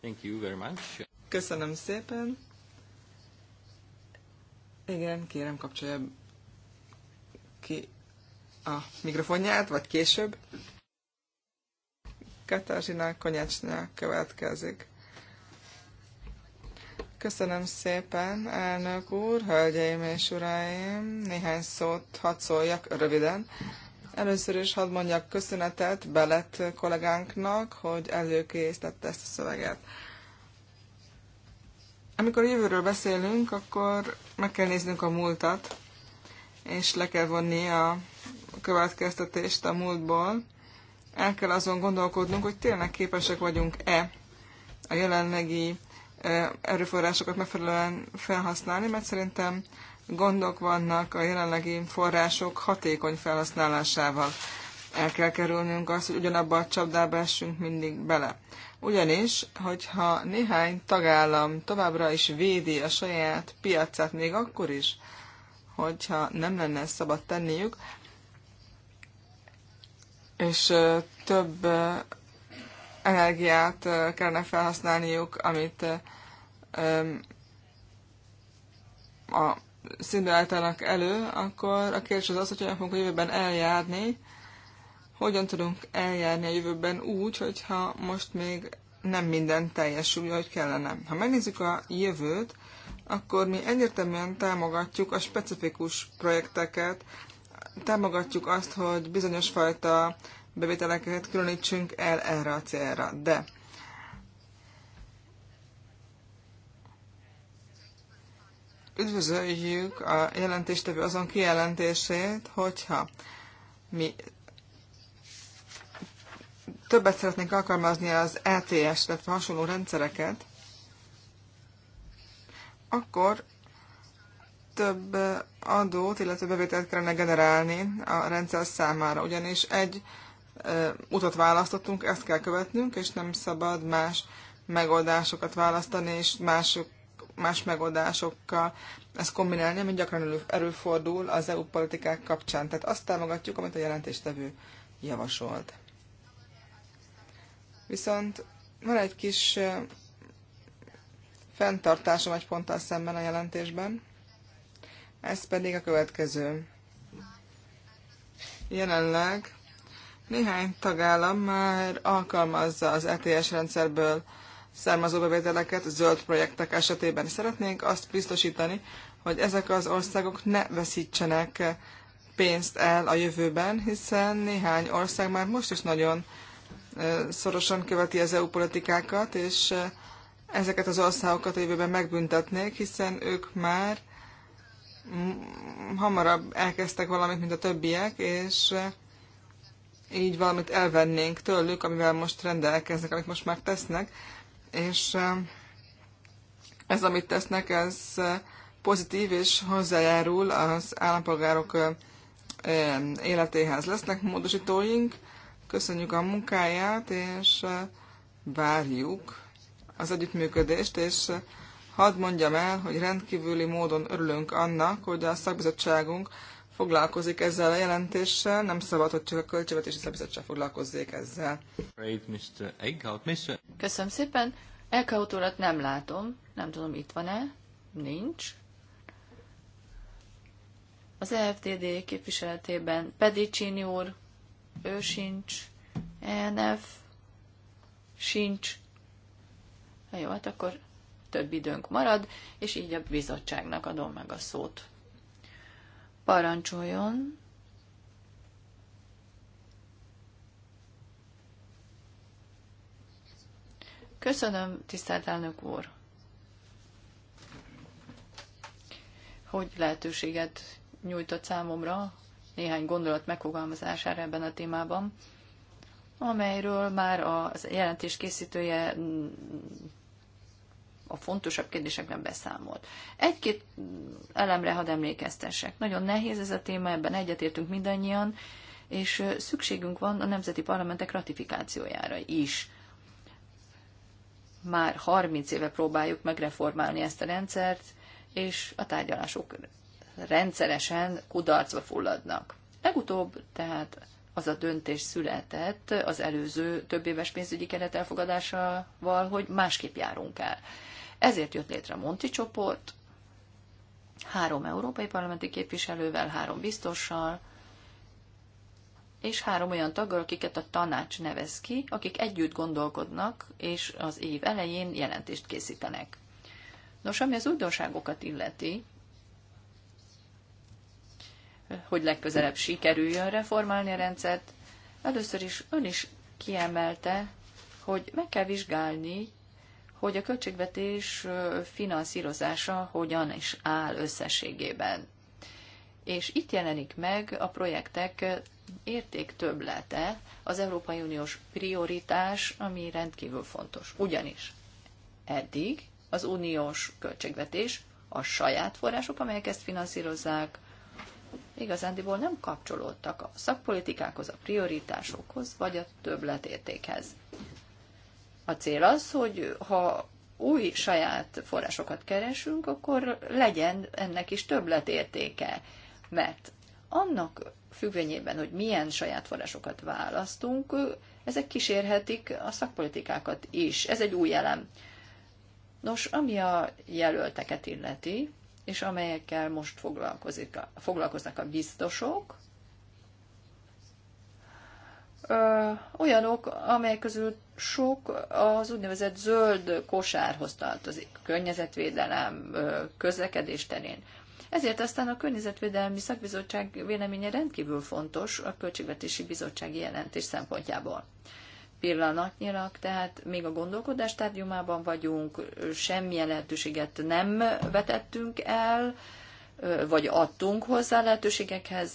Speaker 4: Thank you very much.
Speaker 1: Köszönöm szépen. Igen, kérem kapcsolja ki a mikrofonját, vagy később. Katarzyna Konyecsnya következik. Köszönöm szépen, elnök úr, hölgyeim és uraim. Néhány szót hadd szóljak röviden. Először is hadd mondjak köszönetet Belet kollégánknak, hogy előkészítette ezt a szöveget. Amikor jövőről beszélünk, akkor meg kell néznünk a múltat, és le kell vonni a következtetést a múltból. El kell azon gondolkodnunk, hogy tényleg képesek vagyunk-e a jelenlegi erőforrásokat megfelelően felhasználni, mert szerintem gondok vannak a jelenlegi források hatékony felhasználásával. El kell kerülnünk azt, hogy ugyanabba a csapdába essünk mindig bele. Ugyanis, hogyha néhány tagállam továbbra is védi a saját piacát, még akkor is, hogyha nem lenne szabad tenniük, és több energiát kellene felhasználniuk, amit a színbe elő, akkor a kérdés az az, hogy olyan fogunk a jövőben eljárni, hogyan tudunk eljárni a jövőben úgy, hogyha most még nem minden teljesül, ahogy kellene. Ha megnézzük a jövőt, akkor mi egyértelműen támogatjuk a specifikus projekteket, támogatjuk azt, hogy bizonyos fajta bevételeket különítsünk el erre a célra. De üdvözöljük a jelentéstevő azon kijelentését, hogyha mi többet szeretnénk alkalmazni az ETS, illetve hasonló rendszereket, akkor több adót, illetve bevételt kellene generálni a rendszer számára, ugyanis egy utat választottunk, ezt kell követnünk, és nem szabad más megoldásokat választani, és más más megoldásokkal ezt kombinálni, ami gyakran előfordul az EU politikák kapcsán. Tehát azt támogatjuk, amit a jelentéstevő javasolt. Viszont van egy kis fenntartásom egy ponttal szemben a jelentésben. Ez pedig a következő. Jelenleg néhány tagállam már alkalmazza az ETS rendszerből származó bevételeket zöld projektek esetében. Szeretnénk azt biztosítani, hogy ezek az országok ne veszítsenek pénzt el a jövőben, hiszen néhány ország már most is nagyon szorosan követi az EU politikákat, és ezeket az országokat a jövőben megbüntetnék, hiszen ők már hamarabb elkezdtek valamit, mint a többiek, és így valamit elvennénk tőlük, amivel most rendelkeznek, amit most már tesznek, és ez, amit tesznek, ez pozitív és hozzájárul az állampolgárok életéhez. Lesznek módosítóink, Köszönjük a munkáját, és várjuk az együttműködést, és hadd mondjam el, hogy rendkívüli módon örülünk annak, hogy a szakbizottságunk foglalkozik ezzel a jelentéssel, nem szabad, hogy csak a költségvetési szakbizottság foglalkozzék ezzel.
Speaker 2: Köszönöm szépen. Eckhout urat nem látom, nem tudom, itt van-e? Nincs. Az EFTD képviseletében Pedicini úr ő sincs, ENF sincs. Na jó, hát akkor több időnk marad, és így a bizottságnak adom meg a szót. Parancsoljon! Köszönöm, tisztelt elnök úr, hogy lehetőséget nyújtott számomra, néhány gondolat megfogalmazására ebben a témában, amelyről már a jelentés készítője mm, a fontosabb kérdésekben beszámolt. Egy-két elemre hadd emlékeztessek. Nagyon nehéz ez a téma, ebben egyetértünk mindannyian, és szükségünk van a nemzeti parlamentek ratifikációjára is. Már 30 éve próbáljuk megreformálni ezt a rendszert, és a tárgyalások rendszeresen kudarcba fulladnak. Legutóbb tehát az a döntés született az előző több éves pénzügyi keret elfogadásával, hogy másképp járunk el. Ezért jött létre a Monti csoport, három európai parlamenti képviselővel, három biztossal, és három olyan taggal, akiket a tanács nevez ki, akik együtt gondolkodnak, és az év elején jelentést készítenek. Nos, ami az újdonságokat illeti, hogy legközelebb sikerüljön reformálni a rendszert. Először is ön is kiemelte, hogy meg kell vizsgálni, hogy a költségvetés finanszírozása hogyan is áll összességében. És itt jelenik meg a projektek értéktöblete, az Európai Uniós prioritás, ami rendkívül fontos. Ugyanis eddig az uniós költségvetés, a saját források, amelyek ezt finanszírozzák, igazándiból nem kapcsolódtak a szakpolitikákhoz, a prioritásokhoz, vagy a többletértékhez. A cél az, hogy ha új saját forrásokat keresünk, akkor legyen ennek is többletértéke, mert annak függvényében, hogy milyen saját forrásokat választunk, ezek kísérhetik a szakpolitikákat is. Ez egy új elem. Nos, ami a jelölteket illeti, és amelyekkel most foglalkozik, a foglalkoznak a biztosok, olyanok, amelyek közül sok az úgynevezett zöld kosárhoz tartozik, környezetvédelem, közlekedés terén. Ezért aztán a Környezetvédelmi Szakbizottság véleménye rendkívül fontos a Költségvetési Bizottsági jelentés szempontjából pillanatnyilag, tehát még a gondolkodás stádiumában vagyunk, semmilyen lehetőséget nem vetettünk el, vagy adtunk hozzá lehetőségekhez.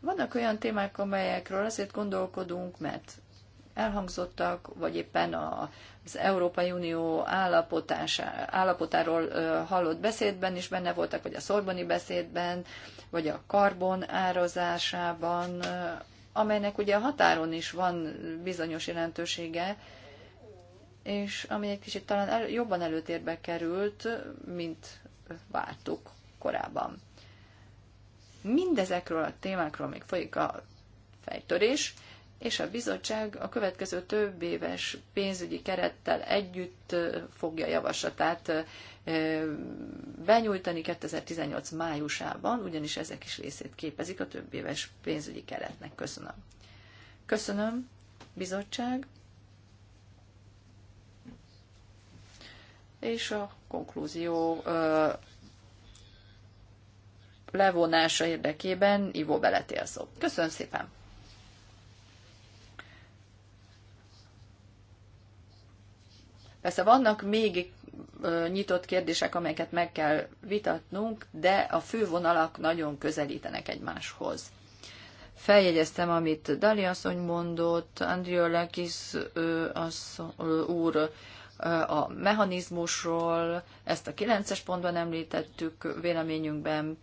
Speaker 2: Vannak olyan témák, amelyekről azért gondolkodunk, mert elhangzottak, vagy éppen az Európai Unió állapotáról hallott beszédben is benne voltak, vagy a szorboni beszédben, vagy a karbon árazásában, amelynek ugye a határon is van bizonyos jelentősége, és ami egy kicsit talán el, jobban előtérbe került, mint vártuk korábban. Mindezekről a témákról még folyik a fejtörés, és a bizottság a következő több éves pénzügyi kerettel együtt fogja javaslatát benyújtani 2018 májusában, ugyanis ezek is részét képezik a több éves pénzügyi keretnek. Köszönöm. Köszönöm, bizottság. És a konklúzió ö, levonása érdekében Ivo beletél szó. Köszönöm szépen! Persze vannak még nyitott kérdések, amelyeket meg kell vitatnunk, de a fő vonalak nagyon közelítenek egymáshoz. Feljegyeztem, amit Dali asszony mondott, Andrea Lekis úr a mechanizmusról, ezt a kilences pontban említettük véleményünkben,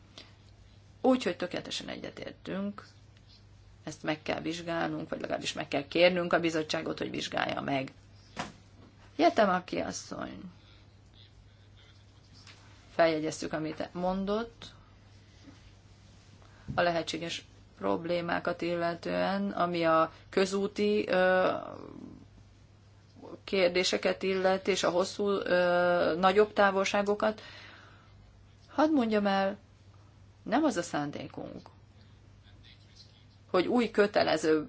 Speaker 2: úgyhogy tökéletesen egyetértünk, ezt meg kell vizsgálnunk, vagy legalábbis meg kell kérnünk a bizottságot, hogy vizsgálja meg. Jetem aki asszony feljegyeztük, amit mondott, a lehetséges problémákat illetően, ami a közúti ö, kérdéseket illet, és a hosszú, ö, nagyobb távolságokat. Hadd mondjam el, nem az a szándékunk, hogy új kötelező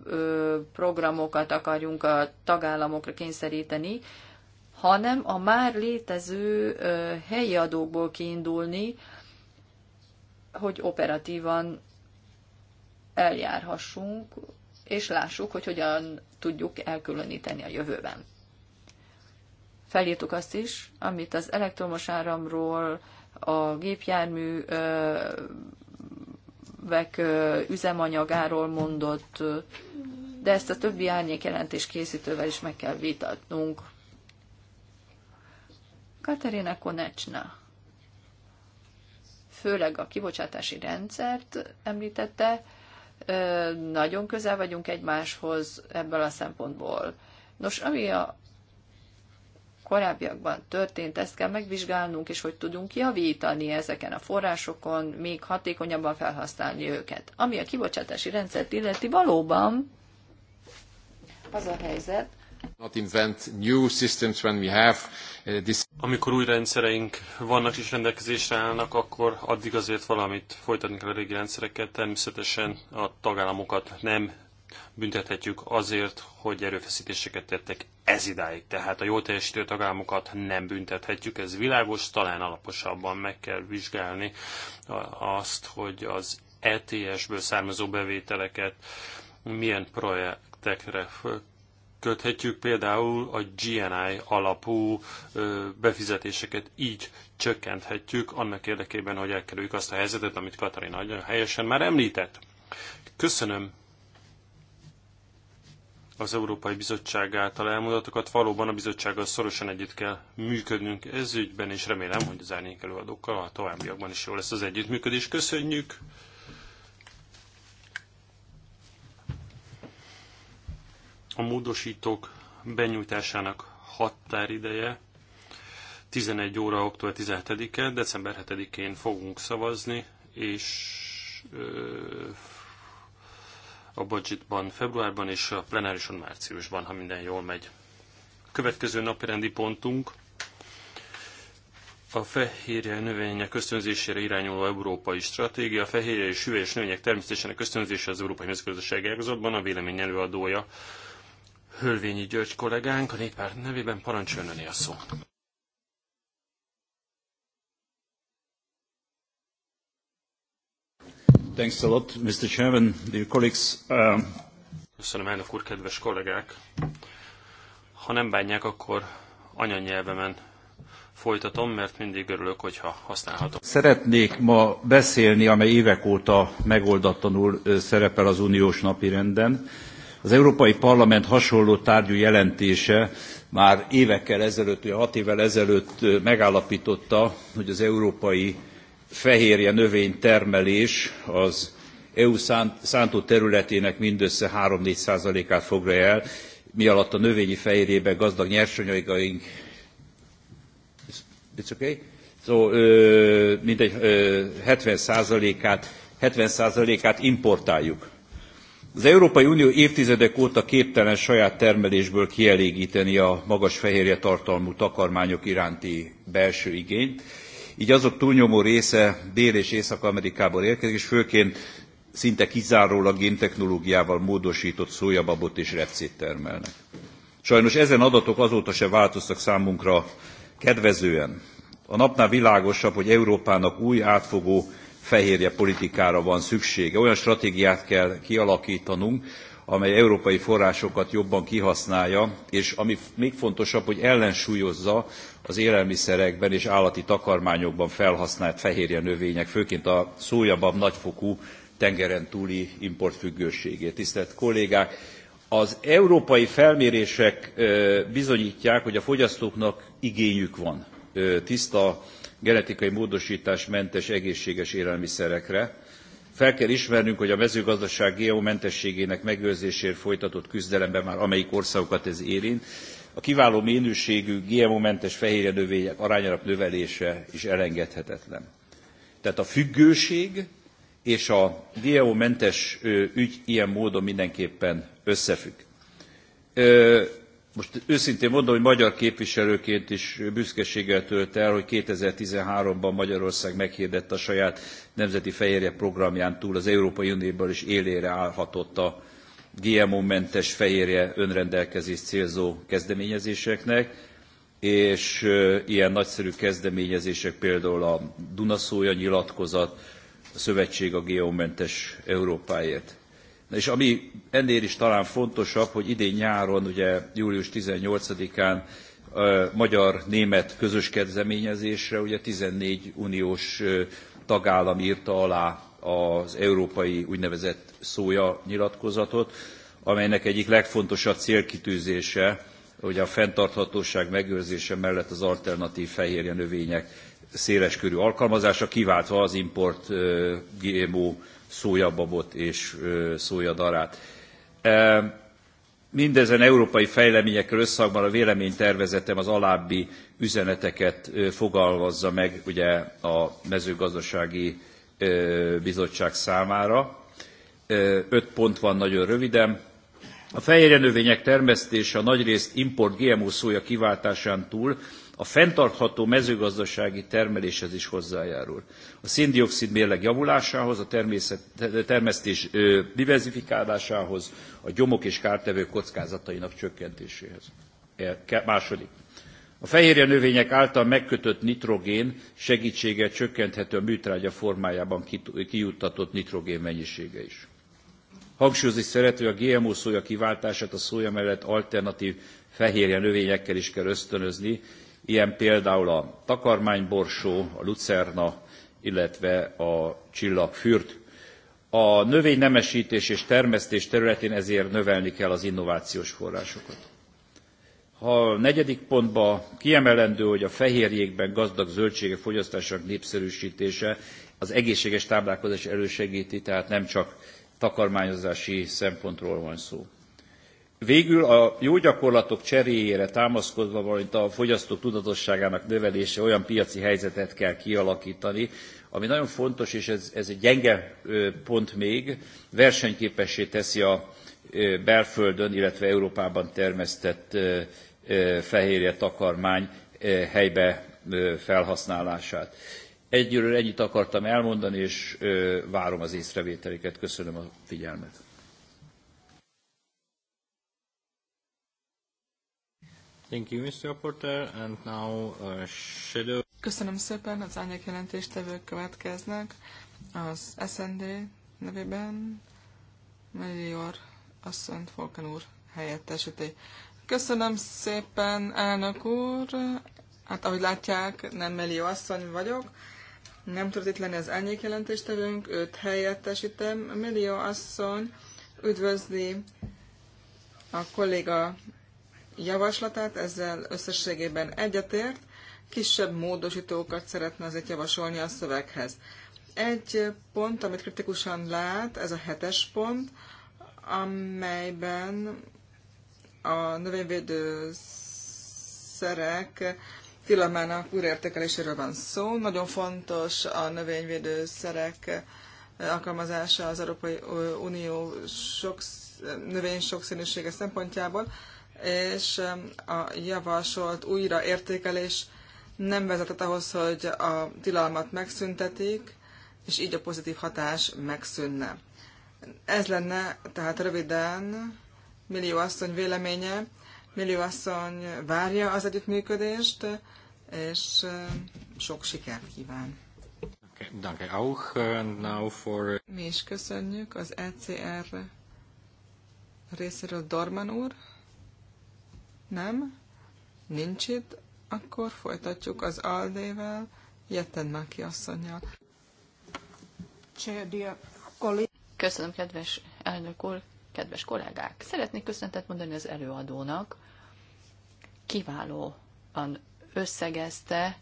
Speaker 2: programokat akarjunk a tagállamokra kényszeríteni, hanem a már létező helyi adókból kiindulni, hogy operatívan eljárhassunk, és lássuk, hogy hogyan tudjuk elkülöníteni a jövőben. Felírtuk azt is, amit az elektromos áramról, a gépjármű vek üzemanyagáról mondott, de ezt a többi árnyékjelentés készítővel is meg kell vitatnunk, Katerina Konecsna főleg a kibocsátási rendszert említette, nagyon közel vagyunk egymáshoz ebből a szempontból. Nos, ami a korábbiakban történt, ezt kell megvizsgálnunk, és hogy tudunk javítani ezeken a forrásokon, még hatékonyabban felhasználni őket. Ami a kibocsátási rendszert illeti, valóban az a helyzet,
Speaker 4: Uh, Amikor új
Speaker 3: rendszereink vannak és rendelkezésre állnak, akkor addig azért valamit folytatni kell a régi rendszereket. Természetesen a tagállamokat nem büntethetjük azért, hogy erőfeszítéseket tettek ez idáig. Tehát a jól teljesítő tagállamokat nem büntethetjük, ez világos, talán alaposabban meg kell vizsgálni azt, hogy az ETS-ből származó bevételeket milyen projektekre köthetjük például a GNI alapú befizetéseket, így csökkenthetjük annak érdekében, hogy elkerüljük azt a helyzetet, amit Katarina nagyon helyesen már említett. Köszönöm az Európai Bizottság által elmondatokat. Valóban a bizottsággal szorosan együtt kell működnünk ez ügyben, és remélem, hogy az árnyék előadókkal a továbbiakban is jó lesz az együttműködés. Köszönjük! A módosítók benyújtásának határideje 11 óra október 17-e, december 7-én fogunk szavazni, és a budgetban februárban és a plenárison márciusban, ha minden jól megy. Következő rendi pontunk a fehérje növények ösztönzésére irányuló európai stratégia, a fehérje és hüvelyes növények a ösztönzése az európai mezőgazdasági ágazatban a vélemény előadója Hölvényi György kollégánk a néppárt nevében parancsoljon öné a szó.
Speaker 4: Thanks a lot, Mr. Chairman, dear colleagues. Um...
Speaker 3: Köszönöm, elnök úr, kedves kollégák. Ha nem bánják, akkor anyanyelvemen folytatom, mert mindig örülök, hogyha használhatom.
Speaker 4: Szeretnék ma beszélni, amely évek óta megoldatlanul szerepel az uniós napirenden, az Európai Parlament hasonló tárgyú jelentése már évekkel ezelőtt, ugye hat évvel ezelőtt megállapította, hogy az európai fehérje növénytermelés az EU szántó területének mindössze 3-4 százalékát foglalja el, mi alatt a növényi fehérjében gazdag nyersanyagaink It's okay? So, mindegy 70 százalékát, 70 százalékát importáljuk. Az Európai Unió évtizedek óta képtelen saját termelésből kielégíteni a magas fehérje tartalmú takarmányok iránti belső igényt, így azok túlnyomó része Dél- és Észak-Amerikából érkezik, és főként szinte kizárólag géntechnológiával módosított szójababot és repcét termelnek. Sajnos ezen adatok azóta se változtak számunkra kedvezően. A napnál világosabb, hogy Európának új átfogó fehérje politikára van szüksége. Olyan stratégiát kell kialakítanunk, amely európai forrásokat jobban kihasználja, és ami még fontosabb, hogy ellensúlyozza az élelmiszerekben és állati takarmányokban felhasznált fehérje növények, főként a szójabab nagyfokú tengeren túli importfüggőségét. Tisztelt kollégák, az európai felmérések bizonyítják, hogy a fogyasztóknak igényük van tiszta genetikai mentes egészséges élelmiszerekre. Fel kell ismernünk, hogy a mezőgazdaság GMO mentességének megőrzésért folytatott küzdelemben már amelyik országokat ez érint, a kiváló minőségű GMO mentes fehérje növények arányának növelése is elengedhetetlen. Tehát a függőség és a GMO mentes ügy ilyen módon mindenképpen összefügg. Most őszintén mondom, hogy magyar képviselőként is büszkeséggel tölt el, hogy 2013-ban Magyarország meghirdette a saját nemzeti fehérje programján túl az Európai Unióban is élére állhatott a GMO-mentes fehérje önrendelkezés célzó kezdeményezéseknek, és ilyen nagyszerű kezdeményezések például a Dunaszója nyilatkozat, a Szövetség a GMO-mentes Európáért. És ami ennél is talán fontosabb, hogy idén nyáron, ugye július 18-án magyar-német közös kezdeményezésre ugye 14 uniós tagállam írta alá az európai úgynevezett szója nyilatkozatot, amelynek egyik legfontosabb célkitűzése, hogy a fenntarthatóság megőrzése mellett az alternatív fehérje növények széleskörű alkalmazása, kiváltva az import GMO szójababot és szójadarát. Mindezen európai fejleményekkel összhangban a véleménytervezetem az alábbi üzeneteket fogalmazza meg ugye a mezőgazdasági bizottság számára. Öt pont van nagyon röviden. A fehérjenövények termesztése a nagyrészt import GMO szója kiváltásán túl a fenntartható mezőgazdasági termeléshez is hozzájárul. A széndiokszid mérleg javulásához, a termesztés diversifikálásához, a gyomok és kártevők kockázatainak csökkentéséhez. E, második. A fehérje növények által megkötött nitrogén segítsége csökkenthető a műtrágya formájában kijuttatott nitrogén mennyisége is. Hangsúlyozni szerető a GMO szója kiváltását a szója mellett alternatív fehérje növényekkel is kell ösztönözni, ilyen például a takarmányborsó, a lucerna, illetve a csillagfürt. A növénynemesítés és termesztés területén ezért növelni kell az innovációs forrásokat. A negyedik pontban kiemelendő, hogy a fehérjékben gazdag zöldségek fogyasztásának népszerűsítése az egészséges táplálkozás elősegíti, tehát nem csak takarmányozási szempontról van szó. Végül a jó gyakorlatok cseréjére támaszkodva, valamint a fogyasztók tudatosságának növelése olyan piaci helyzetet kell kialakítani, ami nagyon fontos, és ez, ez egy gyenge pont még, versenyképessé teszi a belföldön, illetve Európában termesztett fehérje takarmány helybe felhasználását. Egyről ennyit akartam elmondani, és várom az észrevételeket. Köszönöm a figyelmet. Thank you, Mr. Porter, and now uh, Shadow.
Speaker 1: Köszönöm szépen, az ányek jelentéstevők következnek az SND nevében Major asszonyt Falken úr helyettesíti. Köszönöm szépen, elnök úr! Hát ahogy látják, nem Melió asszony vagyok. Nem tudott itt lenni az elnyék jelentéstevőnk, őt helyettesítem. Melió asszony üdvözli a kolléga javaslatát, ezzel összességében egyetért, kisebb módosítókat szeretne azért javasolni a szöveghez. Egy pont, amit kritikusan lát, ez a hetes pont, amelyben a növényvédő szerek tilalmának újraértékeléséről van szó. Nagyon fontos a növényvédő szerek alkalmazása az Európai Unió sok, növény sokszínűsége szempontjából és a javasolt újraértékelés nem vezetett ahhoz, hogy a tilalmat megszüntetik, és így a pozitív hatás megszűnne. Ez lenne tehát röviden Millió asszony véleménye. Millió asszony várja az együttműködést, és sok sikert kíván. Äh, Mi is köszönjük az ECR részéről Dorman úr. Nem? Nincs itt? Akkor folytatjuk az Aldével, Jetten Máki asszonyjal.
Speaker 2: Köszönöm, kedves elnök úr, kedves kollégák! Szeretnék köszöntet mondani az előadónak. Kiválóan összegezte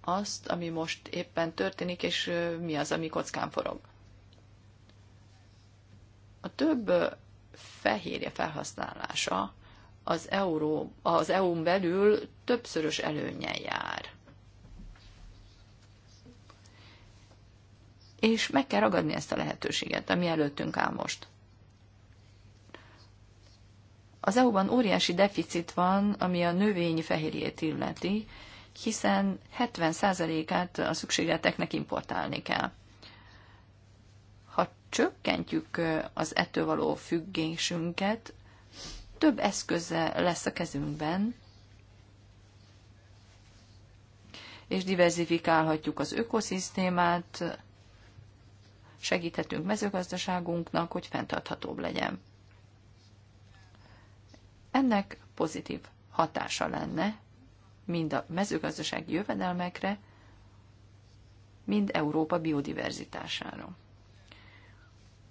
Speaker 2: azt, ami most éppen történik, és mi az, ami kockán forog. A több fehérje felhasználása az, euró, az EU-n belül többszörös előnye jár. És meg kell ragadni ezt a lehetőséget, ami előttünk áll most. Az EU-ban óriási deficit van, ami a növényi fehérjét illeti, hiszen 70%-át a szükségleteknek importálni kell. Ha csökkentjük az ettől való függésünket, több eszköze lesz a kezünkben, és diversifikálhatjuk az ökoszisztémát, segíthetünk mezőgazdaságunknak, hogy fenntarthatóbb legyen. Ennek pozitív hatása lenne mind a mezőgazdasági jövedelmekre, mind Európa biodiverzitására.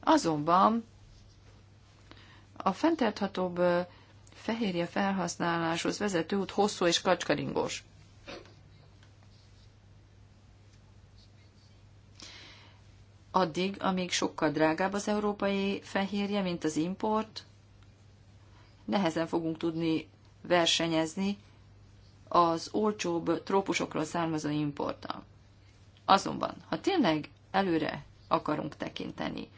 Speaker 2: Azonban a fenntarthatóbb fehérje felhasználáshoz vezető út hosszú és kacskaringós. Addig, amíg sokkal drágább az európai fehérje, mint az import, nehezen fogunk tudni versenyezni az olcsóbb trópusokról származó importtal. Azonban, ha tényleg előre akarunk tekinteni,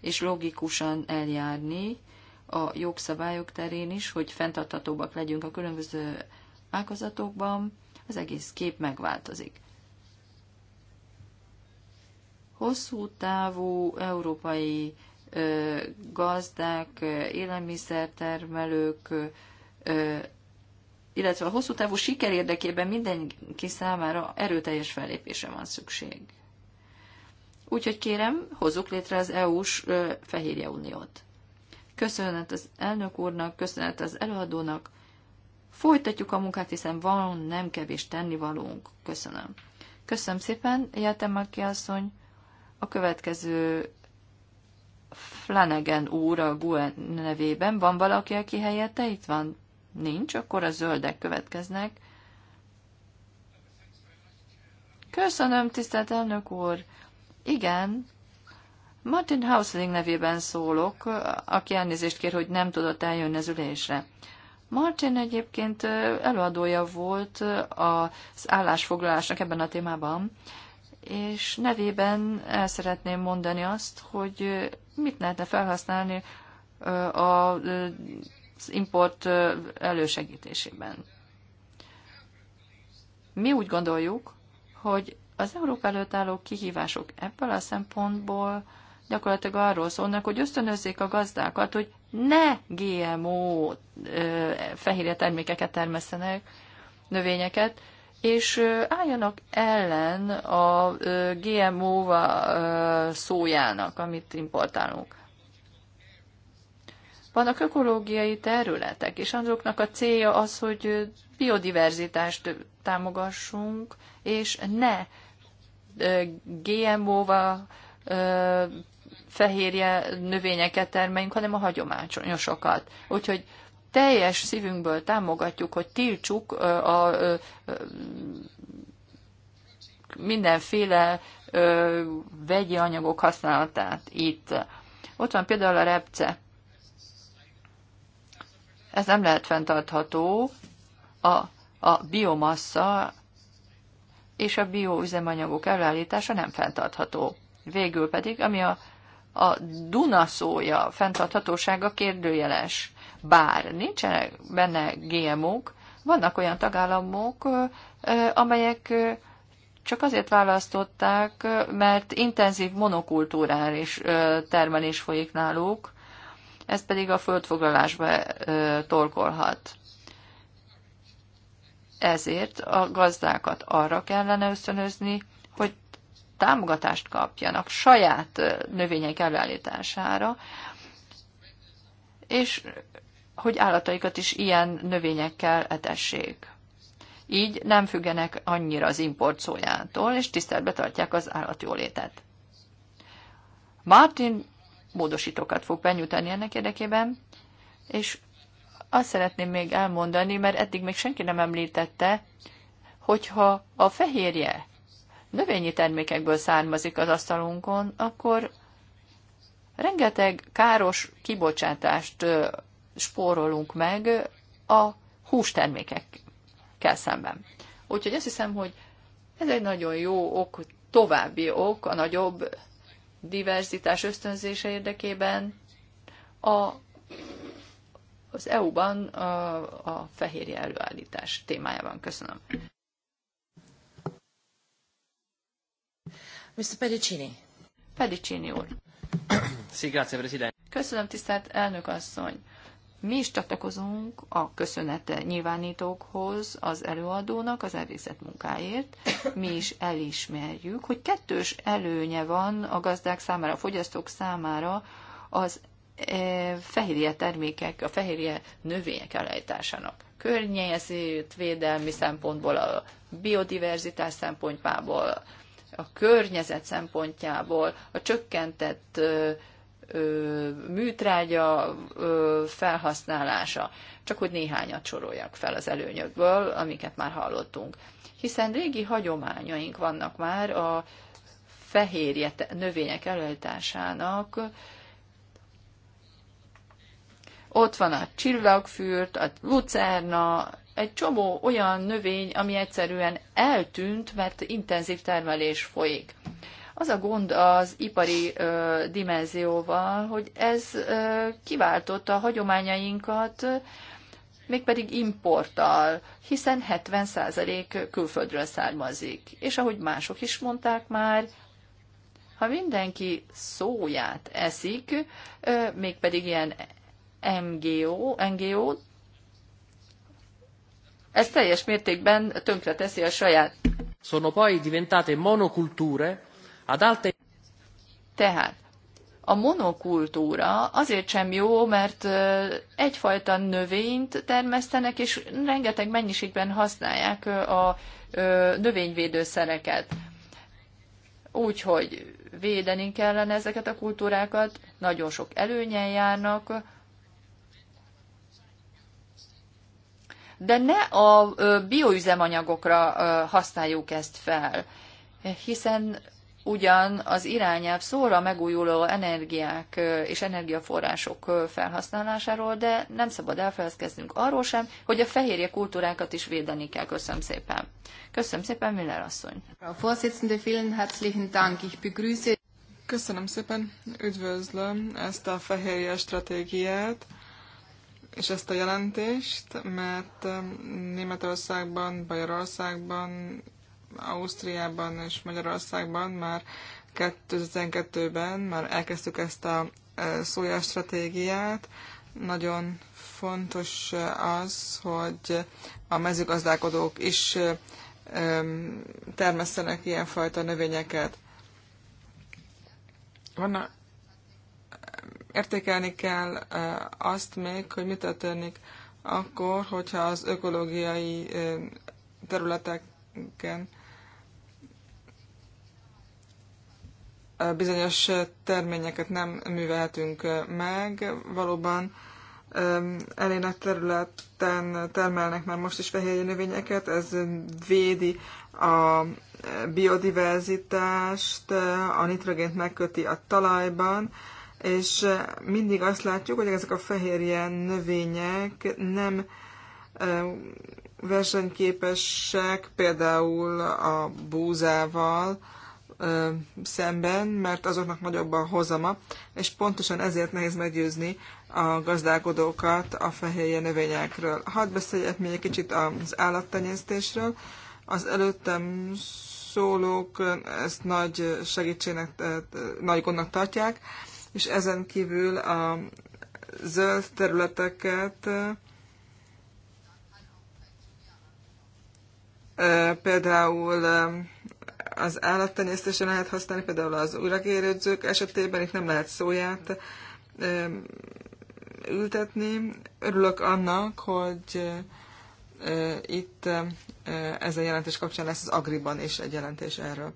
Speaker 2: és logikusan eljárni, a jogszabályok terén is, hogy fenntarthatóbbak legyünk a különböző ágazatokban, az egész kép megváltozik. Hosszú távú európai ö, gazdák, élelmiszertermelők, illetve a hosszú távú siker érdekében mindenki számára erőteljes fellépése van szükség. Úgyhogy kérem, hozzuk létre az EU-s Fehérje Uniót. Köszönet az elnök úrnak, köszönet az előadónak. Folytatjuk a munkát, hiszen van nem kevés tennivalónk. Köszönöm. Köszönöm szépen, Játemaki asszony. A következő Flanagan úr a Guen nevében. Van valaki, aki helyette itt van? Nincs, akkor a zöldek következnek. Köszönöm, tisztelt elnök úr. Igen, Martin Hausling nevében szólok, aki elnézést kér, hogy nem tudott eljönni az ülésre. Martin egyébként előadója volt az állásfoglalásnak ebben a témában, és nevében el szeretném mondani azt, hogy mit lehetne felhasználni az import elősegítésében. Mi úgy gondoljuk, hogy az Európa előtt álló kihívások ebből a szempontból gyakorlatilag arról szólnak, hogy ösztönözzék a gazdákat, hogy ne GMO fehérje termékeket termesztenek, növényeket, és álljanak ellen a gmo szójának, amit importálunk. Vannak ökológiai területek, és azoknak a célja az, hogy biodiverzitást támogassunk, és ne GMO-val fehérje növényeket termeljünk, hanem a hagyományosokat. Úgyhogy teljes szívünkből támogatjuk, hogy tiltsuk a, a, a mindenféle vegyi anyagok használatát itt. Ott van például a repce. Ez nem lehet fenntartható. A, a biomassa és a bioüzemanyagok előállítása nem fenntartható. Végül pedig, ami a a Duna szója fenntarthatósága kérdőjeles. Bár nincsenek benne GMO-k, vannak olyan tagállamok, amelyek csak azért választották, mert intenzív monokultúrális termelés folyik náluk, ez pedig a földfoglalásba torkolhat. Ezért a gazdákat arra kellene ösztönözni, támogatást kapjanak saját növények előállítására, és hogy állataikat is ilyen növényekkel etessék. Így nem függenek annyira az import szójától, és tiszteletbe tartják az állatjólétet. Martin módosítókat fog benyújtani ennek érdekében, és azt szeretném még elmondani, mert eddig még senki nem említette, hogyha a fehérje növényi termékekből származik az asztalunkon, akkor rengeteg káros kibocsátást spórolunk meg a hústermékekkel szemben. Úgyhogy azt hiszem, hogy ez egy nagyon jó ok, további ok a nagyobb diverzitás ösztönzése érdekében a, az EU-ban a, a fehérje előállítás témájában. Köszönöm. Mr. Pedicini. Pedicini úr. Sí, grazie, Presidente. Köszönöm, tisztelt elnök asszony. Mi is csatlakozunk a köszönet nyilvánítókhoz az előadónak az elvégzett munkáért. Mi is elismerjük, hogy kettős előnye van a gazdák számára, a fogyasztók számára az e, fehérje termékek, a fehérje növények elejtásának. Környezet, védelmi szempontból, a biodiverzitás szempontjából, a környezet szempontjából, a csökkentett műtrágya felhasználása, csak hogy néhányat soroljak fel az előnyökből, amiket már hallottunk. Hiszen régi hagyományaink vannak már a fehérje növények előállításának, ott van a csillagfürt, a lucerna, egy csomó olyan növény, ami egyszerűen eltűnt, mert intenzív termelés folyik. Az a gond az ipari ö, dimenzióval, hogy ez ö, kiváltotta a hagyományainkat, mégpedig importtal, hiszen 70% külföldről származik. És ahogy mások is mondták már, ha mindenki szóját eszik, mégpedig ilyen NGO, NGO ez teljes mértékben tönkreteszi a saját. Sono poi diventate monoculture ad alte... Tehát a monokultúra azért sem jó, mert egyfajta növényt termesztenek, és rengeteg mennyiségben használják a növényvédőszereket. Úgyhogy védeni kellene ezeket a kultúrákat, nagyon sok előnyen járnak, de ne a bioüzemanyagokra használjuk ezt fel, hiszen ugyan az irányelv szól a megújuló energiák és energiaforrások felhasználásáról, de nem szabad elfelezkeznünk arról sem, hogy a fehérje kultúrákat is védeni kell. Köszönöm szépen. Köszönöm szépen, Müller asszony. Köszönöm szépen,
Speaker 1: üdvözlöm ezt a fehérje stratégiát és ezt a jelentést, mert um, Németországban, Bajorországban, Ausztriában és Magyarországban már 2012-ben már elkezdtük ezt a e, szója stratégiát. Nagyon fontos az, hogy a mezőgazdálkodók is e, termesztenek ilyenfajta növényeket. Vannak Értékelni kell azt még, hogy mi történik akkor, hogyha az ökológiai területeken bizonyos terményeket nem művelhetünk meg. Valóban elének területen termelnek már most is fehérje növényeket, ez védi a biodiverzitást, a nitrogént megköti a talajban, és mindig azt látjuk, hogy ezek a fehérje növények nem versenyképesek például a búzával szemben, mert azoknak nagyobb a hozama, és pontosan ezért nehéz meggyőzni a gazdálkodókat a fehérje növényekről. Hadd beszéljek még egy kicsit az állattenyésztésről. Az előttem szólók ezt nagy segítségnek, nagy gondnak tartják és ezen kívül a zöld területeket például az állattenyésztésre lehet használni, például az újragérődzők esetében itt nem lehet szóját ültetni. Örülök annak, hogy itt ez a jelentés kapcsán lesz az Agriban is egy jelentés erről.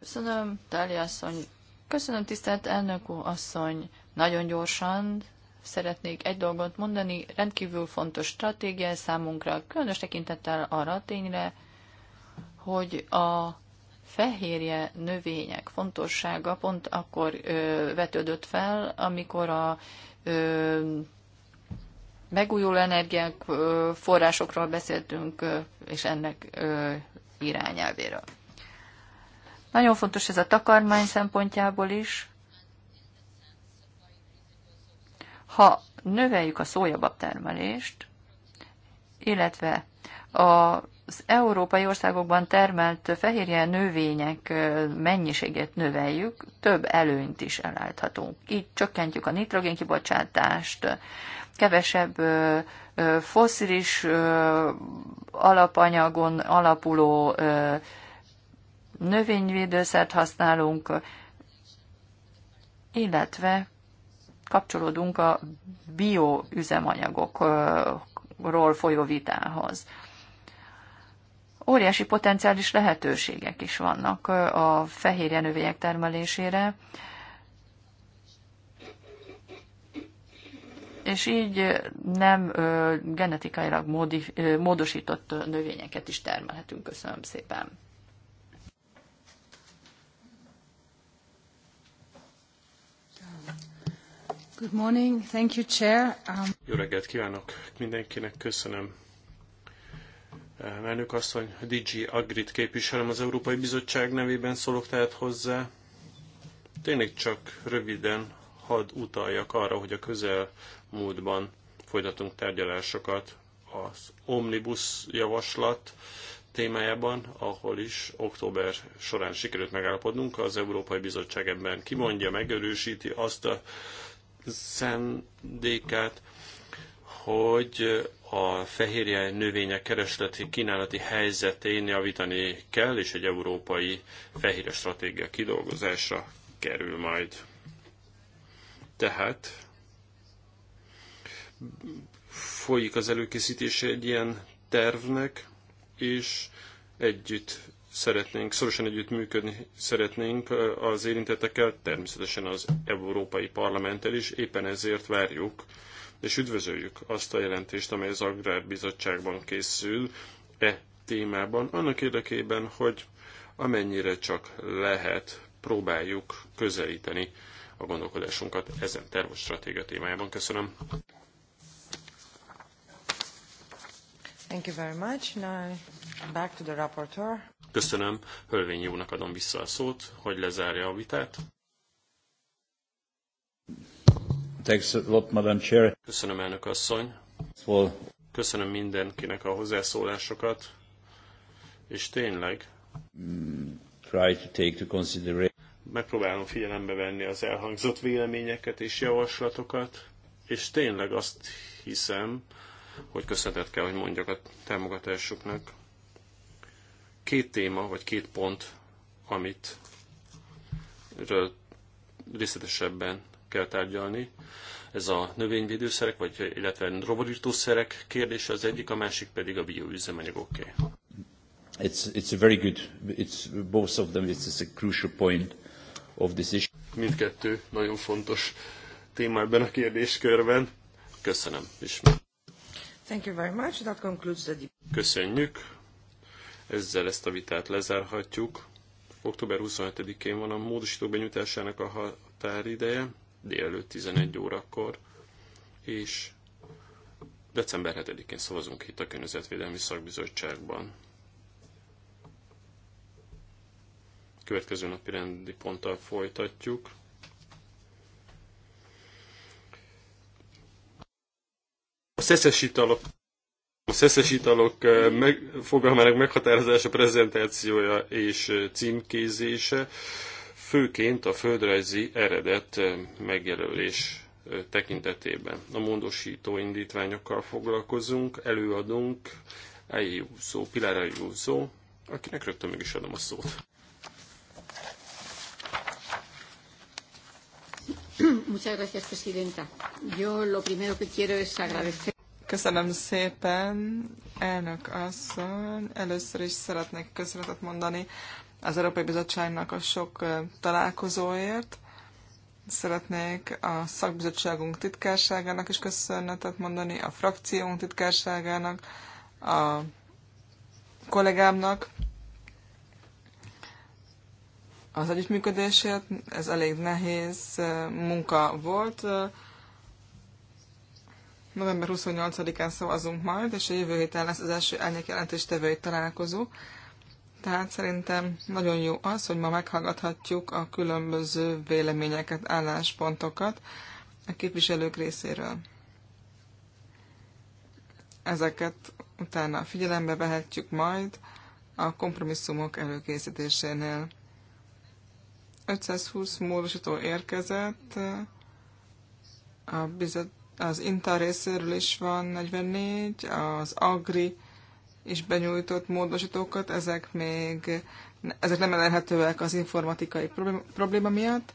Speaker 2: Köszönöm, Tália asszony, Köszönöm, tisztelt elnök úr, asszony. Nagyon gyorsan szeretnék egy dolgot mondani. Rendkívül fontos stratégia számunkra, különös tekintettel arra a tényre, hogy a fehérje növények fontossága pont akkor ö, vetődött fel, amikor a ö, megújuló energiák ö, forrásokról beszéltünk, ö, és ennek ö, irányelvéről. Nagyon fontos ez a takarmány szempontjából is. Ha növeljük a szójabab termelést, illetve az európai országokban termelt fehérje növények mennyiségét növeljük, több előnyt is elállíthatunk. Így csökkentjük a nitrogén kibocsátást, kevesebb foszilis alapanyagon alapuló növényvédőszert használunk, illetve kapcsolódunk a bioüzemanyagokról folyó vitához. Óriási potenciális lehetőségek is vannak a fehérje növények termelésére, és így nem genetikailag módosított növényeket is termelhetünk. Köszönöm szépen! Good morning. Thank you, Chair. Um...
Speaker 3: Jó reggelt kívánok mindenkinek, köszönöm. Elnök asszony, DG Agrit képviselem az Európai Bizottság nevében szólok tehát hozzá. Tényleg csak röviden hadd utaljak arra, hogy a közel múltban folytatunk tárgyalásokat az Omnibus javaslat témájában, ahol is október során sikerült megállapodnunk. Az Európai Bizottság ebben kimondja, megerősíti azt a szendékát, hogy a fehérje növények keresleti kínálati helyzetén javítani kell, és egy európai fehérje stratégia kidolgozásra kerül majd. Tehát folyik az előkészítése egy ilyen tervnek, és együtt szeretnénk, szorosan együttműködni szeretnénk az érintettekkel, természetesen az Európai Parlamenttel is, éppen ezért várjuk és üdvözöljük azt a jelentést, amely az Agrárbizottságban készül e témában, annak érdekében, hogy amennyire csak lehet, próbáljuk közelíteni a gondolkodásunkat ezen tervos stratégia témájában. Köszönöm.
Speaker 1: Thank you very much. Now back to the rapporteur.
Speaker 3: Köszönöm, Hölvény jónak adom vissza a szót, hogy lezárja a vitát.
Speaker 4: Madam Köszönöm, elnök
Speaker 3: asszony. Köszönöm mindenkinek a hozzászólásokat, és tényleg
Speaker 4: try to take to consideration.
Speaker 3: Megpróbálom figyelembe venni az elhangzott véleményeket és javaslatokat, és tényleg azt hiszem, hogy köszönetet kell, hogy mondjak a támogatásuknak két téma, vagy két pont, amit részletesebben kell tárgyalni. Ez a növényvédőszerek, vagy illetve rovarírtószerek kérdése az egyik, a másik pedig a bioüzemanyagoké.
Speaker 4: It's, it's a very good, it's both of them, it's a crucial point of this issue.
Speaker 3: Mindkettő nagyon fontos téma ebben a kérdéskörben. Köszönöm ismét.
Speaker 1: Thank you very much. That concludes the
Speaker 3: Köszönjük ezzel ezt a vitát lezárhatjuk. Október 27-én van a módosítók benyújtásának a határideje, délelőtt 11 órakor, és december 7-én szavazunk itt a Környezetvédelmi Szakbizottságban. Következő napi rendi ponttal folytatjuk. A szeszes szeszes italok eh, meg, fogalmának meghatározása, prezentációja és eh, címkézése, főként a földrajzi eredet eh, megjelölés tekintetében. A módosító indítványokkal foglalkozunk, előadunk Eljúszó, pilára Eljúszó, akinek rögtön meg is adom a szót.
Speaker 2: Muchas gracias, Presidenta.
Speaker 1: Yo lo primero que quiero es agradecer. Köszönöm szépen, elnök asszony. Először is szeretnék köszönetet mondani az Európai Bizottságnak a sok találkozóért. Szeretnék a szakbizottságunk titkárságának is köszönetet mondani, a frakciónk titkárságának, a kollégámnak az együttműködésért. Ez elég nehéz munka volt november 28-án szavazunk majd, és a jövő héten lesz az első tevői találkozó. Tehát szerintem nagyon jó az, hogy ma meghallgathatjuk a különböző véleményeket, álláspontokat a képviselők részéről. Ezeket utána figyelembe vehetjük majd a kompromisszumok előkészítésénél. 520 módosító érkezett, a bizot az INTA részéről is van 44, az AGRI is benyújtott módosítókat, ezek még ezek nem elérhetőek az informatikai probléma miatt,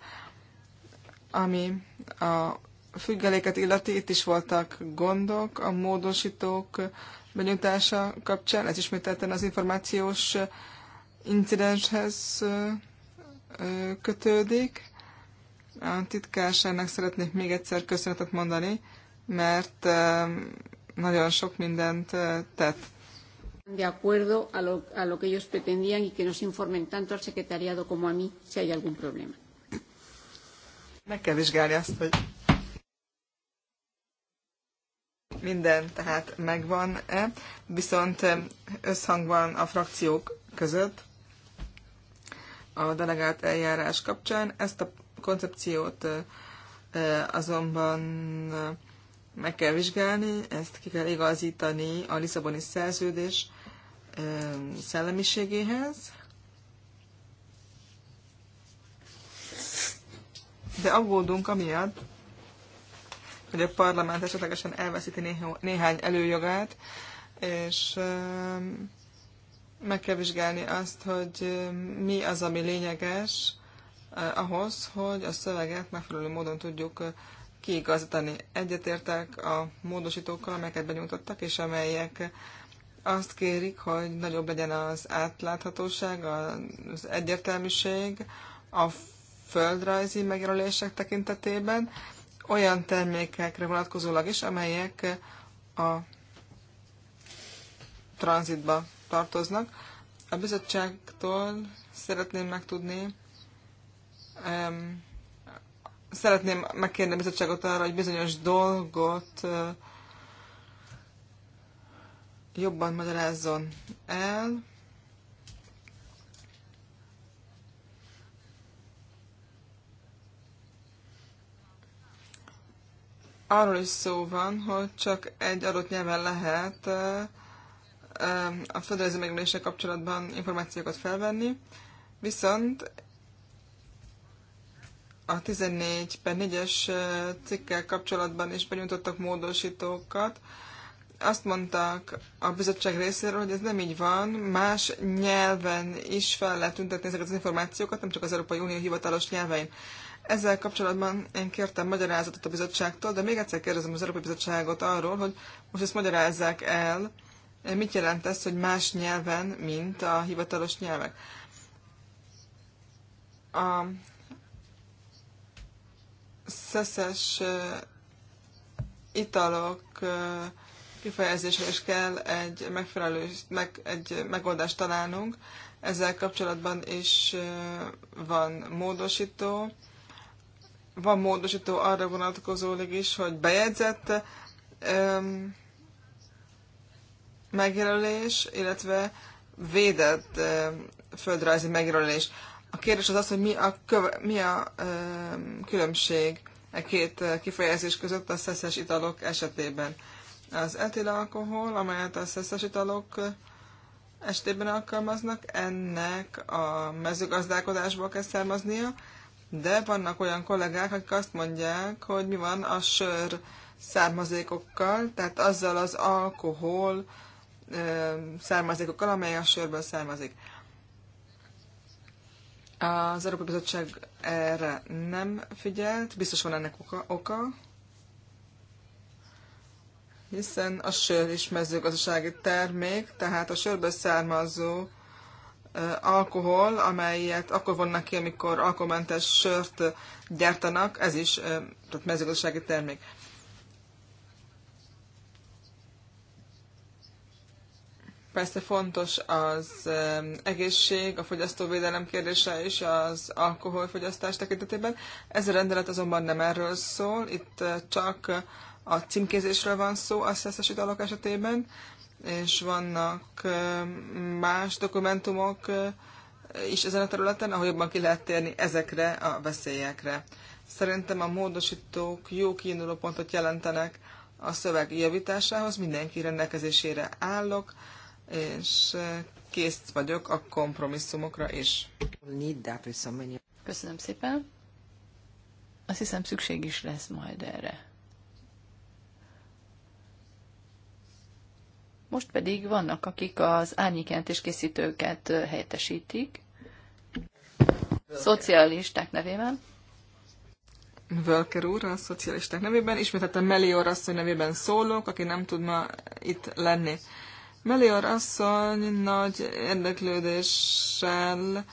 Speaker 1: ami a függeléket illeti, itt is voltak gondok a módosítók benyújtása kapcsán, ez ismételten az információs incidenshez kötődik a titkárságnak szeretnék még egyszer köszönetet mondani, mert um, nagyon sok mindent uh, tett. De acuerdo a lo, a lo que ellos pretendían y que nos informen tanto al secretariado como a mí si hay algún problema. Meg kell vizsgálni azt, hogy minden tehát megvan-e, viszont um, összhangban a frakciók között a delegált eljárás kapcsán. Ezt a koncepciót azonban meg kell vizsgálni, ezt ki kell igazítani a Lisszaboni szerződés szellemiségéhez. De aggódunk amiatt, hogy a parlament esetlegesen elveszíti néhány előjogát, és meg kell vizsgálni azt, hogy mi az, ami lényeges, Eh, ahhoz, hogy a szöveget megfelelő módon tudjuk eh, kiigazítani. Egyetértek a módosítókkal, amelyeket benyújtottak, és amelyek azt kérik, hogy nagyobb legyen az átláthatóság, az egyértelműség a földrajzi megjelölések tekintetében, olyan termékekre vonatkozólag is, amelyek a tranzitba tartoznak. A bizottságtól szeretném megtudni, um, szeretném megkérni a bizottságot arra, hogy bizonyos dolgot uh, jobban magyarázzon el. Arról is szó van, hogy csak egy adott nyelven lehet uh, a földrajzi megjelenése kapcsolatban információkat felvenni, viszont a 14 per 4-es cikkel kapcsolatban is benyújtottak módosítókat. Azt mondták a bizottság részéről, hogy ez nem így van, más nyelven is fel lehet tüntetni ezeket az információkat, nem csak az Európai Unió hivatalos nyelvein. Ezzel kapcsolatban én kértem magyarázatot a bizottságtól, de még egyszer kérdezem az Európai Bizottságot arról, hogy most ezt magyarázzák el, mit jelent ez, hogy más nyelven, mint a hivatalos nyelvek. A szeszes italok kifejezésre is kell egy megfelelő meg, egy megoldást találnunk. Ezzel kapcsolatban is van módosító. Van módosító arra vonatkozólag is, hogy bejegyzett um, megjelölés, illetve védett um, földrajzi megjelölés. A kérdés az az, hogy mi a, köv- mi a ö, különbség e két kifejezés között a szeszes italok esetében. Az alkohol, amelyet a szeszes italok esetében alkalmaznak, ennek a mezőgazdálkodásból kell származnia, de vannak olyan kollégák, akik azt mondják, hogy mi van a sör származékokkal, tehát azzal az alkohol származékokkal, amely a sörből származik. Az Európai Bizottság erre nem figyelt, biztos van ennek oka, oka hiszen a sör is mezőgazdasági termék, tehát a sörből származó alkohol, amelyet akkor vannak, ki, amikor alkoholmentes sört gyártanak, ez is tehát mezőgazdasági termék. Persze fontos az egészség, a fogyasztóvédelem kérdése is az alkoholfogyasztás tekintetében. Ez a rendelet azonban nem erről szól, itt eh, csak a címkézésről van szó a szeszes italok esetében, és vannak más dokumentumok eh, is ezen a területen, ahol jobban ki lehet térni ezekre a veszélyekre. Szerintem a módosítók jó kiinduló pontot jelentenek a szöveg javításához, mindenki rendelkezésére állok, és eh, kész vagyok a kompromisszumokra is. Köszönöm szépen.
Speaker 2: Azt hiszem szükség is lesz majd erre. Most pedig vannak, akik az árnyékjelentés készítőket eh, helyettesítik. Szocialisták nevében.
Speaker 1: Völker úr, a szocialisták nevében. Ismételten Melior asszony nevében szólok, aki nem tud ma itt lenni. Melior asszony nagy érdeklődéssel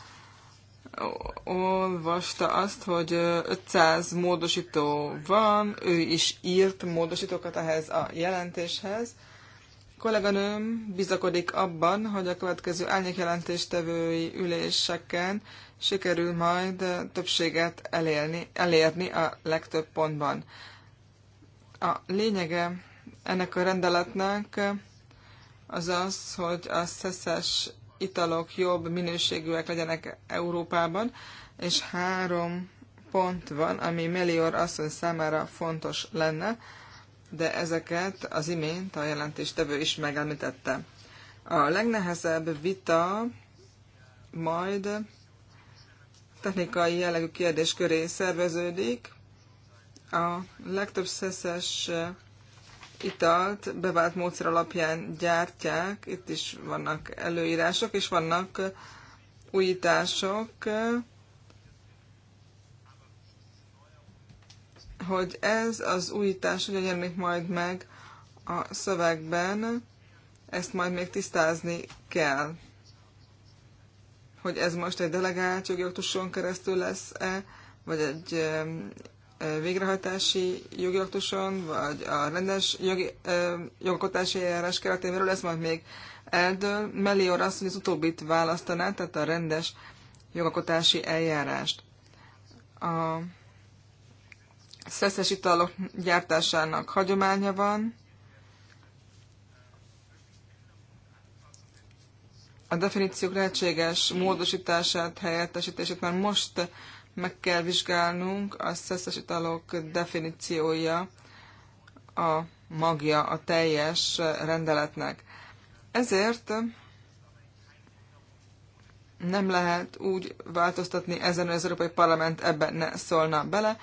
Speaker 1: olvasta azt, hogy 500 módosító van, ő is írt módosítókat ehhez a jelentéshez. A kolléganőm bizakodik abban, hogy a következő árnyékjelentéstevői üléseken sikerül majd többséget elérni, elérni a legtöbb pontban. A lényege ennek a rendeletnek az az, hogy a szeszes italok jobb minőségűek legyenek Európában, és három pont van, ami Melior asszony számára fontos lenne, de ezeket az imént a jelentéstevő is megemlítette. A legnehezebb vita majd technikai jellegű kérdés köré szerveződik. A legtöbb szeszes italt bevált módszer alapján gyártják, itt is vannak előírások, és vannak újítások, hogy ez az újítás hogy jelenik majd meg a szövegben, ezt majd még tisztázni kell. Hogy ez most egy delegált jogi keresztül lesz-e, vagy egy végrehajtási jogi aktuson, vagy a rendes jogi, jogalkotási eljárás keretében, ez majd még eldől. Melior azt, hogy az utóbbit választaná, tehát a rendes jogalkotási eljárást. A szeszes italok gyártásának hagyománya van, a definíciók lehetséges módosítását, helyettesítését már most meg kell vizsgálnunk a szeszes italok definíciója, a magja a teljes rendeletnek. Ezért nem lehet úgy változtatni ezen, hogy az Európai Parlament ebben ne szólna bele,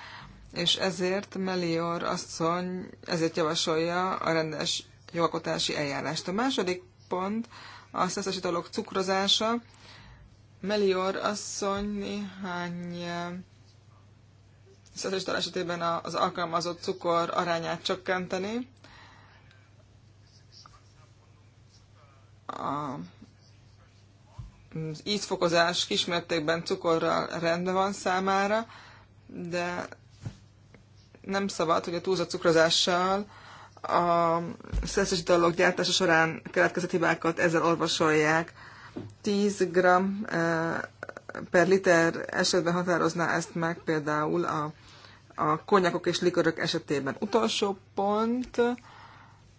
Speaker 1: és ezért Melior asszony ezért javasolja a rendes jogalkotási eljárást. A második pont a szeszes italok cukrozása. Melior asszony néhány eh, szocialista esetében az alkalmazott cukor arányát csökkenteni. A az ízfokozás kismértékben cukorral rendben van számára, de nem szabad, hogy a túlzott cukrozással a szerszes dolog gyártása során keletkezett hibákat ezzel orvosolják. 10 g eh, per liter esetben határozná ezt meg például a, a konyakok és likörök esetében. Utolsó pont,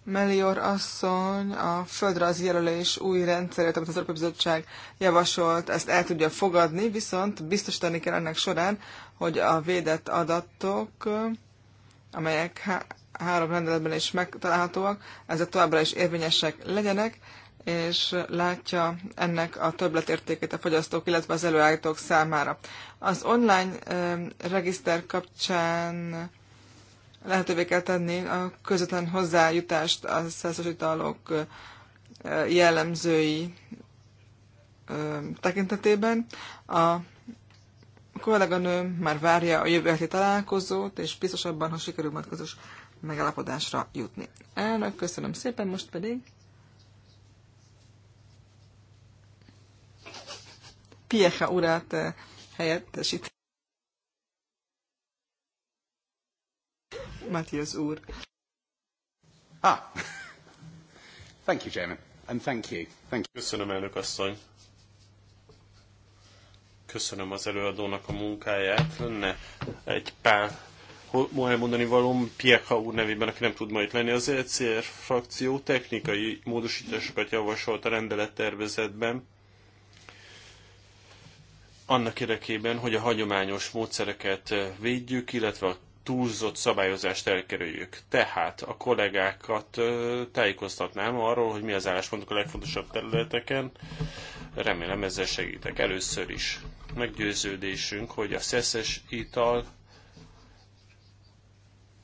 Speaker 1: Melior asszony a földrajzi jelölés új rendszerét, amit az Európai Bizottság javasolt, ezt el tudja fogadni, viszont biztosítani kell ennek során, hogy a védett adatok, amelyek há- három rendeletben is megtalálhatóak, ezek továbbra is érvényesek legyenek, és látja ennek a többletértékét a fogyasztók, illetve az előállítók számára. Az online regiszter kapcsán lehetővé kell tenni a közvetlen hozzájutást a szerzős italok jellemzői tekintetében. A kolléganőm már várja a jövő heti találkozót, és biztosabban ha sikerül majd közös megállapodásra jutni. Elnök, köszönöm szépen, most pedig Piecha urát eh, helyettesít. Matthias úr. Ah. (laughs)
Speaker 3: Thank you, Chairman. And thank you. Thank you. Köszönöm, elnök asszony. Köszönöm az előadónak a munkáját. Lenne egy pár elmondani valóm Pierre úr nevében, aki nem tud majd lenni. Az ECR frakció technikai módosításokat javasolt a rendelettervezetben annak érdekében, hogy a hagyományos módszereket eh, védjük, illetve a túlzott szabályozást elkerüljük. Tehát a kollégákat eh, tájékoztatnám arról, hogy mi az álláspontok a legfontosabb területeken. Remélem ezzel segítek. Először is meggyőződésünk, hogy a szeszes ital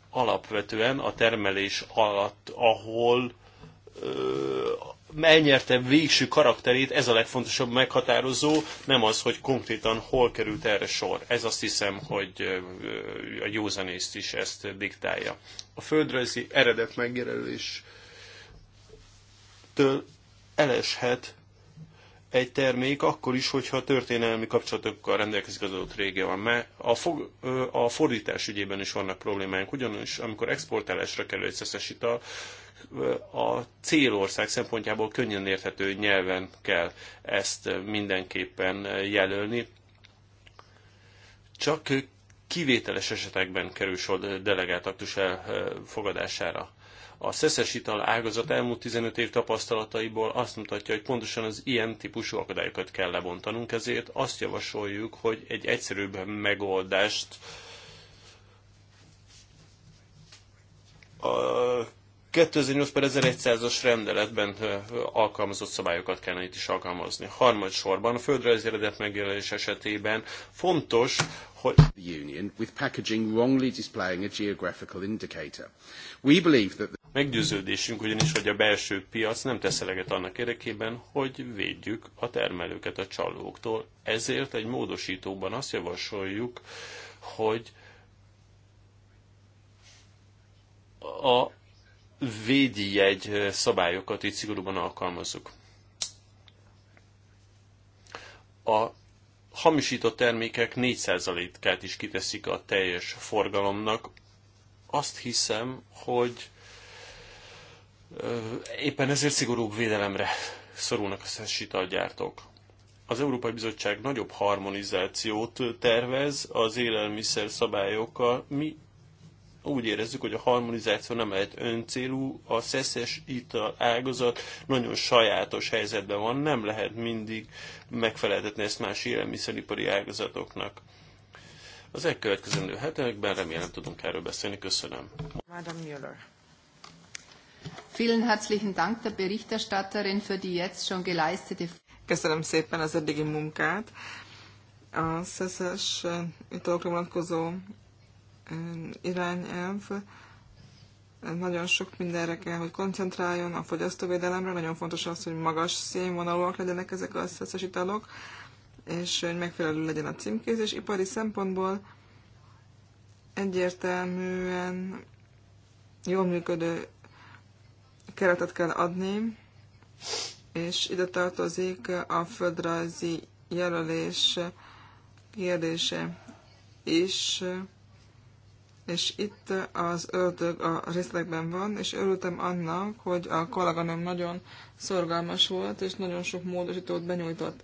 Speaker 3: alapvetően a termelés alatt, ahol eh, elnyerte végső karakterét, ez a legfontosabb meghatározó, nem az, hogy konkrétan hol került erre sor. Ez azt hiszem, hogy a józanészt is ezt diktálja. A földrajzi eredet megjelöléstől eleshet egy termék akkor is, hogyha történelmi kapcsolatokkal rendelkezik az adott régió, Mert a, fog, a fordítás ügyében is vannak problémáink, ugyanis amikor exportálásra kerül egy szeszes ital, a célország szempontjából könnyen érthető nyelven kell ezt mindenképpen jelölni. Csak kivételes esetekben kerül sor delegált aktus elfogadására. A szeszes ital ágazat elmúlt 15 év tapasztalataiból azt mutatja, hogy pontosan az ilyen típusú akadályokat kell lebontanunk, ezért azt javasoljuk, hogy egy egyszerűbb megoldást 2008 per 1100-as rendeletben alkalmazott szabályokat kellene itt is alkalmazni. Harmadsorban a földrajzi eredet megjelenés esetében fontos, hogy a Meggyőződésünk ugyanis, hogy a belső piac nem tesz eleget annak érdekében, hogy védjük a termelőket a csalóktól. Ezért egy módosítóban azt javasoljuk, hogy a védi egy szabályokat itt szigorúban alkalmazzuk. A hamisított termékek 4%-át is kiteszik a teljes forgalomnak. Azt hiszem, hogy éppen ezért szigorúbb védelemre szorulnak a gyártók. Az Európai Bizottság nagyobb harmonizációt tervez az élelmiszer szabályokkal. Mi úgy érezzük, hogy a harmonizáció nem lehet öncélú, a szeszes ital ágazat nagyon sajátos helyzetben van, nem lehet mindig megfeleltetni ezt más élelmiszeripari ágazatoknak. Az elkövetkezendő hetekben remélem tudunk
Speaker 1: erről beszélni. Köszönöm.
Speaker 2: Madam Müller. Vielen herzlichen Dank der Berichterstatterin für die jetzt schon geleistete...
Speaker 1: Köszönöm szépen az eddigi munkát. A szeszes italokra vonatkozó irányelv nagyon sok mindenre kell, hogy koncentráljon a fogyasztóvédelemre. Nagyon fontos az, hogy magas színvonalúak legyenek ezek a szeszes italok, és hogy megfelelő legyen a címkézés. Ipari szempontból egyértelműen jól működő keretet kell adni, és ide tartozik a földrajzi jelölés kérdése is és itt az ördög a részlegben van, és örültem annak, hogy a kolléganőm nagyon szorgalmas volt, és nagyon sok módosítót benyújtott.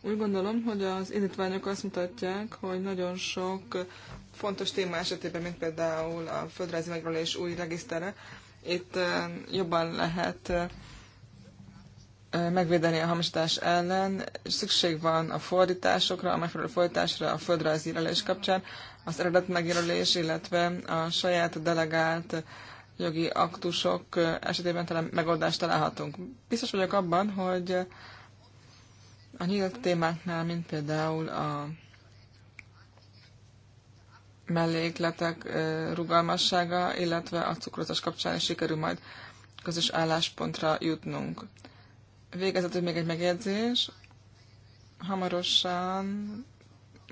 Speaker 1: Úgy gondolom, hogy az indítványok azt mutatják, hogy nagyon sok fontos téma esetében, mint például a földrajzi megjelölés új regisztere, itt jobban lehet megvédeni a hamisítás ellen, és szükség van a fordításokra, a megfelelő fordításra a földrajzi kapcsán, az eredet megjelölés, illetve a saját delegált jogi aktusok esetében talán megoldást találhatunk. Biztos vagyok abban, hogy a nyílt témáknál, mint például a mellékletek rugalmassága, illetve a cukrozás kapcsán is sikerül majd közös álláspontra jutnunk. Végezetül még egy megjegyzés. Hamarosan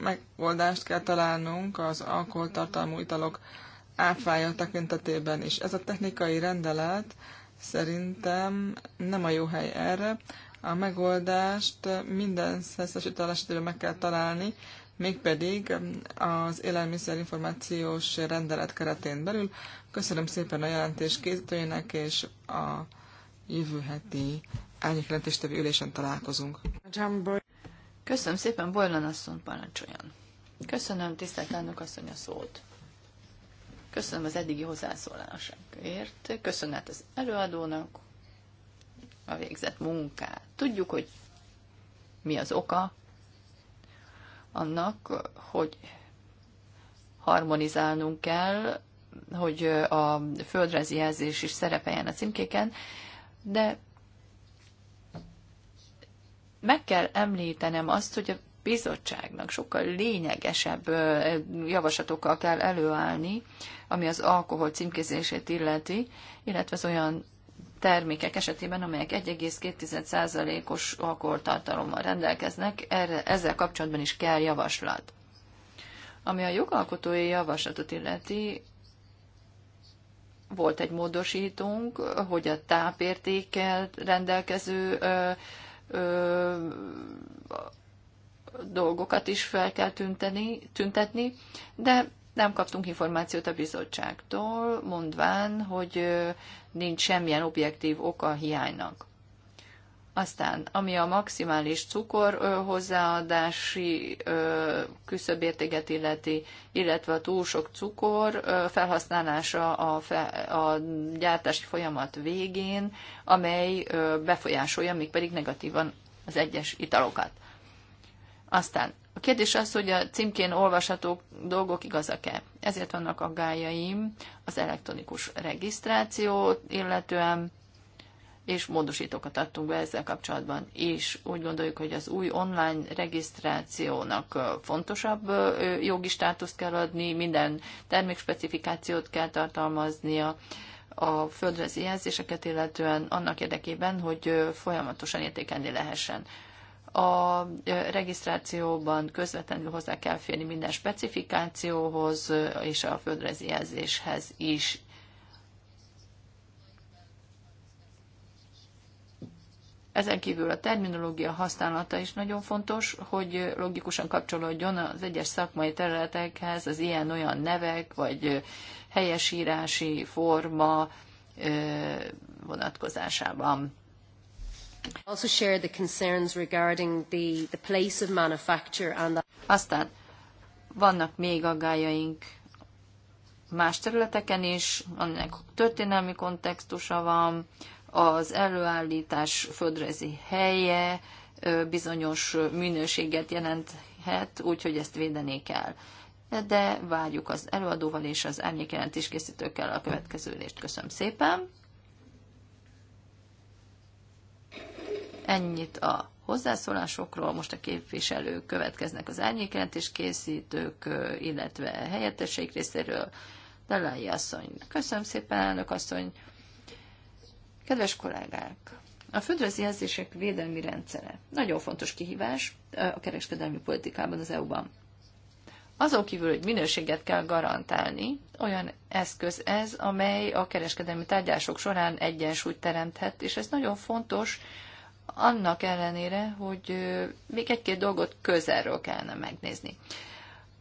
Speaker 1: megoldást kell találnunk az alkoholtartalmú italok áfája tekintetében is. Ez a technikai rendelet szerintem nem a jó hely erre. A megoldást minden szeszes ital esetében meg kell találni, mégpedig az élelmiszerinformációs rendelet keretén belül. Köszönöm szépen a jelentés készítőjének, és a jövő heti ülésen találkozunk. Köszönöm szépen,
Speaker 2: Bojlan asszony parancsoljon. Köszönöm, tisztelt elnök asszony a szót. Köszönöm az eddigi hozzászólásokért. Köszönet az előadónak a végzett munkát. Tudjuk, hogy mi az oka annak, hogy harmonizálnunk kell, hogy a földrezi jelzés is szerepeljen a címkéken, de meg kell említenem azt, hogy a bizottságnak sokkal lényegesebb javaslatokkal kell előállni, ami az alkohol címkézését illeti, illetve az olyan termékek esetében, amelyek 1,2%-os alkoholtartalommal rendelkeznek, erre, ezzel kapcsolatban is kell javaslat. Ami a jogalkotói javaslatot illeti, volt egy módosítónk, hogy a tápértékkel rendelkező ö, dolgokat is fel kell tünteni, tüntetni, de nem kaptunk információt a bizottságtól, mondván, hogy nincs semmilyen objektív oka a hiánynak. Aztán, ami a maximális cukor hozzáadási küszöbértéket illeti, illetve a túl sok cukor felhasználása a, fe, a gyártási folyamat végén, amely befolyásolja, még pedig negatívan az egyes italokat. Aztán a kérdés az, hogy a címkén olvasható dolgok igazak-e. Ezért vannak aggájaim az elektronikus regisztrációt, illetően és módosítókat adtunk be ezzel kapcsolatban is. Úgy gondoljuk, hogy az új online regisztrációnak fontosabb jogi státuszt kell adni, minden termékspecifikációt kell tartalmaznia, a földrezi jelzéseket illetően annak érdekében, hogy folyamatosan értékelni lehessen. A regisztrációban közvetlenül hozzá kell férni minden specifikációhoz és a földrezi jelzéshez is Ezen kívül a terminológia használata is nagyon fontos, hogy logikusan kapcsolódjon az egyes szakmai területekhez, az ilyen-olyan nevek, vagy helyesírási forma vonatkozásában. Also share the concerns regarding the, the place of manufacture and the... Aztán vannak még aggájaink más területeken is, annak történelmi kontextusa van, az előállítás földrajzi helye bizonyos minőséget jelenthet, úgyhogy ezt védeni kell. De várjuk az előadóval és az árnyékjelentés készítőkkel a következő ülést. Köszönöm szépen! Ennyit a hozzászólásokról, most a képviselők következnek az árnyékjelentés készítők, illetve helyetteseik részéről. Dalai asszony, köszönöm szépen, elnök asszony! Kedves kollégák, a földrajzi jelzések védelmi rendszere nagyon fontos kihívás a kereskedelmi politikában az EU-ban. Azon kívül, hogy minőséget kell garantálni, olyan eszköz ez, amely a kereskedelmi tárgyások során egyensúlyt teremthet, és ez nagyon fontos, annak ellenére, hogy még egy-két dolgot közelről kellene megnézni.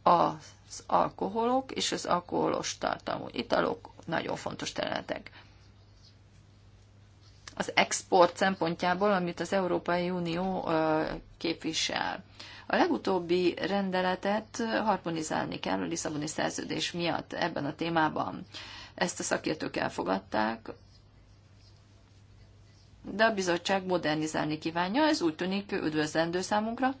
Speaker 2: Az alkoholok és az alkoholos tartalmú italok nagyon fontos területek az export szempontjából, amit az Európai Unió képvisel. A legutóbbi rendeletet harmonizálni kell a Lisszaboni szerződés miatt ebben a témában. Ezt a szakértők elfogadták, de a bizottság modernizálni kívánja, ez úgy tűnik üdvözlendő számunkra,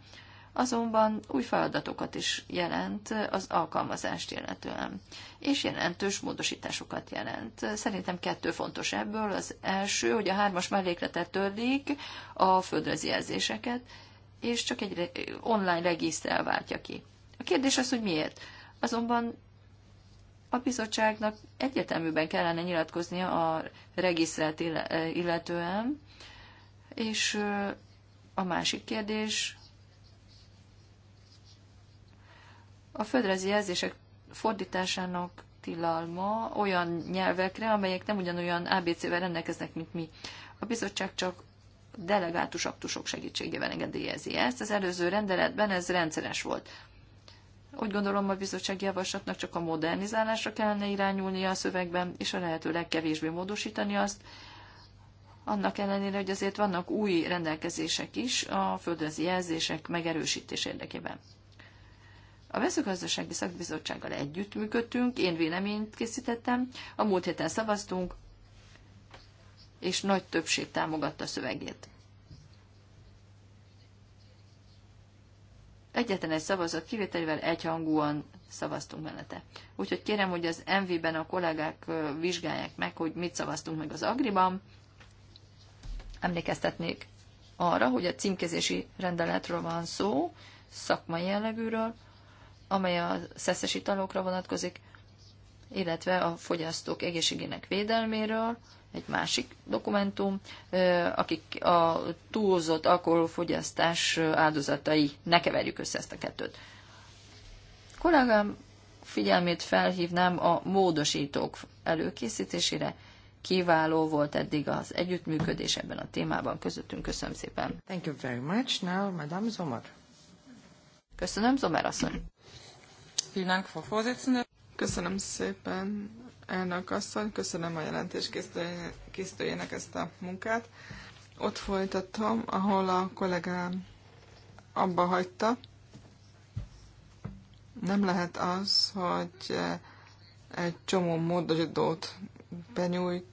Speaker 2: azonban új feladatokat is jelent az alkalmazást illetően, és jelentős módosításokat jelent. Szerintem kettő fontos ebből. Az első, hogy a hármas mellékletet törlik a jelzéseket, és csak egy online regiszter váltja ki. A kérdés az, hogy miért. Azonban a bizottságnak egyeteműben kellene nyilatkoznia a regisztrát illetően, és a másik kérdés, a földrajzi jelzések fordításának tilalma olyan nyelvekre, amelyek nem ugyanolyan ABC-vel rendelkeznek, mint mi. A bizottság csak delegátus aktusok segítségével engedélyezi ezt. Az előző rendeletben ez rendszeres volt. Úgy gondolom, a bizottság javaslatnak csak a modernizálásra kellene irányulnia a szövegben, és a lehető legkevésbé módosítani azt, annak ellenére, hogy azért vannak új rendelkezések is a földrajzi jelzések megerősítés érdekében. A mezőgazdasági szakbizottsággal együttműködtünk, én véleményt készítettem, a múlt héten szavaztunk, és nagy többség támogatta a szövegét. Egyetlen egy szavazat kivételével egyhangúan szavaztunk mellette. Úgyhogy kérem, hogy az MV-ben a kollégák vizsgálják meg, hogy mit szavaztunk meg az Agriban. Emlékeztetnék arra, hogy a címkezési rendeletről van szó, szakmai jellegűről, amely a szeszes italokra vonatkozik, illetve a fogyasztók egészségének védelméről, egy másik dokumentum, akik a túlzott alkoholfogyasztás áldozatai, ne keverjük össze ezt a kettőt. Kollégám figyelmét felhívnám a módosítók előkészítésére. Kiváló volt eddig az együttműködés ebben a témában közöttünk. Köszönöm szépen. Thank you very much. Now, Madame Zomar.
Speaker 1: Köszönöm, Zomer asszony. Köszönöm szépen, elnök asszony, köszönöm a jelentés készítőjének ezt a munkát. Ott folytatom, ahol a kollégám abba hagyta. Nem lehet az, hogy eh, egy csomó módosítót benyújtanak,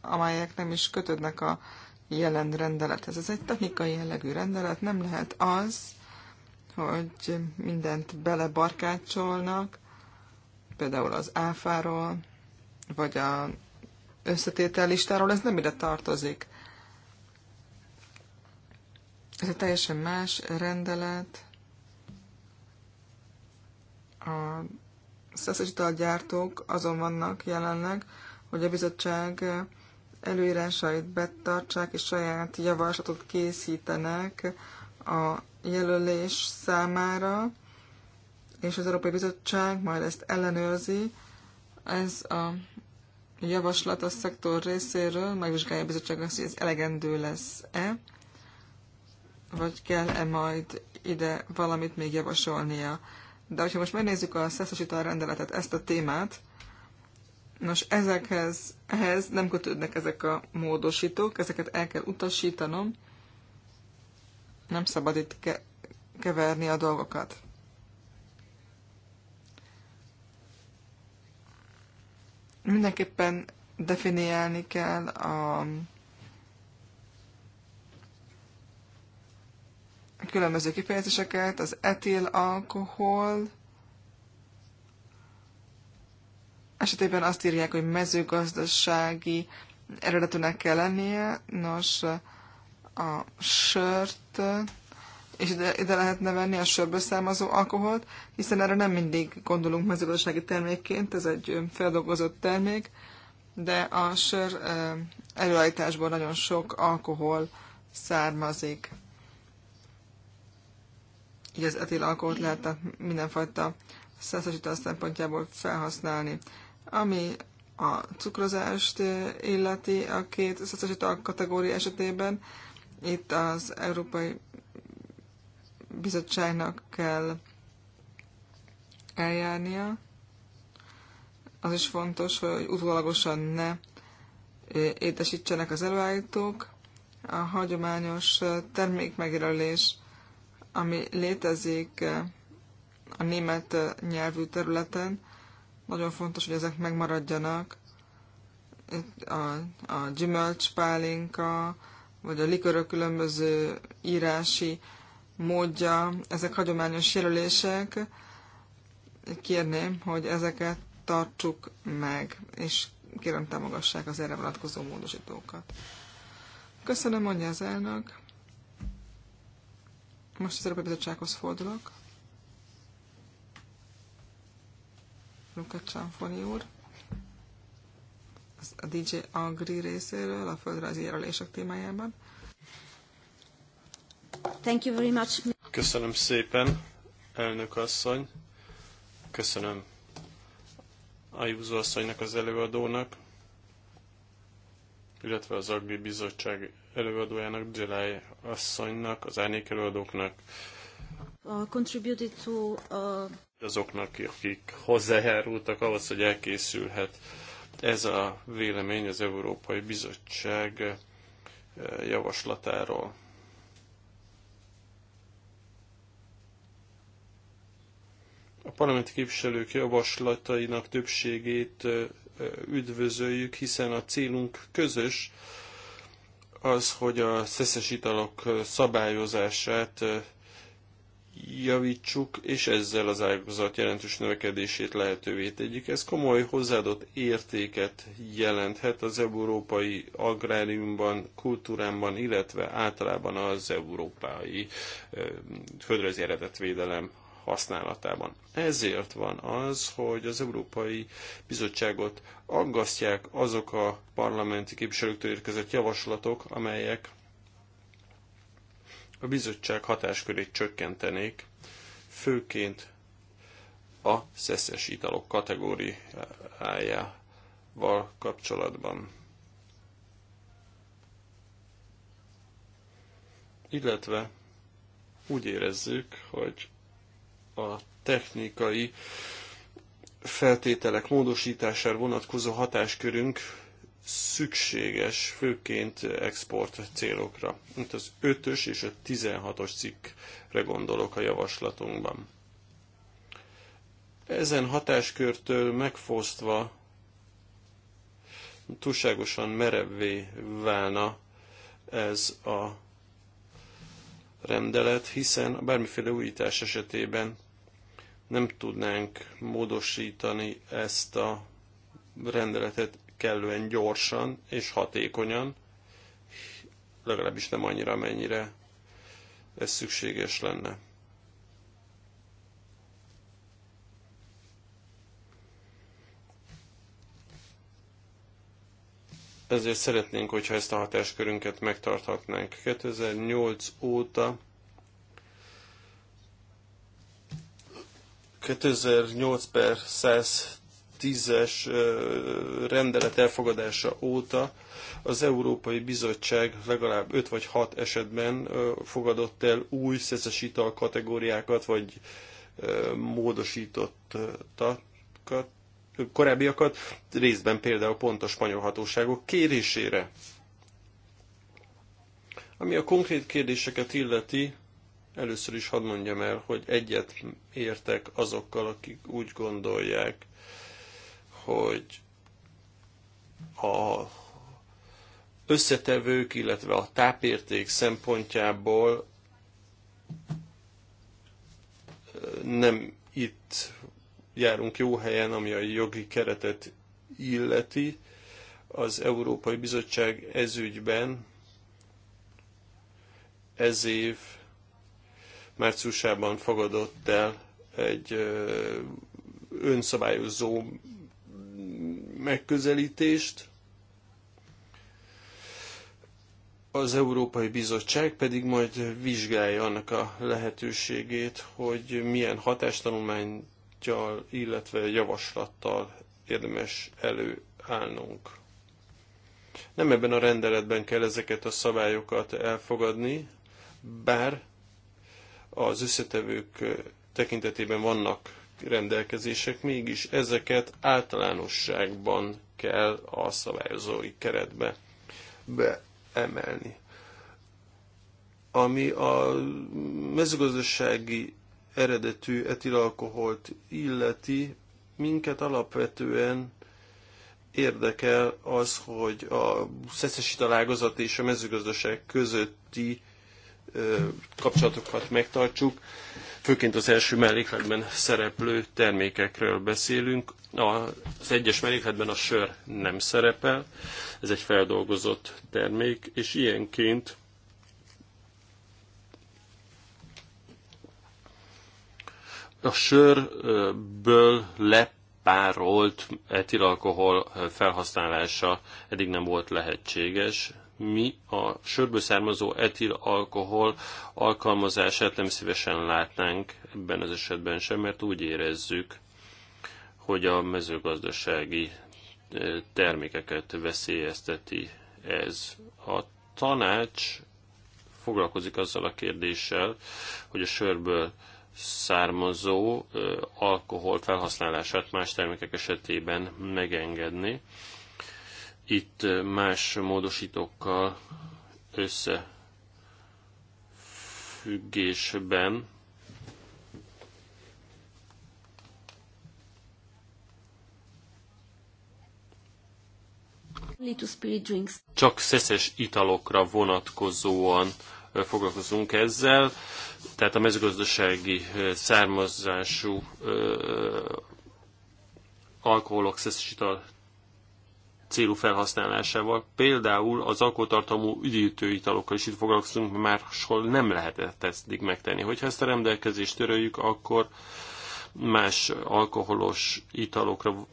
Speaker 1: amelyek nem is kötődnek a jelen rendelethez. Ez egy technikai jellegű rendelet, nem lehet az, hogy mindent belebarkácsolnak, például az áfáról, vagy a összetétel listáról, ez nem ide tartozik. Ez egy teljesen más rendelet. A szeszesitalgyártók azon vannak jelenleg, hogy a bizottság előírásait betartsák, és saját javaslatot készítenek a jelölés számára, és az Európai Bizottság majd ezt ellenőrzi. Ez a javaslat a szektor részéről, megvizsgálja a bizottság azt, hogy ez elegendő lesz-e, vagy kell-e majd ide valamit még javasolnia. De hogyha most megnézzük a szeszesítő rendeletet, ezt a témát, nos, ezekhez ehhez nem kötődnek ezek a módosítók, ezeket el kell utasítanom, nem szabad itt keverni a dolgokat. Mindenképpen definiálni kell a különböző kifejezéseket, az etil alkohol esetében azt írják, hogy mezőgazdasági eredetűnek kell lennie, nos, a sört, és ide, ide lehetne venni a sörből származó alkoholt, hiszen erre nem mindig gondolunk mezőgazdasági termékként, ez egy feldolgozott termék, de a sör előállításból nagyon sok alkohol származik. Így az etilalkoholt lehetne mindenfajta szeszesítás szempontjából felhasználni. Ami a cukrozást illeti a két szeszesítő kategória esetében, itt az Európai Bizottságnak kell eljárnia. Az is fontos, hogy utólagosan ne édesítsenek az előállítók. A hagyományos termékmegjelölés, ami létezik a német nyelvű területen, nagyon fontos, hogy ezek megmaradjanak. A, a gyümölcspálinka, vagy a likörök különböző írási módja, ezek hagyományos jelölések. Kérném, hogy ezeket tartsuk meg, és kérem támogassák az erre vonatkozó módosítókat. Köszönöm, mondja az elnök. Most az Európai Bizottsághoz fordulok. Lukács Sanfoni úr a DJ Agri részéről, a földrajzi jelölések témájában. Thank you very much.
Speaker 3: Köszönöm szépen, elnök asszony. Köszönöm Ajúzó asszonynak az előadónak, illetve az Agri Bizottság előadójának, Delay asszonynak, az árnyék előadóknak,
Speaker 1: uh, contributed to, uh...
Speaker 3: azoknak, akik hozzájárultak ahhoz, hogy elkészülhet ez a vélemény az Európai Bizottság eh, javaslatáról. A parlamenti képviselők javaslatainak többségét eh, eh, üdvözöljük, hiszen a célunk közös az, hogy a szeszes italok szabályozását javítsuk, és ezzel az ágazat jelentős növekedését lehetővé tegyük. Ez komoly hozzáadott értéket jelenthet az európai agráriumban, kultúrámban, illetve általában az európai földrajzi eredetvédelem használatában. Ezért van az, hogy az Európai Bizottságot aggasztják azok a parlamenti képviselőktől érkezett javaslatok, amelyek a bizottság hatáskörét csökkentenék, főként a szeszes italok kategóriájával kapcsolatban. Illetve úgy érezzük, hogy a technikai feltételek módosítására vonatkozó hatáskörünk szükséges, főként export célokra. Itt az 5-ös és a 16-os cikkre gondolok a javaslatunkban. Ezen hatáskörtől megfosztva túlságosan merevvé válna ez a rendelet, hiszen a bármiféle újítás esetében nem tudnánk módosítani ezt a rendeletet kellően gyorsan és hatékonyan, legalábbis nem annyira, mennyire ez szükséges lenne. Ezért szeretnénk, hogyha ezt a hatáskörünket megtarthatnánk. 2008 óta 2008 per 100 2010-es rendelet elfogadása óta az Európai Bizottság legalább 5 vagy 6 esetben fogadott el új szeszes ital kategóriákat, vagy módosítottakat, korábbiakat, részben például pont a spanyol hatóságok kérésére. Ami a konkrét kérdéseket illeti, először is hadd mondjam el, hogy egyet értek azokkal, akik úgy gondolják, hogy a összetevők, illetve a tápérték szempontjából nem itt járunk jó helyen, ami a jogi keretet illeti. Az Európai Bizottság ezügyben ez év márciusában fogadott el egy önszabályozó megközelítést, az Európai Bizottság pedig majd vizsgálja annak a lehetőségét, hogy milyen hatástanulmányjal, illetve javaslattal érdemes előállnunk. Nem ebben a rendeletben kell ezeket a szabályokat elfogadni, bár az összetevők tekintetében vannak rendelkezések, mégis ezeket általánosságban kell a szabályozói keretbe beemelni. Ami a mezőgazdasági eredetű etilalkoholt illeti, minket alapvetően érdekel az, hogy a szeszesítalágazat és a mezőgazdaság közötti kapcsolatokat megtartsuk főként az első mellékletben szereplő termékekről beszélünk. Az egyes mellékletben a sör nem szerepel, ez egy feldolgozott termék, és ilyenként a sörből lepárolt etilalkohol felhasználása eddig nem volt lehetséges, mi a sörből származó etil alkohol alkalmazását nem szívesen látnánk ebben az esetben sem, mert úgy érezzük, hogy a mezőgazdasági e, termékeket veszélyezteti ez. A tanács foglalkozik azzal a kérdéssel, hogy a sörből származó e, alkohol felhasználását más termékek esetében megengedni itt más módosítókkal összefüggésben. Csak szeszes italokra vonatkozóan foglalkozunk ezzel, tehát a mezőgazdasági származású alkoholok, szeszes ital célú felhasználásával, például az alkotartalmú üdítő italokkal is itt foglalkozunk, mert máshol nem lehetett ezt eddig megtenni. Hogyha ezt a rendelkezést töröljük, akkor más alkoholos italokra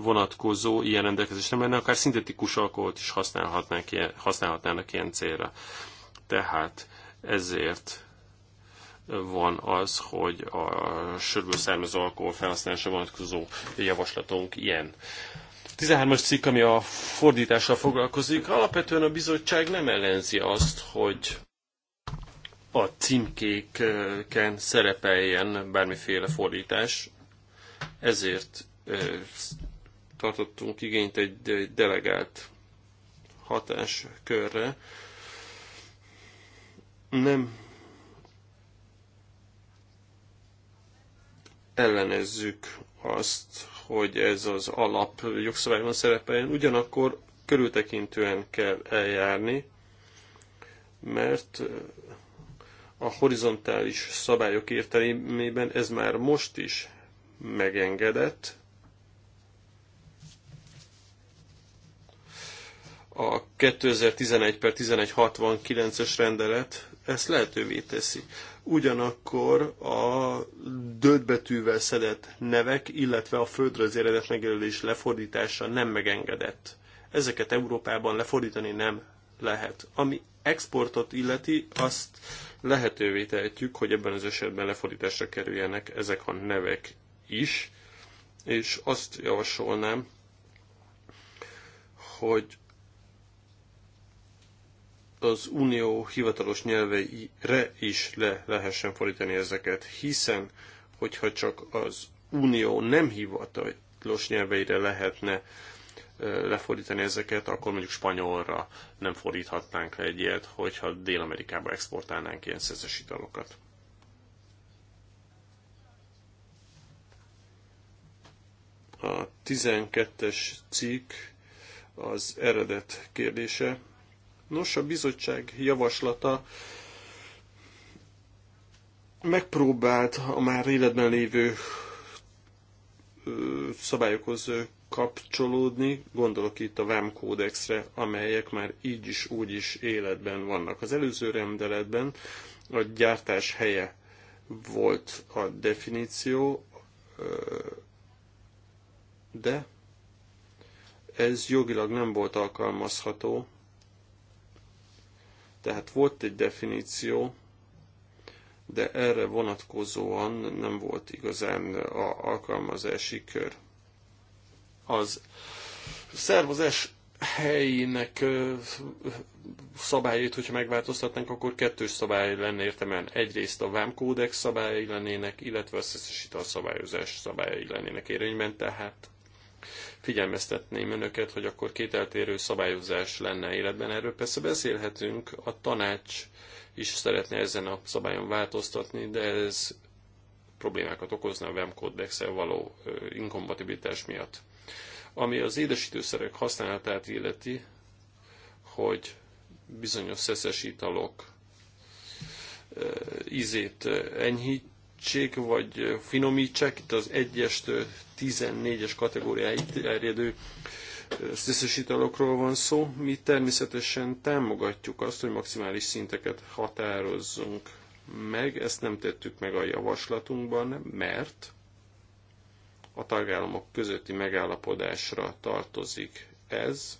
Speaker 3: vonatkozó ilyen rendelkezés nem lenne, akár szintetikus alkoholt is használhatnánk ilyen, használhatnának ilyen célra. Tehát ezért van az, hogy a sörből származó alkohol felhasználása vonatkozó javaslatunk ilyen 13-as cikk, ami a fordítással foglalkozik, alapvetően a bizottság nem ellenzi azt, hogy a címkéken szerepeljen bármiféle fordítás. Ezért tartottunk igényt egy delegált hatáskörre. Nem ellenezzük azt, hogy ez az alap jogszabályban szerepeljen, ugyanakkor körültekintően kell eljárni, mert eh, a horizontális szabályok értelmében ez már most is megengedett. A 2011 per 1169-es rendelet ezt lehetővé teszi ugyanakkor a dödbetűvel szedett nevek, illetve a földrajzi eredet megjelölés lefordítása nem megengedett. Ezeket Európában lefordítani nem lehet. Ami exportot illeti, azt lehetővé tehetjük, hogy ebben az esetben lefordításra kerüljenek ezek a nevek is, és azt javasolnám, hogy az unió hivatalos nyelveire is le lehessen fordítani ezeket, hiszen hogyha csak az unió nem hivatalos nyelveire lehetne lefordítani ezeket, akkor mondjuk spanyolra nem fordíthatnánk le egy ilyet, hogyha Dél-Amerikába exportálnánk ilyen szezes italokat. A 12-es cikk az eredet kérdése. Nos, a bizottság javaslata megpróbált a már életben lévő szabályokhoz kapcsolódni, gondolok itt a VAM kódexre, amelyek már így is, úgy is életben vannak. Az előző rendeletben a gyártás helye volt a definíció, de ez jogilag nem volt alkalmazható tehát volt egy definíció, de erre vonatkozóan nem volt igazán a alkalmazási kör. Az szervezés helyének szabályait, hogyha megváltoztatnánk, akkor kettős szabály lenne értemen. Egyrészt a VAM kódex szabályai lennének, illetve a szabályozás szabályai lennének érvényben, tehát Figyelmeztetném önöket, hogy akkor két eltérő szabályozás lenne életben. Erről persze beszélhetünk, a tanács is szeretne ezen a szabályon változtatni, de ez problémákat okozna a VEM kódexel való inkompatibilitás miatt. Ami az édesítőszerek használatát illeti, hogy bizonyos szeszes italok ízét enyhít, rövidítsék, vagy finomítsák. Itt az 1-es, 14-es kategóriáit terjedő összes italokról van szó. Mi természetesen támogatjuk azt, hogy maximális szinteket határozzunk meg. Ezt nem tettük meg a javaslatunkban, mert a tagállamok közötti megállapodásra tartozik ez.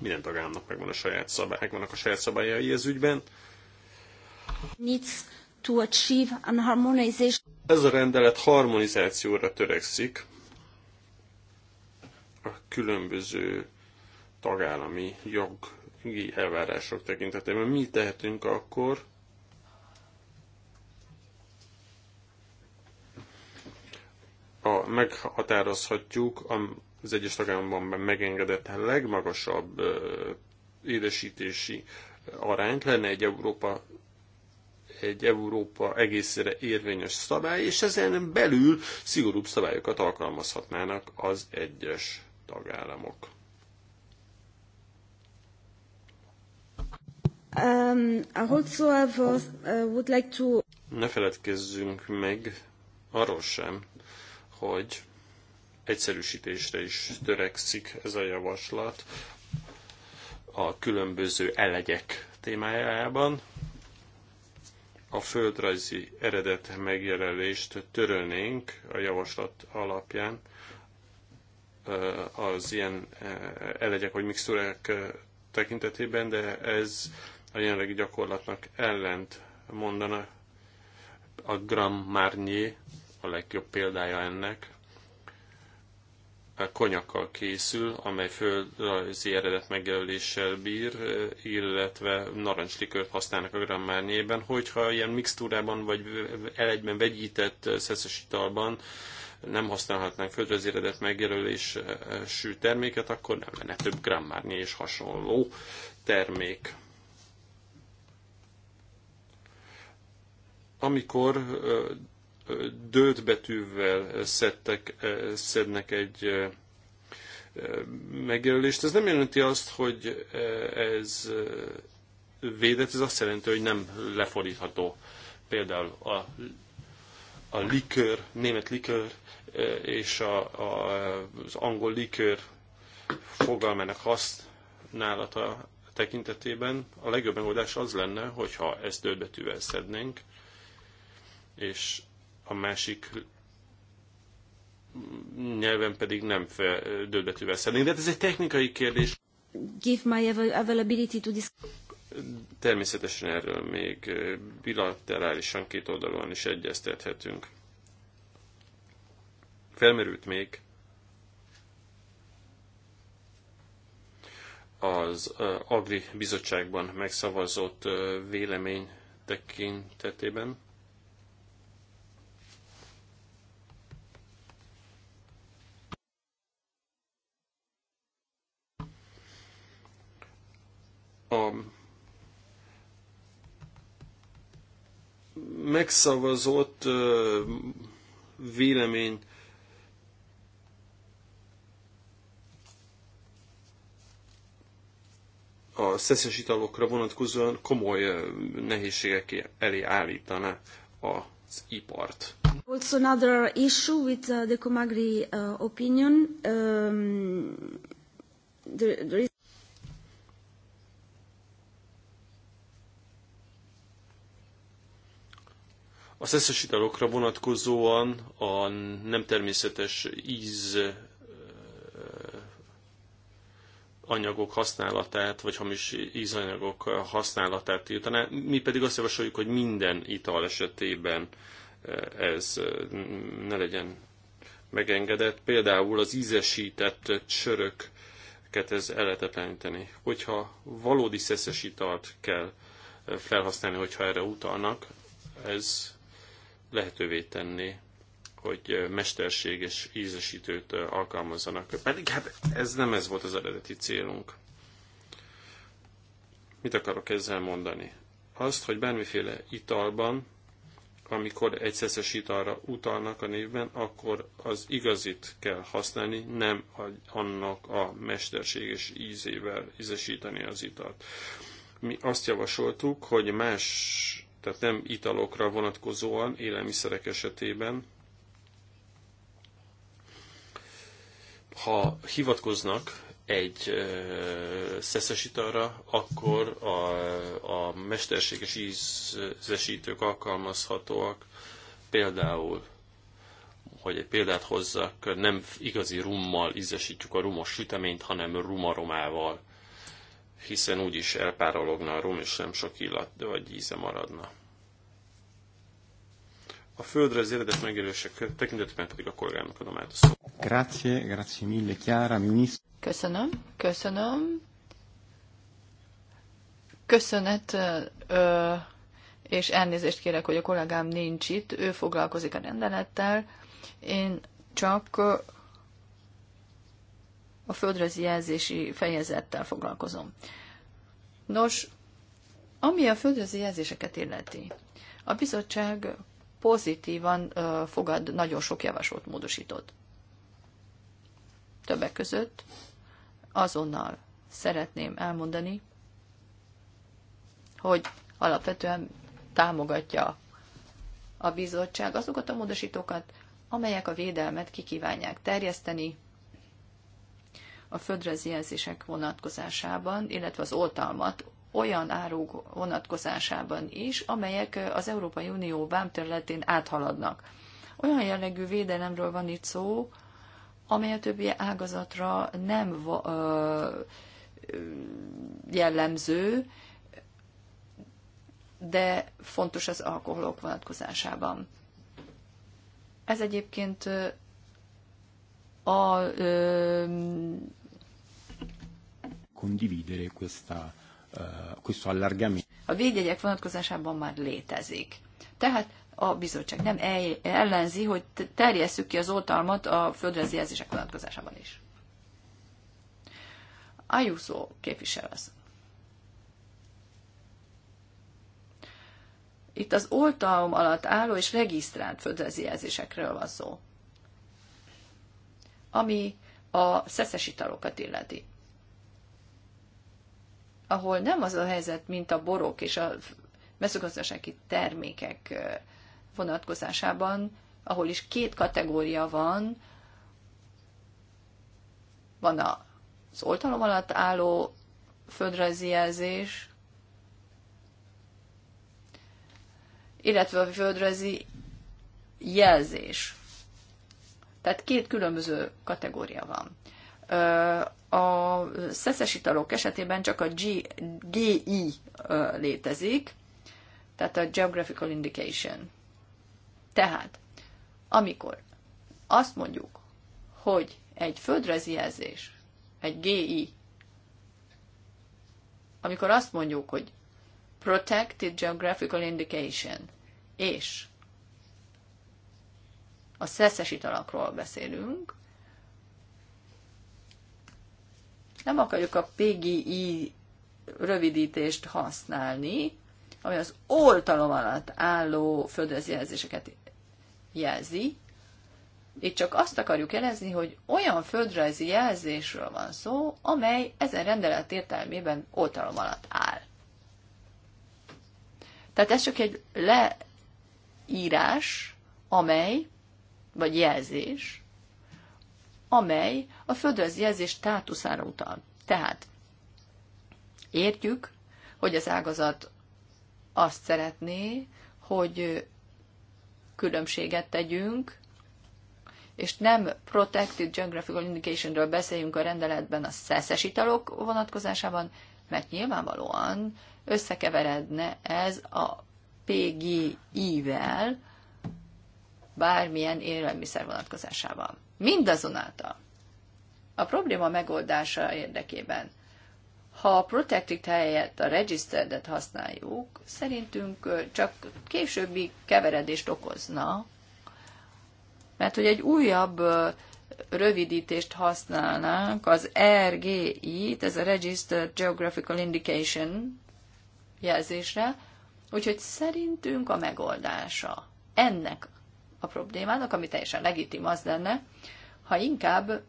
Speaker 3: Minden tagállamnak megvan a saját szabály, megvannak a saját szabályai ez ügyben.
Speaker 1: Nic to achieve an harmonization.
Speaker 3: Ez a rendelet harmonizációra törekszik a különböző tagállami jogi elvárások tekintetében. Mi tehetünk akkor? A, meghatározhatjuk az egyes tagállamban megengedett legmagasabb édesítési arányt. Lenne egy Európa egy Európa egészére érvényes szabály, és ezen belül szigorúbb szabályokat alkalmazhatnának az egyes tagállamok. Um, also uh, would like to... Ne feledkezzünk meg arról sem, hogy egyszerűsítésre is törekszik ez a javaslat a különböző elegyek témájában a földrajzi eredet megjelölést törölnénk a javaslat alapján, az ilyen elegyek vagy mixturák tekintetében, de ez a jelenlegi gyakorlatnak ellent mondana. A Grand Marnier a legjobb példája ennek konyakkal készül, amely földrajzi eredet megjelöléssel bír, illetve narancslikört használnak a grammárnyében, Hogyha ilyen mixtúrában vagy elegyben vegyített szeszes italban nem használhatnánk földrajzi eredet megjelölésű terméket, akkor nem lenne több Grand és hasonló termék. amikor dőlt betűvel szedtek, szednek egy megjelölést. Ez nem jelenti azt, hogy ez védett, ez azt jelenti, hogy nem lefordítható. Például a, a likör, német likör és a, a, az angol likör fogalmának használata tekintetében a legjobb megoldás az lenne, hogyha ezt betűvel szednénk, és a másik nyelven pedig nem döbletűvel szednénk. De hát ez egy technikai kérdés.
Speaker 1: Give my availability to this...
Speaker 3: Természetesen erről még bilaterálisan két oldalon is egyeztethetünk. Felmerült még az Agri Bizottságban megszavazott vélemény tekintetében. a megszavazott vélemény a szeszes italokra vonatkozóan komoly nehézségek elé állítaná az ipart.
Speaker 1: Also another issue with uh, the Comagri uh, opinion. Um, there, there is
Speaker 3: Az összes italokra vonatkozóan a nem természetes íz anyagok használatát, vagy hamis ízanyagok használatát tiltaná. Mi pedig azt javasoljuk, hogy minden ital esetében ez ne legyen megengedett. Például az ízesített csöröket ez lehet Hogyha valódi szeszes italt kell felhasználni, hogyha erre utalnak, ez lehetővé tenni, hogy mesterséges ízesítőt alkalmazzanak. Pedig hát ez nem ez volt az eredeti célunk. Mit akarok ezzel mondani? Azt, hogy bármiféle italban, amikor egyszeres italra utalnak a névben, akkor az igazit kell használni, nem annak a mesterséges ízével ízesíteni az italt. Mi azt javasoltuk, hogy más tehát nem italokra vonatkozóan, élelmiszerek esetében, ha hivatkoznak egy szeszes italra, akkor a, a mesterséges ízesítők alkalmazhatóak, például hogy egy példát hozzak, nem igazi rummal ízesítjük a rumos süteményt, hanem rumaromával hiszen úgyis elpárologna a rom, és nem sok illat vagy íze maradna. A földre az eredet megjelölések tekintetben pedig a kollégának adom át a szó.
Speaker 1: Grazie, grazie mille, Chiara, minis...
Speaker 2: Köszönöm, köszönöm. Köszönet ö, és elnézést kérek, hogy a kollégám nincs itt, ő foglalkozik a rendelettel. Én csak a földrajzi jelzési fejezettel foglalkozom. Nos, ami a földrajzi jelzéseket illeti, a bizottság pozitívan fogad nagyon sok javasolt módosítót. Többek között azonnal szeretném elmondani, hogy alapvetően támogatja a bizottság azokat a módosítókat, amelyek a védelmet kikívánják terjeszteni, a földrezi jelzések vonatkozásában, illetve az oltalmat olyan áruk vonatkozásában is, amelyek az Európai Unió vámterületén áthaladnak. Olyan jellegű védelemről van itt szó, amely a többi ágazatra nem jellemző, de fontos az alkoholok vonatkozásában. Ez egyébként a ö, condividere questa, uh, questo allargamento. A védjegyek vonatkozásában már létezik. Tehát a bizottság nem ellenzi, hogy terjesszük ki az oltalmat a földrajzi jelzések vonatkozásában is. Ayuso az. Itt az oltalom alatt álló és regisztrált földrajzi jelzésekről van szó, ami a szeszes italokat illeti ahol nem az a helyzet, mint a borok és a mezőgazdasági termékek vonatkozásában, ahol is két kategória van, van az oltalom alatt álló földrajzi jelzés, illetve a földrajzi jelzés. Tehát két különböző kategória van. A szeszes italok esetében csak a G, GI létezik, tehát a Geographical Indication. Tehát, amikor azt mondjuk, hogy egy földrajzi jelzés, egy GI, amikor azt mondjuk, hogy Protected Geographical Indication, és a szeszes italakról beszélünk, Nem akarjuk a PGI rövidítést használni, ami az oltalom alatt álló földrajzjelzéseket jelzi. Itt csak azt akarjuk jelezni, hogy olyan földrajzi jelzésről van szó, amely ezen rendelet értelmében oltalom alatt áll. Tehát ez csak egy leírás, amely, vagy jelzés, amely a földrajzjelzés státuszára utal. Tehát értjük, hogy az ágazat azt szeretné, hogy különbséget tegyünk, és nem Protected Geographical Indication-ről beszéljünk a rendeletben a szeszes italok vonatkozásában, mert nyilvánvalóan összekeveredne ez a PGI-vel, bármilyen élelmiszer vonatkozásában. Mindazonáltal a probléma megoldása érdekében, ha a protected helyett a registered-et használjuk, szerintünk csak későbbi keveredést okozna, mert hogy egy újabb rövidítést használnánk, az RGI-t, ez a Registered Geographical Indication jelzésre, úgyhogy szerintünk a megoldása ennek a problémának, ami teljesen legitim az lenne, ha inkább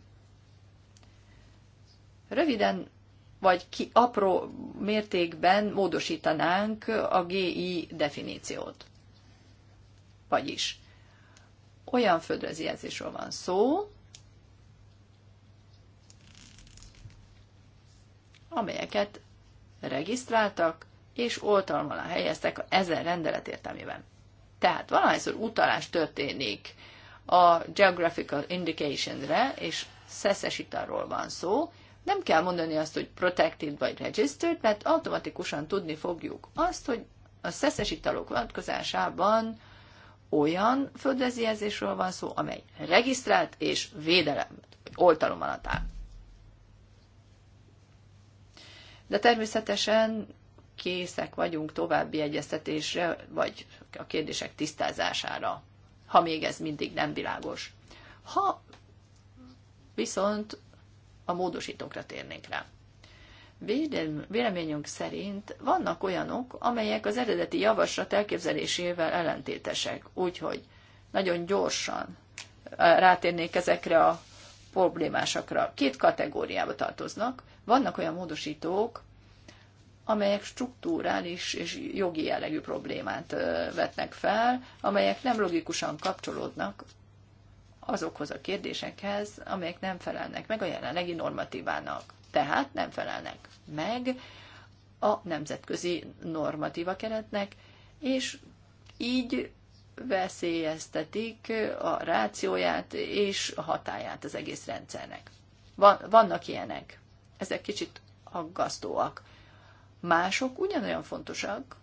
Speaker 2: röviden vagy ki apró mértékben módosítanánk a GI definíciót. Vagyis olyan földrajzjelzésről van szó, amelyeket regisztráltak és oltalmalá alá helyeztek ezen rendelet értelmében. Tehát valahányszor utalás történik a geographical indication-re és szeszesitarról van szó, nem kell mondani azt, hogy protected vagy registered, mert automatikusan tudni fogjuk azt, hogy a szeszes italok vonatkozásában olyan jelzésről van szó, amely regisztrált és védelem, vagy oltalom alatt áll. De természetesen készek vagyunk további egyeztetésre, vagy a kérdések tisztázására, ha még ez mindig nem világos. Ha viszont a módosítókra térnénk rá. Véleményünk szerint vannak olyanok, amelyek az eredeti javaslat elképzelésével ellentétesek, úgyhogy nagyon gyorsan rátérnék ezekre a problémásakra. Két kategóriába tartoznak. Vannak olyan módosítók, amelyek struktúrális és jogi jellegű problémát vetnek fel, amelyek nem logikusan kapcsolódnak azokhoz a kérdésekhez, amelyek nem felelnek meg a jelenlegi normatívának. Tehát nem felelnek meg a nemzetközi normatíva keretnek, és így veszélyeztetik a rációját és a hatáját az egész rendszernek. Van, vannak ilyenek. Ezek kicsit aggasztóak mások ugyanolyan fontosak,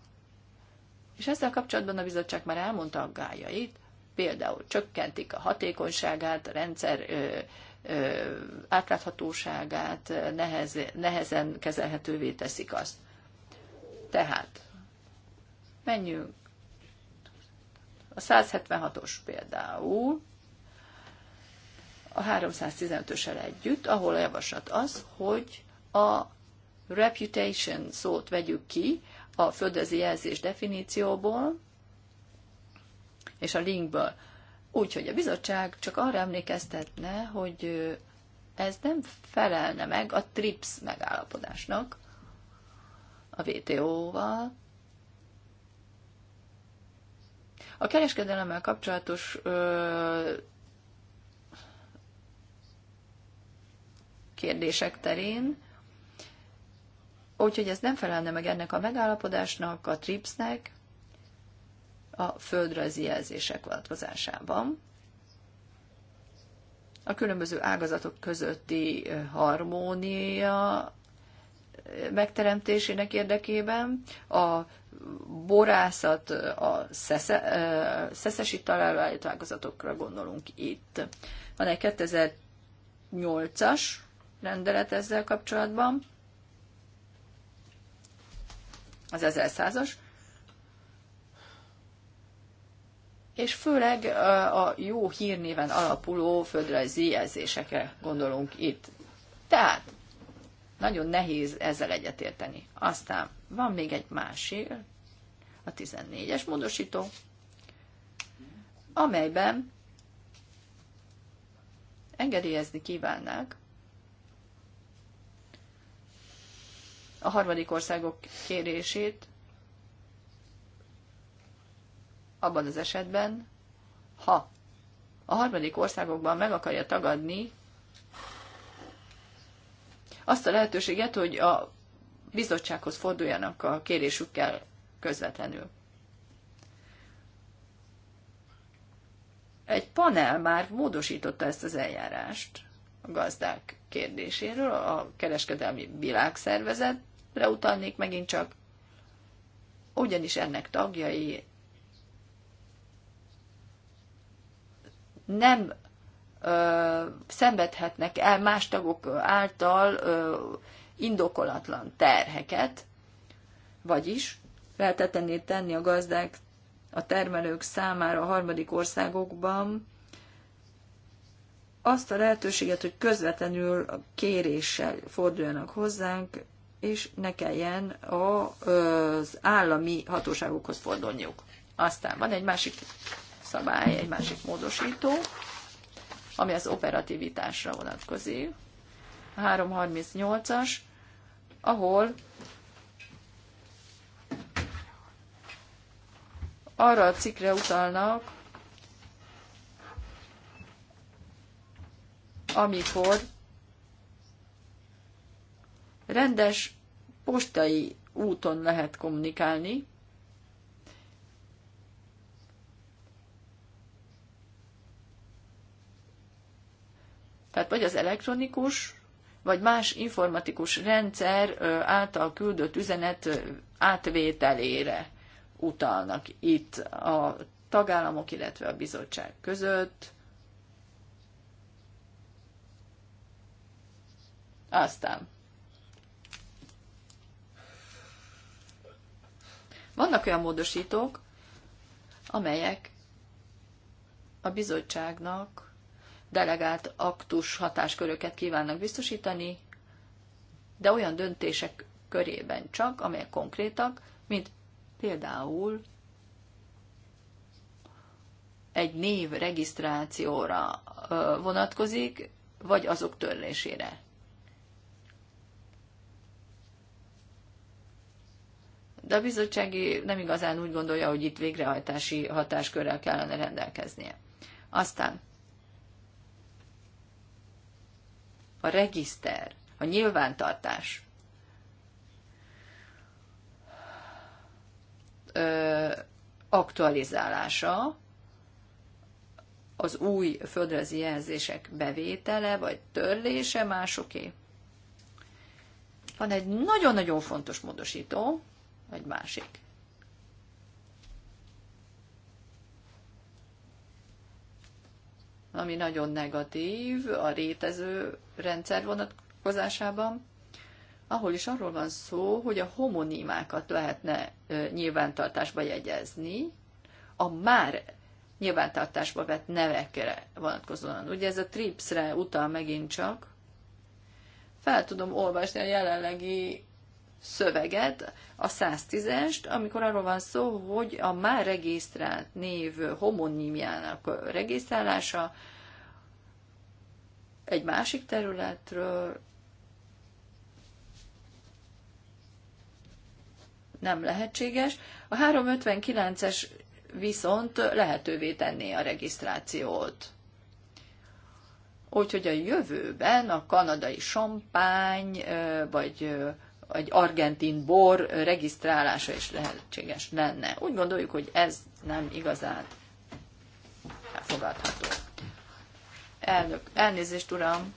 Speaker 2: és ezzel kapcsolatban a bizottság már elmondta aggájait, például csökkentik a hatékonyságát, a rendszer ö, ö, átláthatóságát, nehez, nehezen kezelhetővé teszik azt. Tehát menjünk. A 176-os például, a 315-ösel együtt, ahol a javaslat az, hogy a reputation szót vegyük ki a földrajzi jelzés definícióból és a linkből. Úgyhogy a bizottság csak arra emlékeztetne, hogy ez nem felelne meg a TRIPS megállapodásnak a WTO-val. A kereskedelemmel kapcsolatos ö, kérdések terén Úgyhogy ez nem felelne meg ennek a megállapodásnak, a TRIPS-nek, a földrajzi jelzések vonatkozásában. A különböző ágazatok közötti harmónia megteremtésének érdekében, a borászat, a szesze, szeszesi találványt ágazatokra gondolunk itt. Van egy 2008-as rendelet ezzel kapcsolatban, az 1100-as, és főleg a jó hírnéven alapuló földrajzi jelzésekre gondolunk itt. Tehát nagyon nehéz ezzel egyetérteni. Aztán van még egy másik, a 14-es módosító, amelyben engedélyezni kívánnák a harmadik országok kérését abban az esetben, ha a harmadik országokban meg akarja tagadni azt a lehetőséget, hogy a bizottsághoz forduljanak a kérésükkel közvetlenül. Egy panel már módosította ezt az eljárást a gazdák kérdéséről, a kereskedelmi világszervezet Leutalnék megint csak, ugyanis ennek tagjai nem ö, szenvedhetnek el más tagok által ö, indokolatlan terheket, vagyis feltetené tenni a gazdák a termelők számára a harmadik országokban azt a lehetőséget, hogy közvetlenül a kéréssel forduljanak hozzánk, és ne kelljen az állami hatóságokhoz fordulniuk. Aztán van egy másik szabály, egy másik módosító, ami az operativitásra vonatkozik, 338-as, ahol arra a cikkre utalnak, amikor rendes postai úton lehet kommunikálni, Tehát vagy az elektronikus, vagy más informatikus rendszer által küldött üzenet átvételére utalnak itt a tagállamok, illetve a bizottság között. Aztán Vannak olyan módosítók, amelyek a bizottságnak delegált aktus hatásköröket kívánnak biztosítani, de olyan döntések körében csak, amelyek konkrétak, mint például egy név regisztrációra vonatkozik, vagy azok törlésére. de a bizottsági nem igazán úgy gondolja, hogy itt végrehajtási hatáskörrel kellene rendelkeznie. Aztán a regiszter, a nyilvántartás. Ö, aktualizálása, az új földrajzi jelzések bevétele vagy törlése másoké. Van egy nagyon-nagyon fontos módosító, vagy másik. ami nagyon negatív a rétező rendszer vonatkozásában, ahol is arról van szó, hogy a homonimákat lehetne nyilvántartásba jegyezni, a már nyilvántartásba vett nevekre vonatkozóan. Ugye ez a tripsre utal megint csak. Fel tudom olvasni a jelenlegi szöveget, a 110-est, amikor arról van szó, hogy a már regisztrált név homonímjának regisztrálása egy másik területről nem lehetséges. A 359-es viszont lehetővé tenné a regisztrációt. Úgyhogy a jövőben a kanadai sampány vagy egy argentin bor regisztrálása is lehetséges lenne. Úgy gondoljuk, hogy ez nem igazán elfogadható. Elnök, elnézést, uram,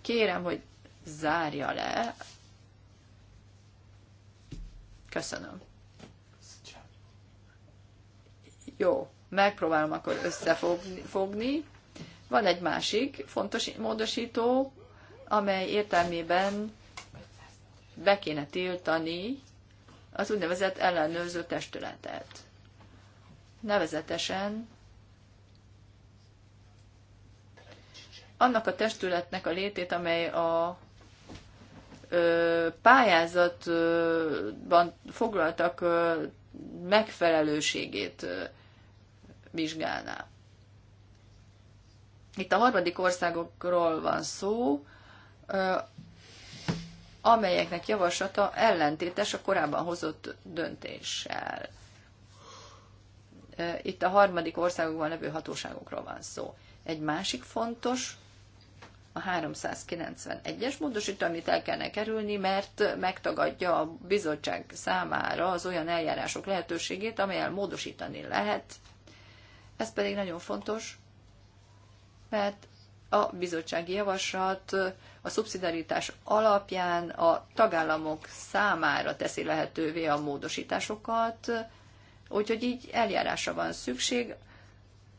Speaker 2: kérem, hogy zárja le. Köszönöm. Jó, megpróbálom akkor összefogni. Van egy másik fontos módosító, amely értelmében be kéne tiltani az úgynevezett ellenőrző testületet. Nevezetesen annak a testületnek a létét, amely a pályázatban foglaltak megfelelőségét vizsgálná. Itt a harmadik országokról van szó, amelyeknek javaslata ellentétes a korábban hozott döntéssel. Itt a harmadik országokban levő hatóságokról van szó. Egy másik fontos, a 391-es módosító, amit el kellene kerülni, mert megtagadja a bizottság számára az olyan eljárások lehetőségét, amelyel módosítani lehet. Ez pedig nagyon fontos, mert a bizottsági javaslat a szubszidaritás alapján a tagállamok számára teszi lehetővé a módosításokat, úgyhogy így eljárásra van szükség,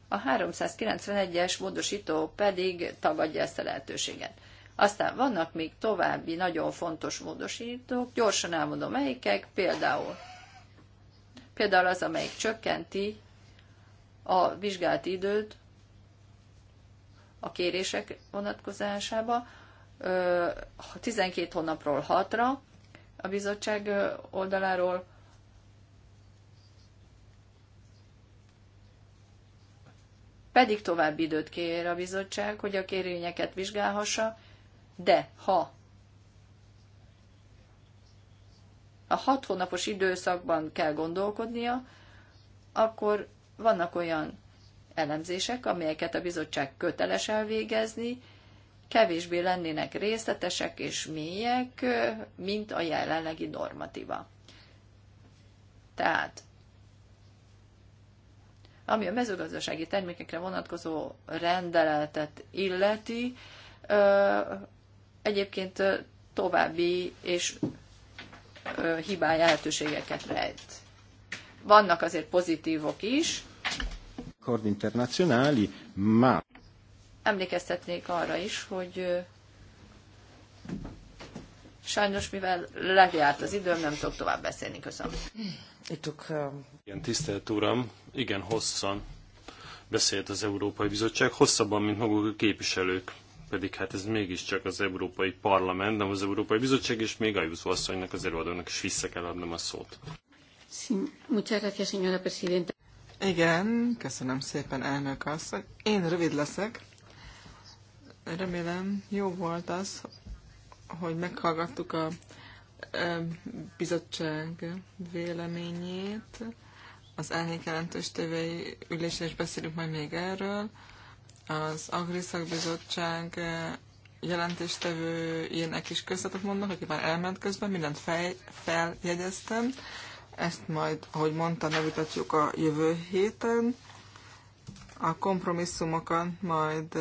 Speaker 2: a 391-es módosító pedig tagadja ezt a lehetőséget. Aztán vannak még további nagyon fontos módosítók, gyorsan elmondom melyikek, például, például az, amelyik csökkenti a vizsgált időt a kérések vonatkozásába, 12 hónapról 6-ra a bizottság oldaláról, pedig további időt kér a bizottság, hogy a kérvényeket vizsgálhassa, de ha a hat hónapos időszakban kell gondolkodnia, akkor vannak olyan elemzések, amelyeket a bizottság köteles elvégezni, kevésbé lennének részletesek és mélyek, mint a jelenlegi normatíva. Tehát, ami a mezőgazdasági termékekre vonatkozó rendeletet illeti, egyébként további és hibáj lehetőségeket rejt. Vannak azért pozitívok is.
Speaker 3: Accordi internazionali, ma
Speaker 2: emlékeztetnék arra is, hogy sajnos, mivel lejárt az időm, nem tudok tovább beszélni. Köszönöm.
Speaker 1: Ittuk.
Speaker 3: Igen, tisztelt Uram, igen, hosszan beszélt az Európai Bizottság, hosszabban, mint maguk a képviselők pedig hát ez mégiscsak az Európai Parlament, nem az Európai Bizottság, és még Ajuszó asszonynak, az előadónak is vissza kell adnom a szót.
Speaker 1: Igen, köszönöm szépen, elnök asszony. Én rövid leszek. Remélem jó volt az, hogy meghallgattuk a bizottság véleményét. Az elnék jelentős tévei ülésre is beszélünk majd még erről. Az Agriszak Bizottság ilyenek is köszönetet mondnak, aki már elment közben, mindent fej, feljegyeztem. Ezt majd, ahogy mondta, nevitatjuk a jövő héten a kompromisszumokat majd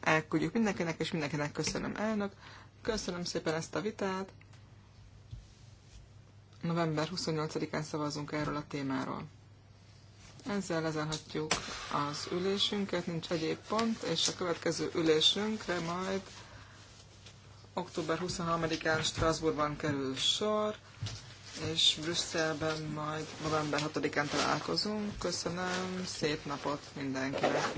Speaker 1: elküldjük mindenkinek, és mindenkinek köszönöm elnök. Köszönöm szépen ezt a vitát. November 28-án szavazunk erről a témáról. Ezzel lezárhatjuk az ülésünket, nincs egyéb pont, és a következő ülésünkre majd október 23-án Strasbourgban kerül sor és Brüsszelben majd november 6-án találkozunk. Köszönöm, szép napot mindenkinek!